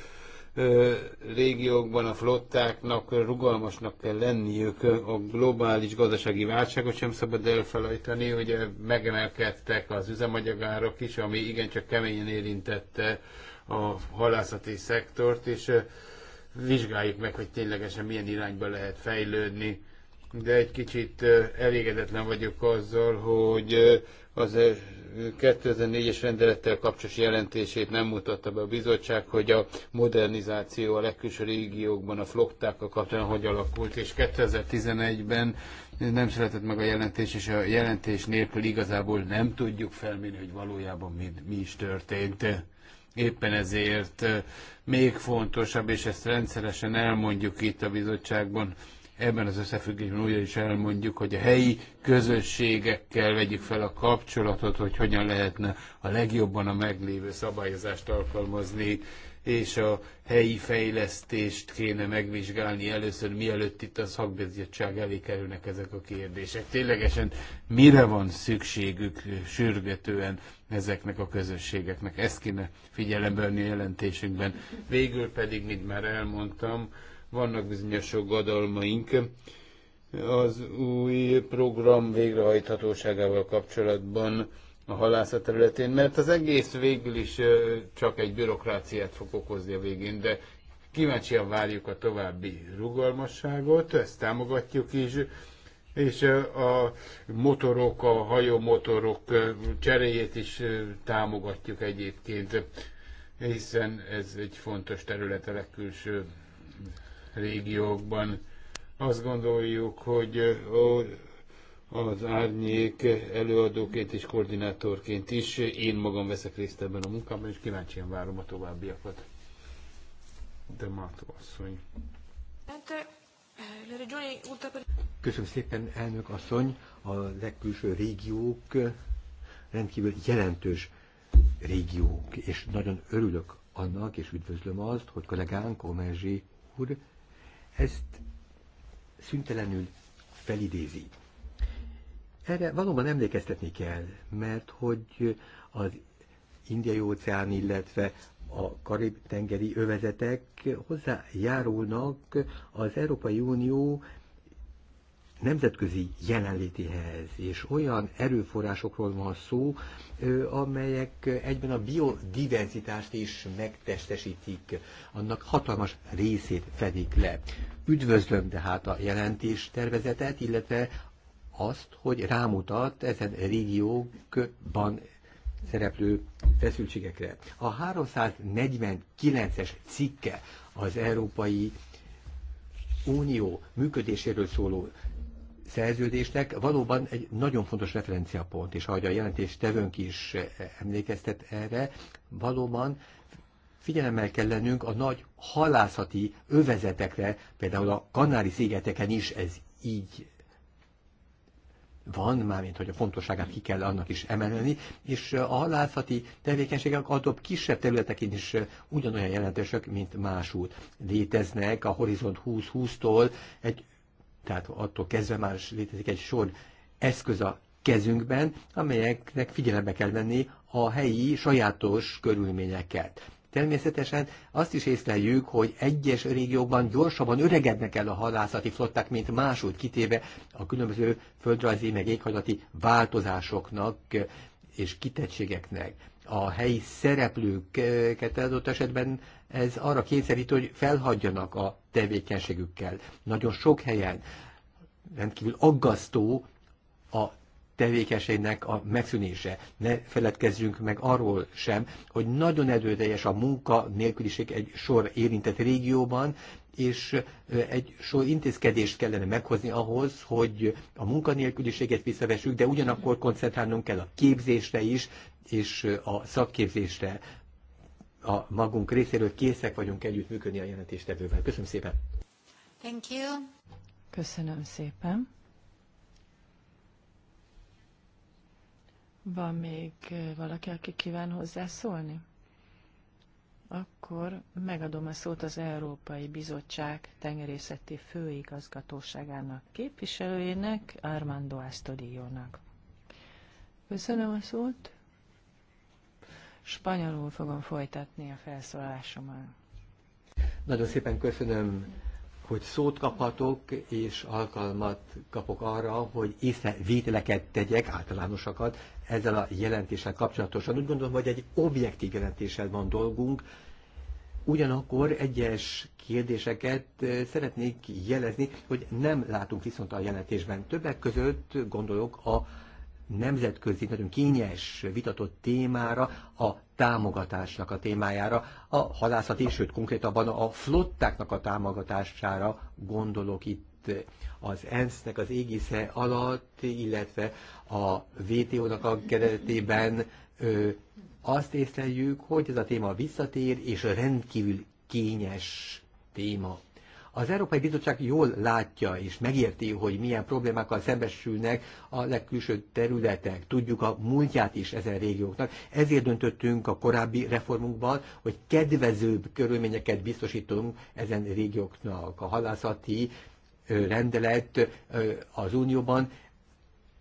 régiókban a flottáknak rugalmasnak kell lenniük. A globális gazdasági válságot sem szabad elfelejteni, hogy megemelkedtek az üzemanyagárak is, ami igencsak keményen érintette a halászati szektort, és vizsgáljuk meg, hogy ténylegesen milyen irányba lehet fejlődni. De egy kicsit elégedetlen vagyok azzal, hogy az 2004-es e rendelettel kapcsolatos jelentését nem mutatta be a bizottság, hogy a modernizáció a legkülső régiókban a flottákkal kapcsolatban hogy alakult, és 2011-ben nem született meg a jelentés, és a jelentés nélkül igazából nem tudjuk felmérni, hogy valójában mi, mi is történt. Éppen ezért eh, még fontosabb, és ezt rendszeresen elmondjuk itt a bizottságban, ebben az összefüggésben újra is elmondjuk, hogy a helyi közösségekkel vegyük fel a kapcsolatot, hogy hogyan lehetne a legjobban a meglévő szabályozást alkalmazni, és a helyi fejlesztést kéne megvizsgálni először, mielőtt itt a szakbizottság elé kerülnek ezek a kérdések. Ténylegesen mire van szükségük sürgetően ezeknek a közösségeknek? Ezt kéne figyelembe venni a jelentésünkben. Végül pedig, mint már elmondtam, vannak bizonyos aggodalmaink az új program végrehajthatóságával kapcsolatban a halászat területén, mert az egész végül is csak egy bürokráciát fog okozni a végén, de kíváncsian várjuk a további rugalmasságot, ezt támogatjuk is, és a motorok, a hajómotorok cseréjét is támogatjuk egyébként, hiszen ez egy fontos terület a legkülső régiókban. Azt gondoljuk, hogy az árnyék előadóként és koordinátorként is én magam veszek részt ebben a munkában, és kíváncsian várom a továbbiakat. De Mátó asszony. Köszönöm szépen, elnök asszony, a legkülső régiók rendkívül jelentős régiók, és nagyon örülök annak, és üdvözlöm azt, hogy kollégánk Omerzsi úr ezt szüntelenül felidézi. Erre valóban emlékeztetni kell, mert hogy az indiai óceán, illetve a karib-tengeri övezetek hozzájárulnak az Európai Unió nemzetközi jelenlétihez, és olyan erőforrásokról van szó, amelyek egyben a biodiverzitást is megtestesítik, annak hatalmas részét fedik le. Üdvözlöm tehát a jelentés tervezetet, illetve azt, hogy rámutat ezen régiókban szereplő feszültségekre. A 349-es cikke az Európai Unió működéséről szóló szerződésnek valóban egy nagyon fontos referenciapont, és ahogy a tevőnk is eh, emlékeztet erre, valóban figyelemmel kell lennünk a nagy halászati övezetekre, például a Kanári-szigeteken is ez így van, mármint hogy a fontosságát ki kell annak is emelni, és eh, a halászati tevékenységek adott kisebb területekén is eh, ugyanolyan jelentősek, mint másút. Léteznek a Horizont 2020-tól egy tehát attól kezdve már létezik egy sor eszköz a kezünkben, amelyeknek figyelembe kell venni a helyi sajátos körülményeket. Természetesen azt is észleljük, hogy egyes régiókban gyorsabban öregednek el a halászati flották, mint máshogy kitéve a különböző földrajzi meg éghajlati változásoknak és kitettségeknek. A helyi szereplőket adott esetben ez arra kényszerít, hogy felhagyjanak a tevékenységükkel. Nagyon sok helyen rendkívül aggasztó a tevékenységnek a megszűnése. Ne feledkezzünk meg arról sem, hogy nagyon erőteljes a munka nélküliség egy sor érintett régióban, és egy sor intézkedést kellene meghozni ahhoz, hogy a munkanélküliséget visszavessük, de ugyanakkor koncentrálnunk kell a képzésre is, és a szakképzésre, a magunk részéről készek vagyunk együttműködni a jelentéstevővel. Köszönöm szépen! Thank you. Köszönöm szépen! Van még eh, valaki, aki kíván hozzászólni? Akkor megadom a szót az Európai Bizottság tengerészeti főigazgatóságának képviselőjének, Armando Astodionak. Köszönöm a szót. Spanyolul fogom folytatni a felszólalásommal. Nagyon szépen köszönöm, hogy szót kaphatok, és alkalmat kapok arra, hogy észrevételeket tegyek, általánosakat, ezzel a jelentéssel kapcsolatosan. Úgy gondolom, hogy egy objektív jelentéssel van dolgunk, Ugyanakkor egyes kérdéseket eh, szeretnék jelezni, hogy nem látunk viszont a jelentésben. Többek között gondolok a nemzetközi, nagyon kényes, vitatott témára, a támogatásnak a témájára, a halászati, sőt konkrétabban a flottáknak a támogatására gondolok itt az ENSZ-nek az égisze alatt, illetve a vto nak a keretében azt észleljük, hogy ez a téma visszatér, és rendkívül kényes téma az Európai Bizottság jól látja és megérti, hogy milyen problémákkal szembesülnek a legkülső területek. Tudjuk a múltját is ezen régióknak. Ezért döntöttünk a korábbi reformunkban, hogy kedvezőbb körülményeket biztosítunk ezen régióknak. A halászati rendelet az Unióban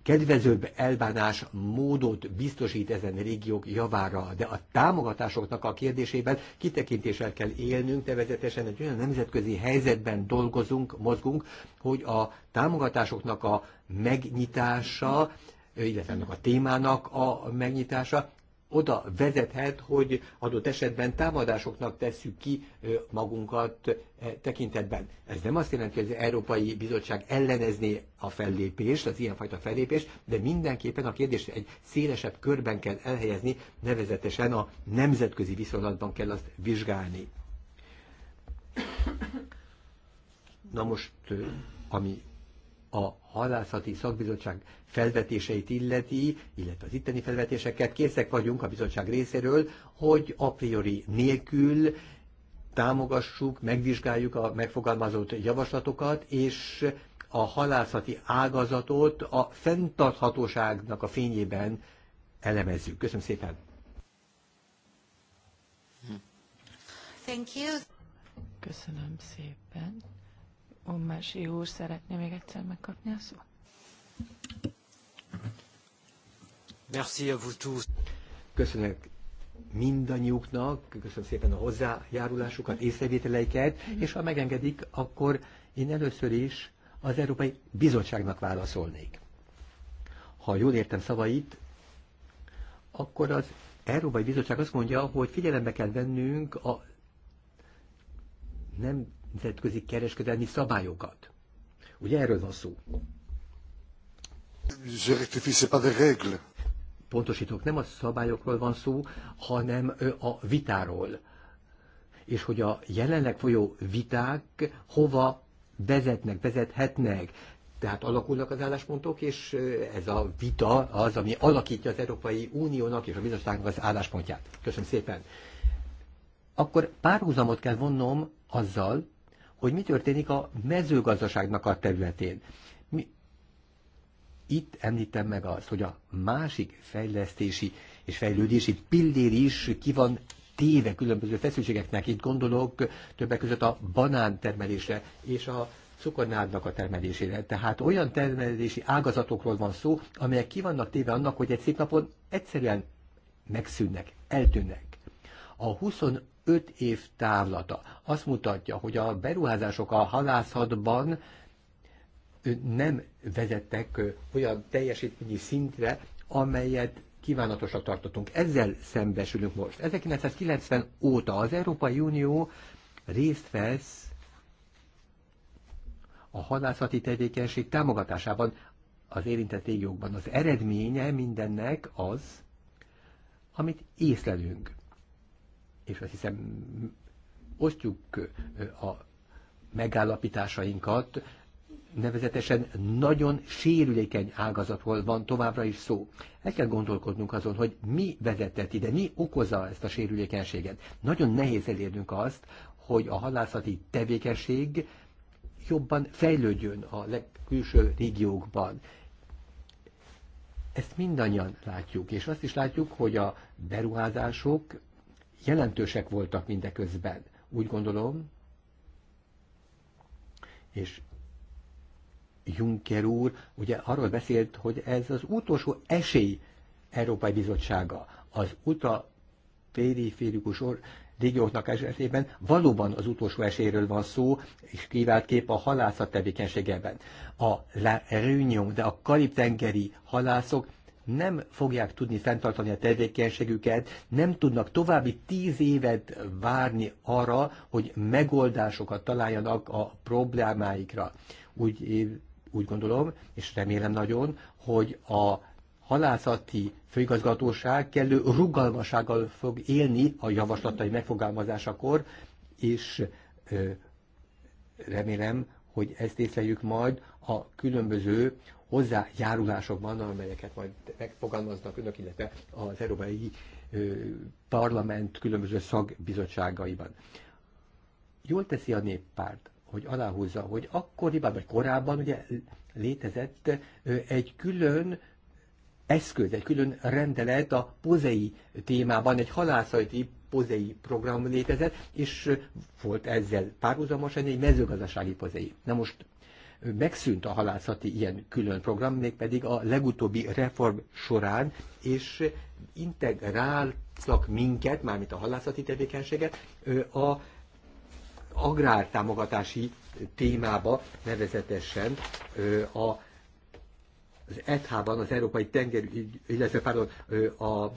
kedvezőbb elbánás módot biztosít ezen régiók javára, de a támogatásoknak a kérdésében kitekintéssel kell élnünk, nevezetesen egy olyan nemzetközi helyzetben dolgozunk, mozgunk, hogy a támogatásoknak a megnyitása, illetve ennek a témának a megnyitása oda vezethet, hogy adott esetben támadásoknak tesszük ki magunkat tekintetben. Ez nem azt jelenti, hogy az Európai Bizottság ellenezné a fellépést, az ilyenfajta fellépést, de mindenképpen a kérdést egy szélesebb körben kell elhelyezni, nevezetesen a nemzetközi viszonylatban kell azt vizsgálni. Na most, ami a halászati szakbizottság felvetéseit illeti, illetve az itteni felvetéseket, készek vagyunk a bizottság részéről, hogy a priori nélkül támogassuk, megvizsgáljuk a megfogalmazott javaslatokat, és a halászati ágazatot a fenntarthatóságnak a fényében elemezzük. Köszönöm szépen! Thank you. Köszönöm szépen. Ommási úr szeretné még egyszer megkapni a szót. Merci à vous tous. Köszönöm mindannyiuknak, köszönöm szépen a hozzájárulásukat, észrevételeiket, és ha megengedik, akkor én először is az Európai Bizottságnak válaszolnék. Ha jól értem szavait, akkor az Európai Bizottság azt mondja, hogy figyelembe kell vennünk a nem nemzetközi kereskedelmi szabályokat. Ugye erről van szó. Pontosítok, nem a szabályokról van szó, hanem a vitáról. És hogy a jelenleg folyó viták hova vezetnek, vezethetnek. Tehát alakulnak az álláspontok, és ez a vita az, ami alakítja az Európai Uniónak és a bizottságnak az álláspontját. Köszönöm szépen. Akkor párhuzamot kell vonnom azzal, hogy mi történik a mezőgazdaságnak a területén. Mi, itt említem meg azt, hogy a másik fejlesztési és fejlődési pillér is ki van téve különböző feszültségeknek. Itt gondolok többek között a banán termelésre és a cukornádnak a termelésére. Tehát olyan termelési ágazatokról van szó, amelyek ki vannak téve annak, hogy egy szép napon egyszerűen megszűnnek, eltűnnek. A öt év távlata azt mutatja, hogy a beruházások a halászatban nem vezettek olyan teljesítményi szintre, amelyet kívánatosnak tartottunk. Ezzel szembesülünk most. 1990 óta az Európai Unió részt vesz a halászati tevékenység támogatásában az érintett régiókban. Az eredménye mindennek az, amit észlelünk és azt hiszem osztjuk a megállapításainkat, nevezetesen nagyon sérülékeny ágazatról van továbbra is szó. El kell gondolkodnunk azon, hogy mi vezetett ide, mi okozza ezt a sérülékenységet. Nagyon nehéz elérnünk azt, hogy a halászati tevékenység jobban fejlődjön a legkülső régiókban. Ezt mindannyian látjuk, és azt is látjuk, hogy a beruházások jelentősek voltak mindeközben. Úgy gondolom, és Juncker úr ugye arról beszélt, hogy ez az utolsó esély Európai Bizottsága, az uta periférikus or, régióknak esetében valóban az utolsó esélyről van szó, és kivált kép a halászat tevékenységében. A La Réunion, de a karib-tengeri halászok nem fogják tudni fenntartani a tevékenységüket, nem tudnak további tíz évet várni arra, hogy megoldásokat találjanak a problémáikra. Úgy, úgy gondolom, és remélem nagyon, hogy a halászati főigazgatóság kellő rugalmasággal fog élni a javaslatai megfogalmazásakor, és remélem, hogy ezt észleljük majd a különböző hozzájárulásokban, amelyeket majd megfogalmaznak önök, illetve az Európai Parlament különböző szakbizottságaiban. Jól teszi a néppárt, hogy aláhúzza, hogy akkoriban, vagy korábban ugye létezett egy külön eszköz, egy külön rendelet a pozei témában, egy halászati pozei program létezett, és volt ezzel párhuzamosan egy mezőgazdasági pozei. Na most megszűnt a halászati ilyen külön program, mégpedig a legutóbbi reform során, és integráltak minket, mármint a halászati tevékenységet, a agrártámogatási témába, nevezetesen a az ETH-ban, az Európai Tengerügy, illetve pardon, a,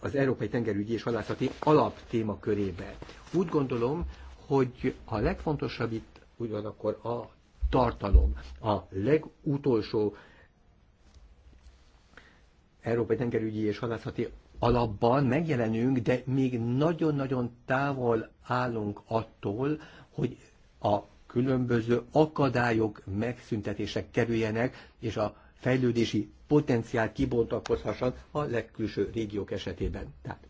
az Európai Tengerügyi és Halászati Alaptéma körébe. Úgy gondolom, hogy a legfontosabb itt ugyanakkor a tartalom. A legutolsó Európai Tengerügyi és Halászati alapban megjelenünk, de még nagyon-nagyon távol állunk attól, hogy a különböző akadályok megszüntetése kerüljenek, és a fejlődési potenciál kibontakozhasson a legkülső régiók esetében. Tehát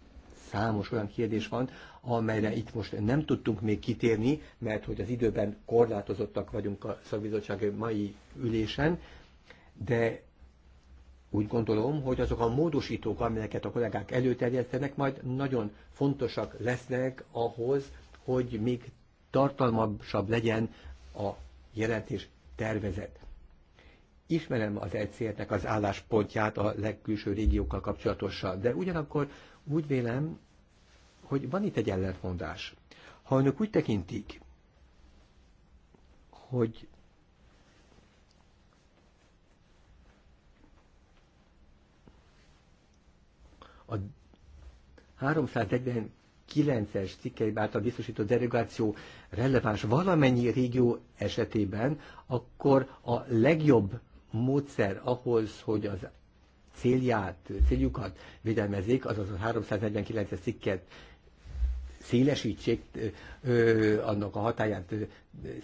számos olyan kérdés van, amelyre itt most nem tudtunk még kitérni, mert hogy az időben korlátozottak vagyunk a szakbizottság mai ülésen, de úgy gondolom, hogy azok a módosítók, amelyeket a kollégák előterjesztenek, majd nagyon fontosak lesznek ahhoz, hogy még tartalmasabb legyen a jelentés tervezet. Ismerem az ECR-nek az álláspontját a legkülső régiókkal kapcsolatosan, de ugyanakkor úgy vélem, hogy van itt egy ellentmondás. Ha önök úgy tekintik, hogy a 349-es cikkei által biztosított derogáció releváns valamennyi régió esetében, akkor a legjobb módszer ahhoz, hogy az célját, céljukat védelmezik, azaz a 349-es cikket szélesítsék, annak a hatáját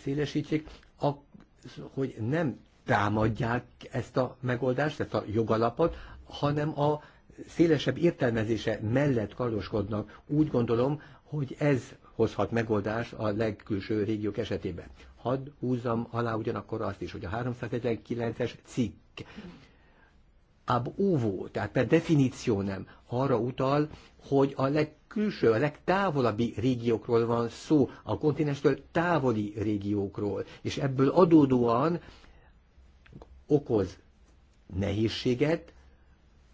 szélesítsék, hogy nem támadják ezt a megoldást, ezt a jogalapot, hanem a szélesebb értelmezése mellett kardoskodnak. Úgy gondolom, hogy ez hozhat megoldást a legkülső régiók esetében. Hadd húzzam alá ugyanakkor azt is, hogy a 349-es cikk ab uvó, tehát per definíció nem, arra utal, hogy a legkülső, a legtávolabbi régiókról van szó, a kontinenstől távoli régiókról, és ebből adódóan okoz nehézséget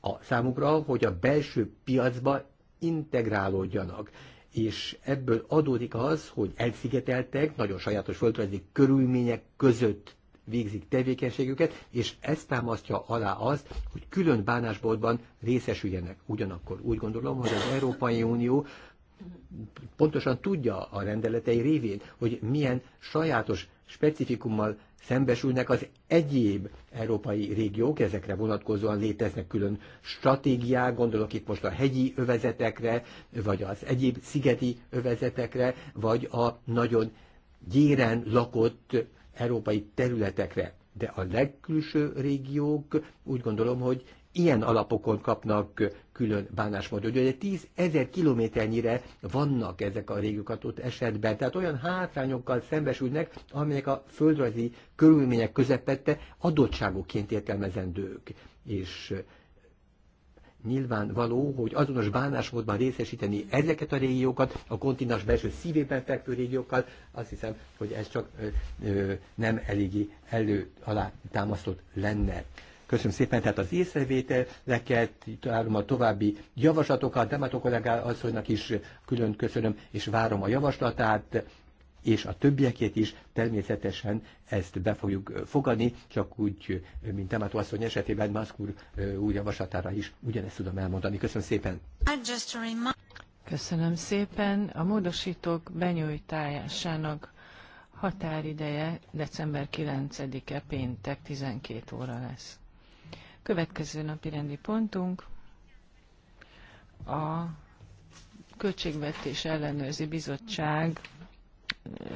a számukra, hogy a belső piacba integrálódjanak és ebből adódik az, hogy elszigeteltek, nagyon sajátos földrajzi körülmények között végzik tevékenységüket, és ezt támasztja alá azt, hogy külön bánásboltban részesüljenek. Ugyanakkor úgy gondolom, hogy az Európai Unió pontosan tudja a rendeletei révén, hogy milyen sajátos specifikummal szembesülnek az egyéb európai régiók, ezekre vonatkozóan léteznek külön stratégiák, gondolok itt most a hegyi övezetekre, vagy az egyéb szigeti övezetekre, vagy a nagyon gyéren lakott európai területekre. De a legkülső régiók úgy gondolom, hogy ilyen alapokon kapnak külön bánásmódot. Ugye 10 ezer kilométernyire vannak ezek a régiók adott esetben, tehát olyan hátrányokkal szembesülnek, amelyek a földrajzi körülmények közepette adottságokként értelmezendők. És nyilvánvaló, hogy azonos bánásmódban részesíteni ezeket a régiókat, a kontinens belső szívében fekvő régiókkal, azt hiszem, hogy ez csak ö, ö, nem eléggé elő alá támasztott lenne. Köszönöm szépen, tehát az észrevételeket, várom a további javaslatokat, de a kollégá asszonynak is külön köszönöm, és várom a javaslatát, és a többiekét is természetesen ezt be fogjuk fogadni, csak úgy, mint Temató asszony esetében, Maszk úr új javaslatára is ugyanezt tudom elmondani. Köszönöm szépen! Köszönöm szépen! A módosítók benyújtásának határideje december 9-e péntek 12 óra lesz. Következő napi rendi pontunk a Költségvetés Ellenőrzi Bizottság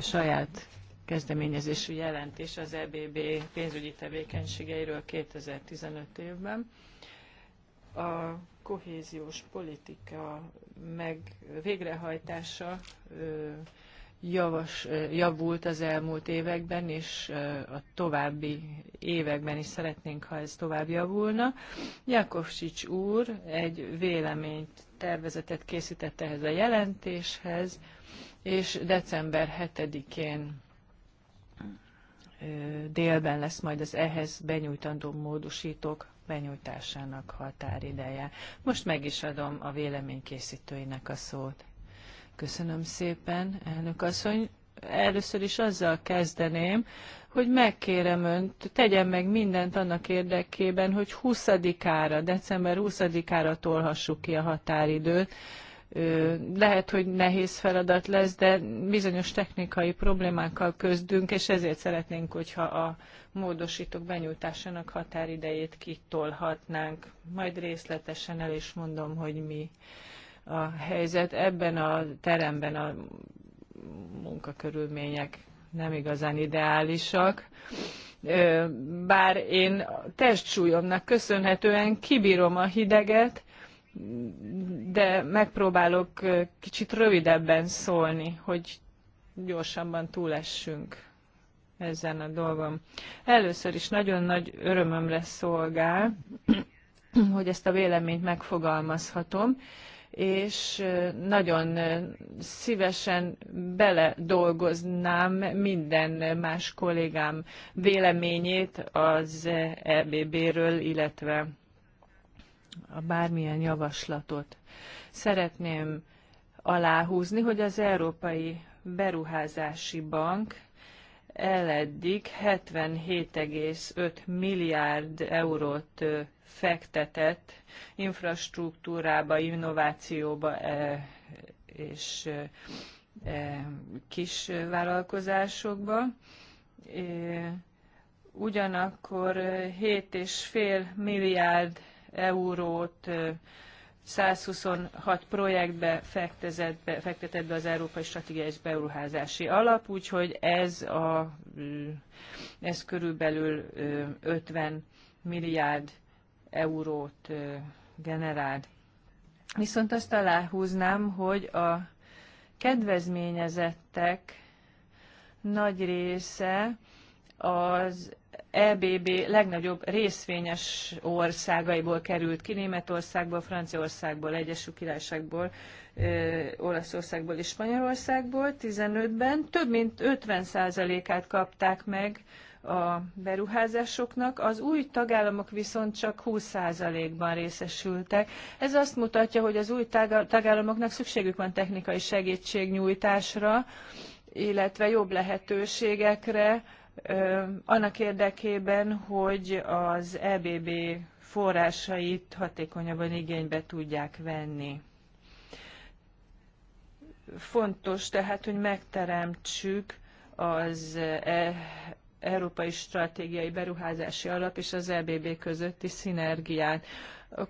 saját kezdeményezésű jelentés az EBB pénzügyi tevékenységeiről 2015 évben. A kohéziós politika meg végrehajtása javas, javult az elmúlt években, és a további években is szeretnénk, ha ez tovább javulna. Jakovsics úr egy véleményt, tervezetet készített ehhez a jelentéshez, és december 7-én délben lesz majd az ehhez benyújtandó módosítók benyújtásának határideje. Most meg is adom a véleménykészítőinek a szót. Köszönöm szépen, elnök asszony. Először is azzal kezdeném, hogy megkérem önt, tegyen meg mindent annak érdekében, hogy 20-ára, december 20-ára tolhassuk ki a határidőt, lehet, hogy nehéz feladat lesz, de bizonyos technikai problémákkal közdünk, és ezért szeretnénk, hogyha a módosítók benyújtásának határidejét kitolhatnánk. Majd részletesen el is mondom, hogy mi a helyzet. Ebben a teremben a munkakörülmények nem igazán ideálisak bár én testsúlyomnak köszönhetően kibírom a hideget, de megpróbálok kicsit rövidebben szólni, hogy gyorsabban túlessünk ezen a dolgom. Először is nagyon nagy örömömre szolgál, hogy ezt a véleményt megfogalmazhatom, és nagyon szívesen beledolgoznám minden más kollégám véleményét az EBB-ről, illetve a bármilyen javaslatot. Szeretném aláhúzni, hogy az Európai Beruházási Bank eleddig 77,5 milliárd eurót fektetett infrastruktúrába, innovációba e, és e, kis vállalkozásokba. Ugyanakkor 7,5 milliárd eurót 126 projektbe fektetett be, fektetett be az Európai Stratégiai Beruházási Alap, úgyhogy ez, a, ez körülbelül 50 milliárd eurót generált. Viszont azt aláhúznám, hogy a kedvezményezettek nagy része az EBB legnagyobb részvényes országaiból került ki, Németországból, Franciaországból, Egyesült Királyságból, Olaszországból és Spanyolországból 15-ben. Több mint 50%-át kapták meg a beruházásoknak, az új tagállamok viszont csak 20%-ban részesültek. Ez azt mutatja, hogy az új tagállamoknak szükségük van technikai segítségnyújtásra, illetve jobb lehetőségekre, annak érdekében, hogy az EBB forrásait hatékonyabban igénybe tudják venni. Fontos tehát, hogy megteremtsük az e, Európai Stratégiai Beruházási Alap és az EBB közötti szinergiát.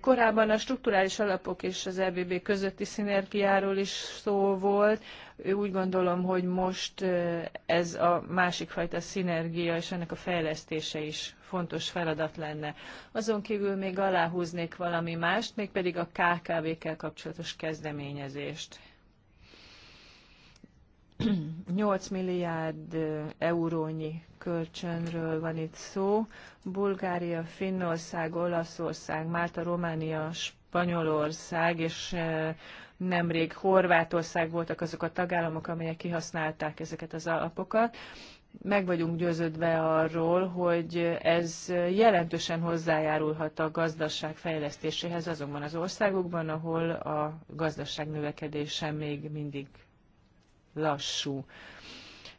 Korábban a strukturális alapok és az EBB közötti szinergiáról is szó volt. Úgy gondolom, hogy most ez a másik fajta szinergia és ennek a fejlesztése is fontos feladat lenne. Azon kívül még aláhúznék valami mást, mégpedig a KKV-kkel kapcsolatos kezdeményezést 8 milliárd eurónyi kölcsönről van itt szó. Bulgária, Finnország, Olaszország, Málta, Románia, Spanyolország és nemrég Horvátország voltak azok a tagállamok, amelyek kihasználták ezeket az alapokat. Meg vagyunk győződve arról, hogy ez jelentősen hozzájárulhat a gazdaság fejlesztéséhez azokban az országokban, ahol a gazdaság növekedése még mindig lassú.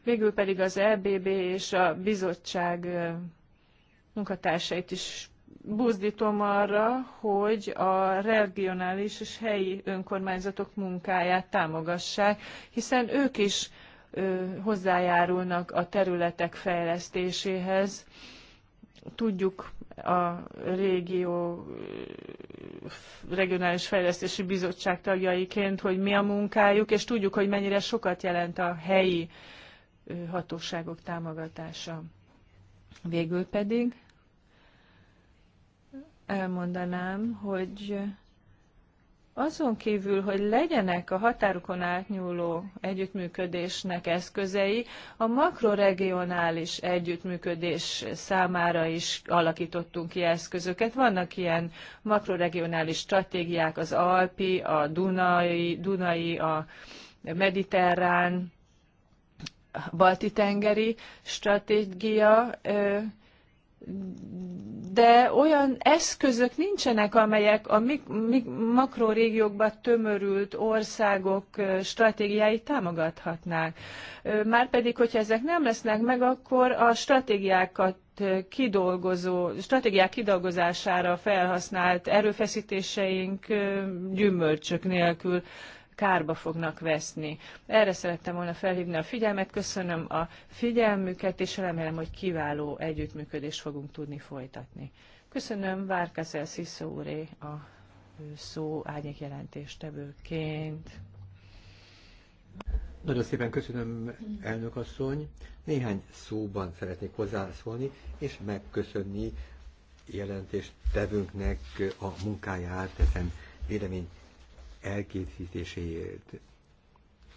Végül pedig az EBB és a bizottság munkatársait is buzdítom arra, hogy a regionális és helyi önkormányzatok munkáját támogassák, hiszen ők is hozzájárulnak a területek fejlesztéséhez. Tudjuk a régió regionális fejlesztési bizottság tagjaiként, hogy mi a munkájuk, és tudjuk, hogy mennyire sokat jelent a helyi hatóságok támogatása. Végül pedig elmondanám, hogy azon kívül, hogy legyenek a határokon átnyúló együttműködésnek eszközei, a makroregionális együttműködés számára is alakítottunk ki eszközöket. Vannak ilyen makroregionális stratégiák, az Alpi, a Dunai, Dunai a Mediterrán, Balti-tengeri stratégia, de olyan eszközök nincsenek, amelyek a mik- mik- tömörült országok stratégiáit támogathatnák. Márpedig, hogyha ezek nem lesznek meg, akkor a stratégiákat kidolgozó, stratégiák kidolgozására felhasznált erőfeszítéseink gyümölcsök nélkül kárba fognak veszni. Erre szerettem volna felhívni a figyelmet, köszönöm a figyelmüket, és remélem, hogy kiváló együttműködést fogunk tudni folytatni. Köszönöm Várkaszel Sziszó úré a szó jelentéstevőként. Nagyon szépen köszönöm, elnök asszony. Néhány szóban szeretnék hozzászólni, és megköszönni jelentéstevőnknek a munkáját ezen vélemény elkészítéséért.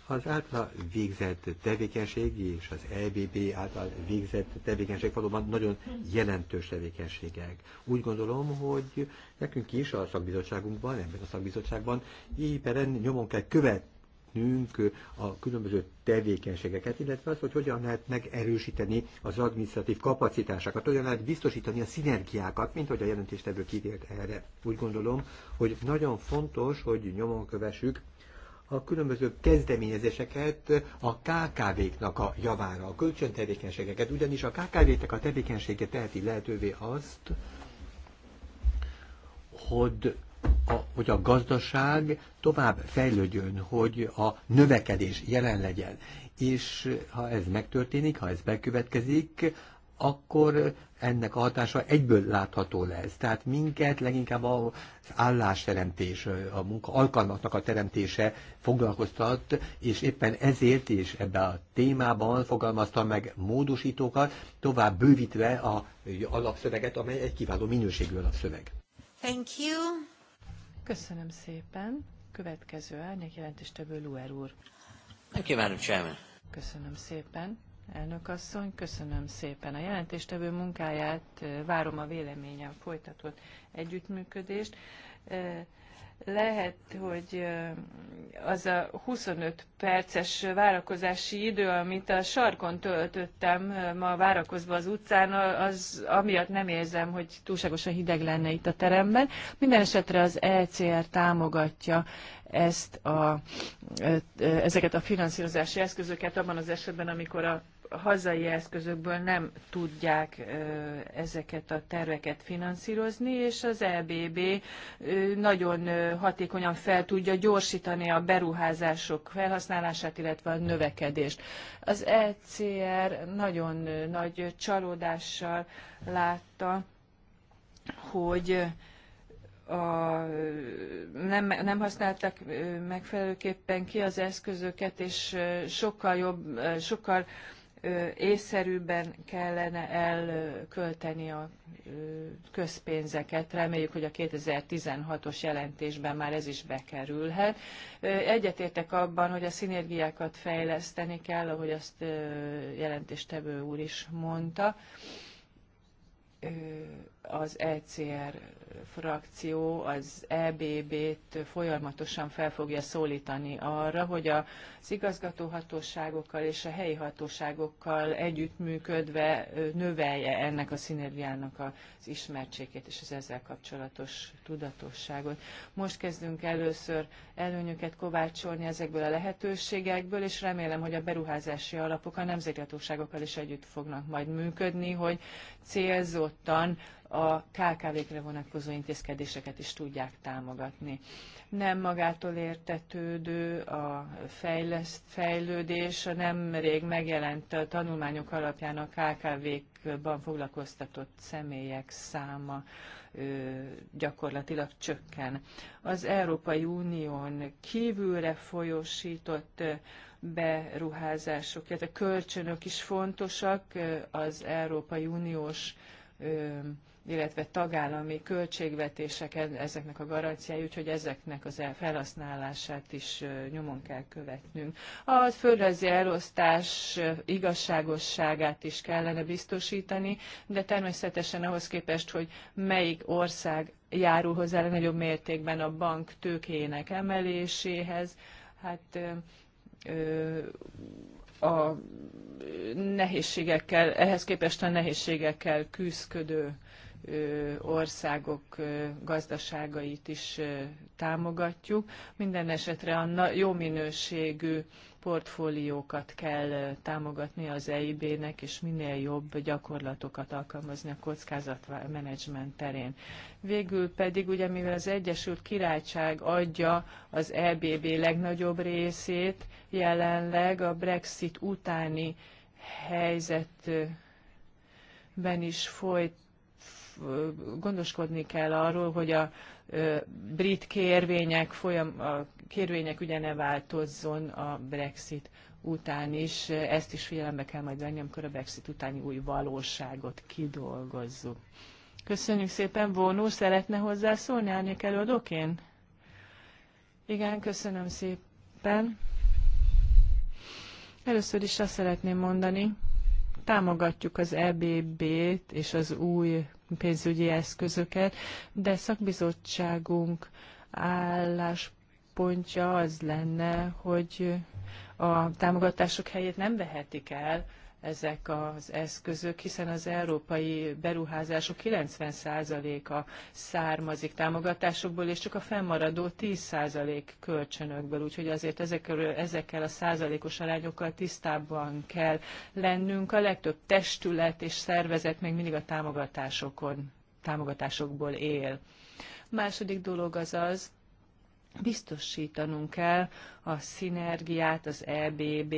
Az által végzett tevékenység és az EBB által végzett tevékenység valóban nagyon jelentős tevékenységek. Úgy gondolom, hogy nekünk is a szakbizottságunkban, ebben a szakbizottságban éppen nyomon kell követni, követnünk a különböző tevékenységeket, illetve az, hogy hogyan lehet megerősíteni az administratív kapacitásokat, hogyan lehet biztosítani a szinergiákat, mint hogy a jelentéstevő kitért erre. Úgy gondolom, hogy nagyon fontos, hogy nyomon kövessük a különböző kezdeményezéseket a KKV-knak a javára, a kölcsöntevékenységeket, ugyanis a KKV-knek a tevékenysége teheti lehetővé azt, hogy a, hogy a gazdaság tovább fejlődjön, hogy a növekedés jelen legyen. És ha ez megtörténik, ha ez bekövetkezik, akkor ennek a hatása egyből látható lesz. Tehát minket leginkább az állásteremtés, a munka alkalmaknak a teremtése foglalkoztat, és éppen ezért is ebben a témában fogalmaztam meg módosítókat, tovább bővítve a alapszöveget, amely egy kiváló minőségű alapszöveg. Thank you. Köszönöm szépen. Következő árnyék jelentéstevő Luer úr. Kívánom, Chairman. Köszönöm szépen. Elnök asszony, köszönöm szépen a jelentéstevő munkáját, várom a véleményen folytatott együttműködést lehet, hogy az a 25 perces várakozási idő, amit a sarkon töltöttem ma várakozva az utcán, az amiatt nem érzem, hogy túlságosan hideg lenne itt a teremben. Minden esetre az ECR támogatja ezt a, ezeket a finanszírozási eszközöket abban az esetben, amikor a hazai eszközökből nem tudják ezeket a terveket finanszírozni, és az EBB nagyon hatékonyan fel tudja gyorsítani a beruházások felhasználását, illetve a növekedést. Az ECR nagyon nagy csalódással látta, hogy a, nem, nem használták megfelelőképpen ki az eszközöket, és sokkal jobb, sokkal észszerűbben kellene elkölteni a közpénzeket. Reméljük, hogy a 2016-os jelentésben már ez is bekerülhet. Egyetértek abban, hogy a szinergiákat fejleszteni kell, ahogy azt jelentéstevő úr is mondta az ECR frakció az EBB-t folyamatosan fel fogja szólítani arra, hogy az igazgatóhatóságokkal és a helyi hatóságokkal együttműködve növelje ennek a szinergiának az ismertségét és az ezzel kapcsolatos tudatosságot. Most kezdünk először előnyöket kovácsolni ezekből a lehetőségekből, és remélem, hogy a beruházási alapok a hatóságokkal is együtt fognak majd működni, hogy célzottan a KKV-kre vonatkozó intézkedéseket is tudják támogatni. Nem magától értetődő a fejleszt, fejlődés, a nemrég megjelent tanulmányok alapján a KKV-kban foglalkoztatott személyek száma gyakorlatilag csökken. Az Európai Unión kívülre folyosított beruházások, illetve kölcsönök is fontosak az Európai Uniós illetve tagállami költségvetéseken ezeknek a garanciái, úgyhogy ezeknek az felhasználását is nyomon kell követnünk. A földrajzi elosztás igazságosságát is kellene biztosítani, de természetesen ahhoz képest, hogy melyik ország járul hozzá nagyobb mértékben a bank tőkének emeléséhez, hát ö, a nehézségekkel, ehhez képest a nehézségekkel küzdködő országok gazdaságait is támogatjuk. Minden esetre a jó minőségű portfóliókat kell támogatni az EIB-nek, és minél jobb gyakorlatokat alkalmazni a kockázatmenedzsment terén. Végül pedig, ugye mivel az Egyesült Királyság adja az EBB legnagyobb részét, jelenleg a Brexit utáni helyzetben is folyt gondoskodni kell arról, hogy a brit kérvények, folyam, a kérvények ugye ne változzon a Brexit után is. Ezt is figyelembe kell majd venni, amikor a Brexit utáni új valóságot kidolgozzuk. Köszönjük szépen, Vonó, szeretne hozzászólni árnyék előadóként? Igen, köszönöm szépen. Először is azt szeretném mondani, támogatjuk az EBB-t és az új pénzügyi eszközöket, de szakbizottságunk álláspontja az lenne, hogy a támogatások helyét nem vehetik el, ezek az eszközök, hiszen az európai beruházások 90%-a származik támogatásokból, és csak a fennmaradó 10% kölcsönökből. Úgyhogy azért ezekről, ezekkel a százalékos arányokkal tisztában kell lennünk. A legtöbb testület és szervezet még mindig a támogatásokon, támogatásokból él. A második dolog az az, biztosítanunk kell a szinergiát az EBB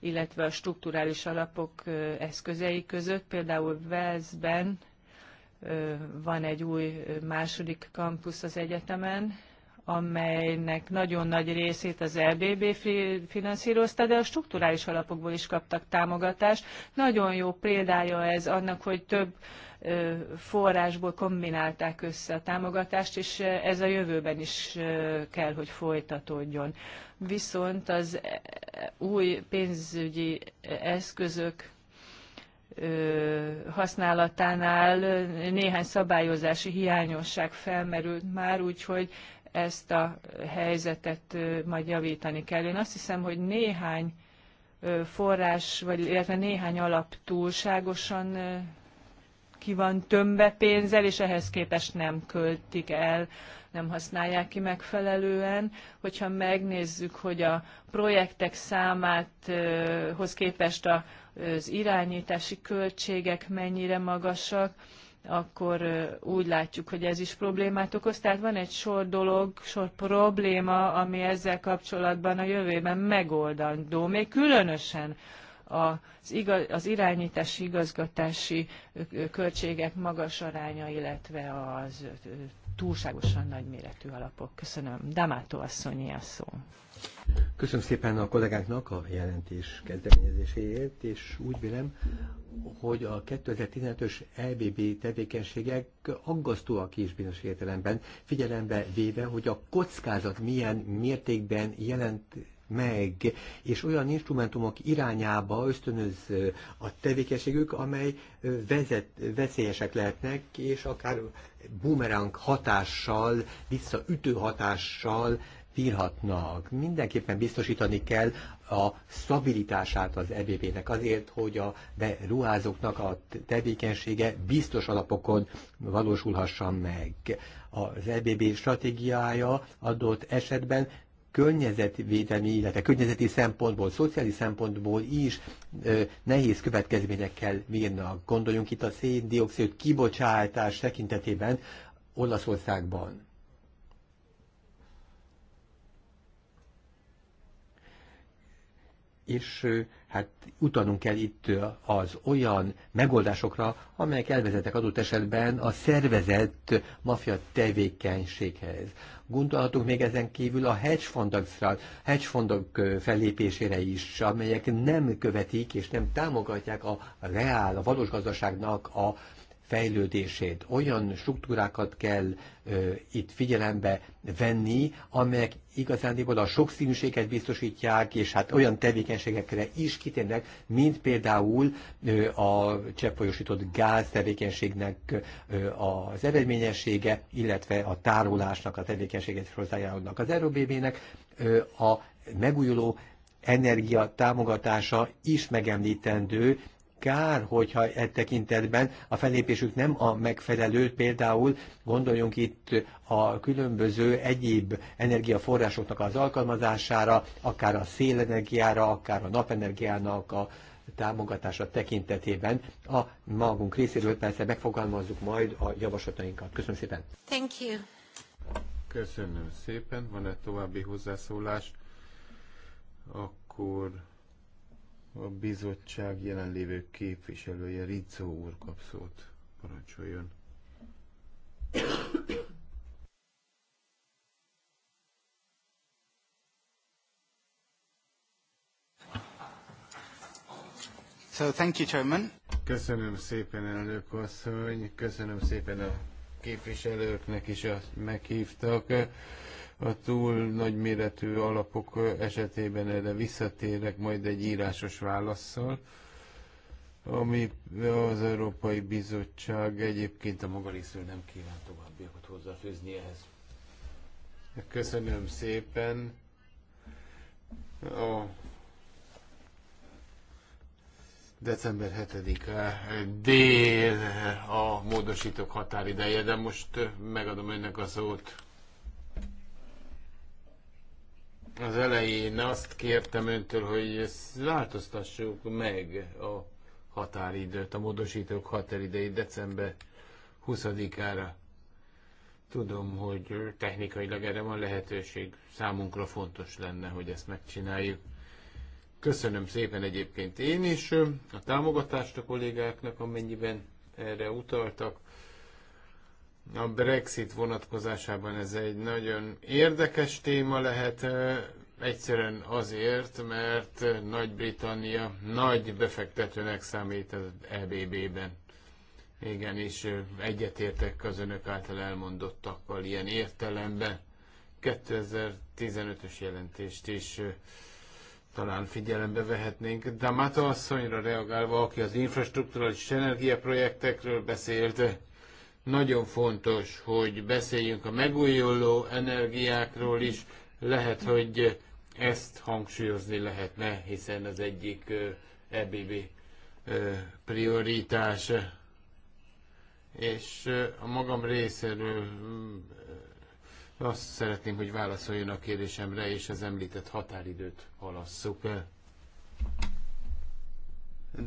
illetve a strukturális alapok eszközei között. Például Velszben van egy új második kampusz az egyetemen, amelynek nagyon nagy részét az LBB finanszírozta, de a strukturális alapokból is kaptak támogatást. Nagyon jó példája ez annak, hogy több forrásból kombinálták össze a támogatást, és ez a jövőben is kell, hogy folytatódjon. Viszont az új pénzügyi eszközök használatánál néhány szabályozási hiányosság felmerült már, úgyhogy ezt a helyzetet majd javítani kell. Én azt hiszem, hogy néhány forrás, vagy illetve néhány alap túlságosan ki van tömve pénzzel, és ehhez képest nem költik el, nem használják ki megfelelően. Hogyha megnézzük, hogy a projektek számát hoz képest a, az irányítási költségek mennyire magasak, akkor úgy látjuk, hogy ez is problémát okoz. Tehát van egy sor dolog, sor probléma, ami ezzel kapcsolatban a jövőben megoldandó, még különösen az, igaz, irányítási, igazgatási költségek magas aránya, illetve az túlságosan méretű alapok. Köszönöm. Damátó asszonyi a szó. Köszönöm szépen a kollégáknak a jelentés kezdeményezéséért, és úgy vélem, hogy a 2015-ös EBB tevékenységek aggasztóak is bizonyos értelemben, figyelembe véve, hogy a kockázat milyen mértékben jelent meg, és olyan instrumentumok irányába ösztönöz a tevékenységük, amely vezet, veszélyesek lehetnek, és akár bumerang hatással, visszaütő hatással bírhatnak. Mindenképpen biztosítani kell a stabilitását az EBB-nek azért, hogy a beruházóknak a tevékenysége biztos alapokon valósulhasson meg. Az EBB stratégiája adott esetben környezetvédelmi, illetve környezeti szempontból, szociális szempontból is ö, nehéz következményekkel bírnak. Gondoljunk itt a széndiokszid kibocsátás tekintetében Olaszországban. És ö, hát utanunk kell itt az olyan megoldásokra, amelyek elvezetek adott esetben a szervezett mafia tevékenységhez Gondolhatunk még ezen kívül a hedgefondokra, hedgefondok fellépésére is, amelyek nem követik és nem támogatják a reál, a valós gazdaságnak a fejlődését. Olyan struktúrákat kell ö, itt figyelembe venni, amelyek igazándiból a sokszínűséget biztosítják, és hát olyan tevékenységekre is kitérnek, mint például ö, a cseppfolyósított gáz tevékenységnek ö, az eredményessége, illetve a tárolásnak a tevékenységet hozzájárulnak. Az ROBB-nek a megújuló energia támogatása is megemlítendő, kár, hogyha e tekintetben a felépésük nem a megfelelő, például gondoljunk itt a különböző egyéb energiaforrásoknak az alkalmazására, akár a szélenergiára, akár a napenergiának a támogatása tekintetében. A magunk részéről persze megfogalmazzuk majd a javaslatainkat. Köszönöm szépen! Thank you. Köszönöm szépen. Van-e további hozzászólás? Akkor a bizottság jelenlévő képviselője, Rizzo úr kap szót. Parancsoljon. So thank you, Chairman. Köszönöm szépen, elnök asszony, köszönöm szépen a képviselőknek is, azt meghívtak a túl nagyméretű alapok esetében erre visszatérek majd egy írásos válaszsal, ami az Európai Bizottság egyébként a maga részről nem kíván továbbiakat hozzáfőzni ehhez. Köszönöm szépen. A december 7-e dél a módosítók határideje, de most megadom önnek a szót. Az elején azt kértem öntől, hogy változtassuk meg a határidőt, a módosítók határidejét december 20-ára. Tudom, hogy technikailag erre van lehetőség, számunkra fontos lenne, hogy ezt megcsináljuk. Köszönöm szépen egyébként én is a támogatást a kollégáknak, amennyiben erre utaltak. A Brexit vonatkozásában ez egy nagyon érdekes téma lehet, egyszerűen azért, mert Nagy-Britannia nagy befektetőnek számít az EBB-ben. Igen, és egyetértek az önök által elmondottakkal ilyen értelemben. 2015-ös jelentést is talán figyelembe vehetnénk. D'Amato asszonyra reagálva, aki az infrastruktúrális energiaprojektekről beszélt, nagyon fontos, hogy beszéljünk a megújuló energiákról is. Lehet, hogy ezt hangsúlyozni lehetne, hiszen az egyik EBB prioritás. És a magam részéről mm, azt szeretném, hogy válaszoljon a kérdésemre, és az említett határidőt halasszuk el.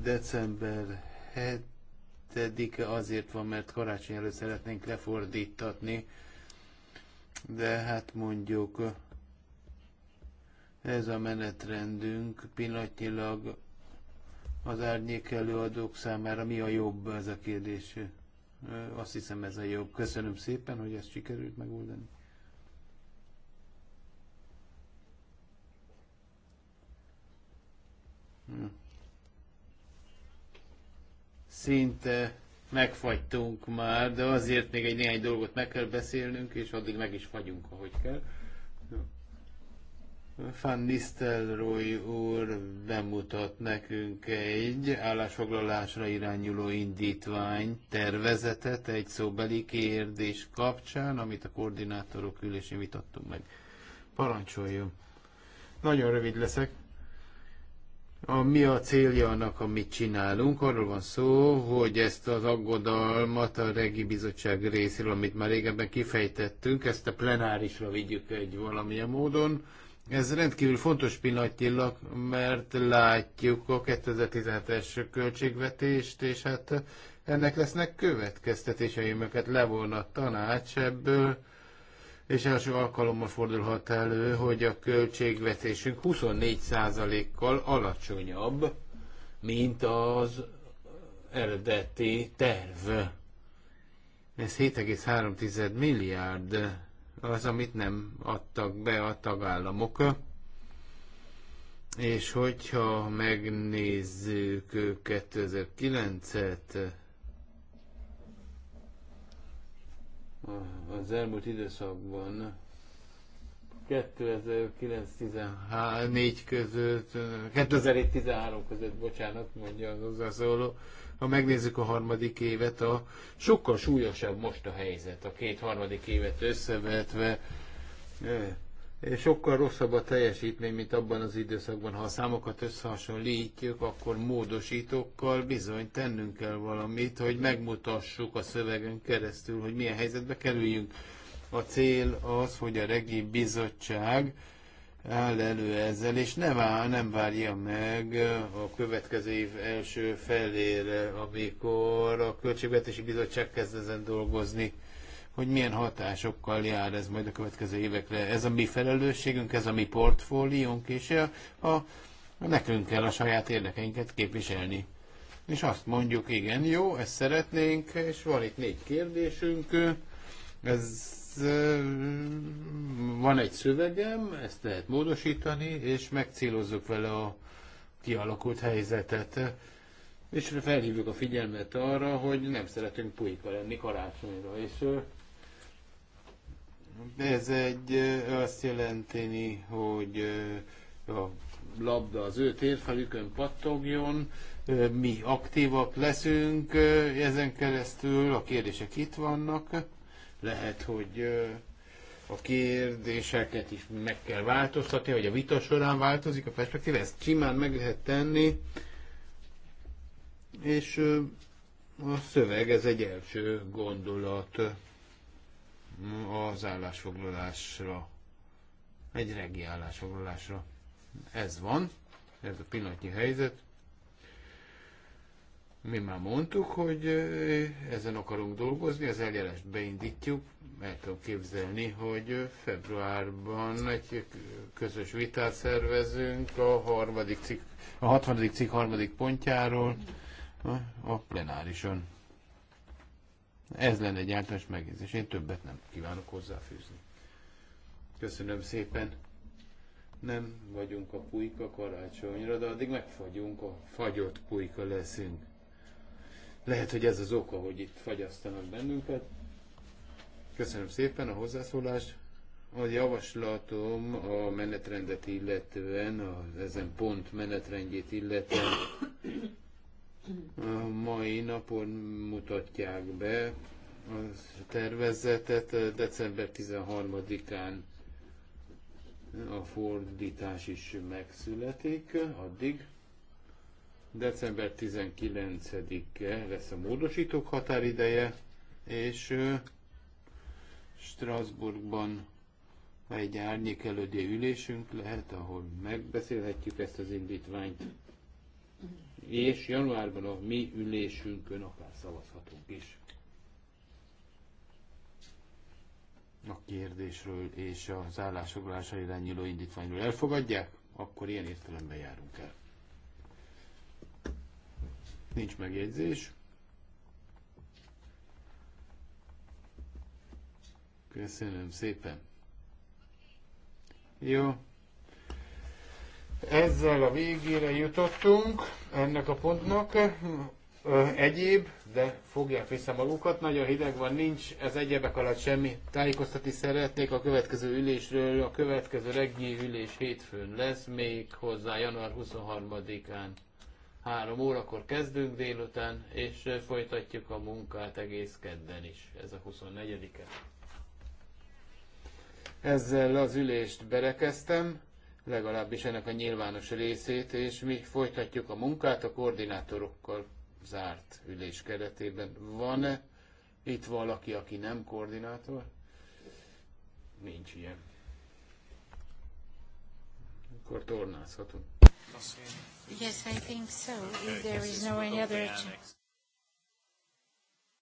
December 7 hetedik azért van, mert karácsony előtt szeretnénk lefordítatni, de hát mondjuk ez a menetrendünk pillanatnyilag az árnyék előadók számára mi a jobb ez a kérdés? Azt hiszem ez a jobb. Köszönöm szépen, hogy ezt sikerült megoldani. Hmm szinte megfagytunk már, de azért még egy néhány dolgot meg kell beszélnünk, és addig meg is fagyunk, ahogy kell. Van Nistelrooy úr bemutat nekünk egy állásfoglalásra irányuló indítvány tervezetet egy szóbeli kérdés kapcsán, amit a koordinátorok ülésén vitattunk meg. Parancsoljon! Nagyon rövid leszek a, mi a célja annak, amit csinálunk. Arról van szó, hogy ezt az aggodalmat a regi bizottság részéről, amit már régebben kifejtettünk, ezt a plenárisra vigyük egy valamilyen módon. Ez rendkívül fontos pillanatilag, mert látjuk a 2017-es költségvetést, és hát ennek lesznek következtetései, amiket levon a tanács ebből és első alkalommal fordulhat elő, hogy a költségvetésünk 24%-kal alacsonyabb, mint az eredeti terv. Ez 7,3 milliárd az, amit nem adtak be a tagállamok. És hogyha megnézzük 2009-et, az elmúlt időszakban 2009-14 között, 2013 között, bocsánat, mondja az hozzászóló, ha megnézzük a harmadik évet, a sokkal súlyosabb most a helyzet, a két harmadik évet összevetve sokkal rosszabb a teljesítmény, mint abban az időszakban. Ha a számokat összehasonlítjuk, akkor módosítókkal bizony tennünk kell valamit, hogy megmutassuk a szövegen keresztül, hogy milyen helyzetbe kerüljünk. A cél az, hogy a regi bizottság áll elő ezzel, és nem, áll, nem várja meg a következő év első felére, amikor a Költségvetési Bizottság kezd ezen dolgozni hogy milyen hatásokkal jár ez majd a következő évekre. Ez a mi felelősségünk, ez a mi portfóliónk, és a, a, nekünk kell a saját érdekeinket képviselni. És azt mondjuk, igen, jó, ezt szeretnénk, és van itt négy kérdésünk, ez van egy szövegem, ezt lehet módosítani, és megcélozzuk vele a kialakult helyzetet. És felhívjuk a figyelmet arra, hogy nem szeretünk pulyka lenni karácsonyra, és ez egy azt jelenteni, hogy a labda az ő térfelükön pattogjon, mi aktívak leszünk ezen keresztül, a kérdések itt vannak, lehet, hogy a kérdéseket is meg kell változtatni, vagy a vita során változik a perspektíva, ezt simán meg lehet tenni, és a szöveg ez egy első gondolat az állásfoglalásra, egy regi állásfoglalásra. Ez van, ez a pillanatnyi helyzet. Mi már mondtuk, hogy ezen akarunk dolgozni, az eljárást beindítjuk. El tudom képzelni, hogy februárban egy közös vitát szervezünk a, harmadik cikk, a 60. cikk harmadik pontjáról a plenárison. Ez lenne egy általános megjegyzés. Én többet nem kívánok hozzáfűzni. Köszönöm szépen. Nem vagyunk a pulyka karácsonyra, de addig megfagyunk, a fagyott pulyka leszünk. Lehet, hogy ez az oka, hogy itt fagyasztanak bennünket. Köszönöm szépen a hozzászólást. A javaslatom a menetrendet illetően, a ezen pont menetrendjét illetően a mai napon mutatják be a tervezetet december 13-án a fordítás is megszületik addig. December 19-e lesz a módosítók határideje, és Strasbourgban egy árnyékelődő ülésünk lehet, ahol megbeszélhetjük ezt az indítványt és januárban a mi ülésünkön akár szavazhatunk is. A kérdésről és az állásfoglalásra irányuló indítványról elfogadják, akkor ilyen értelemben járunk el. Nincs megjegyzés. Köszönöm szépen. Jó, ezzel a végére jutottunk ennek a pontnak. Egyéb, de fogják vissza magukat, nagyon hideg van, nincs ez egyebek alatt semmi. Tájékoztatni szeretnék a következő ülésről, a következő reggeli ülés hétfőn lesz, még hozzá január 23-án. Három órakor kezdünk délután, és folytatjuk a munkát egész kedden is, ez a 24-e. Ezzel az ülést berekeztem legalábbis ennek a nyilvános részét, és mi folytatjuk a munkát a koordinátorokkal zárt ülés keretében. van -e itt valaki, aki nem koordinátor? Nincs ilyen. Akkor tornázhatunk. Yes, I think so. If there is no any other...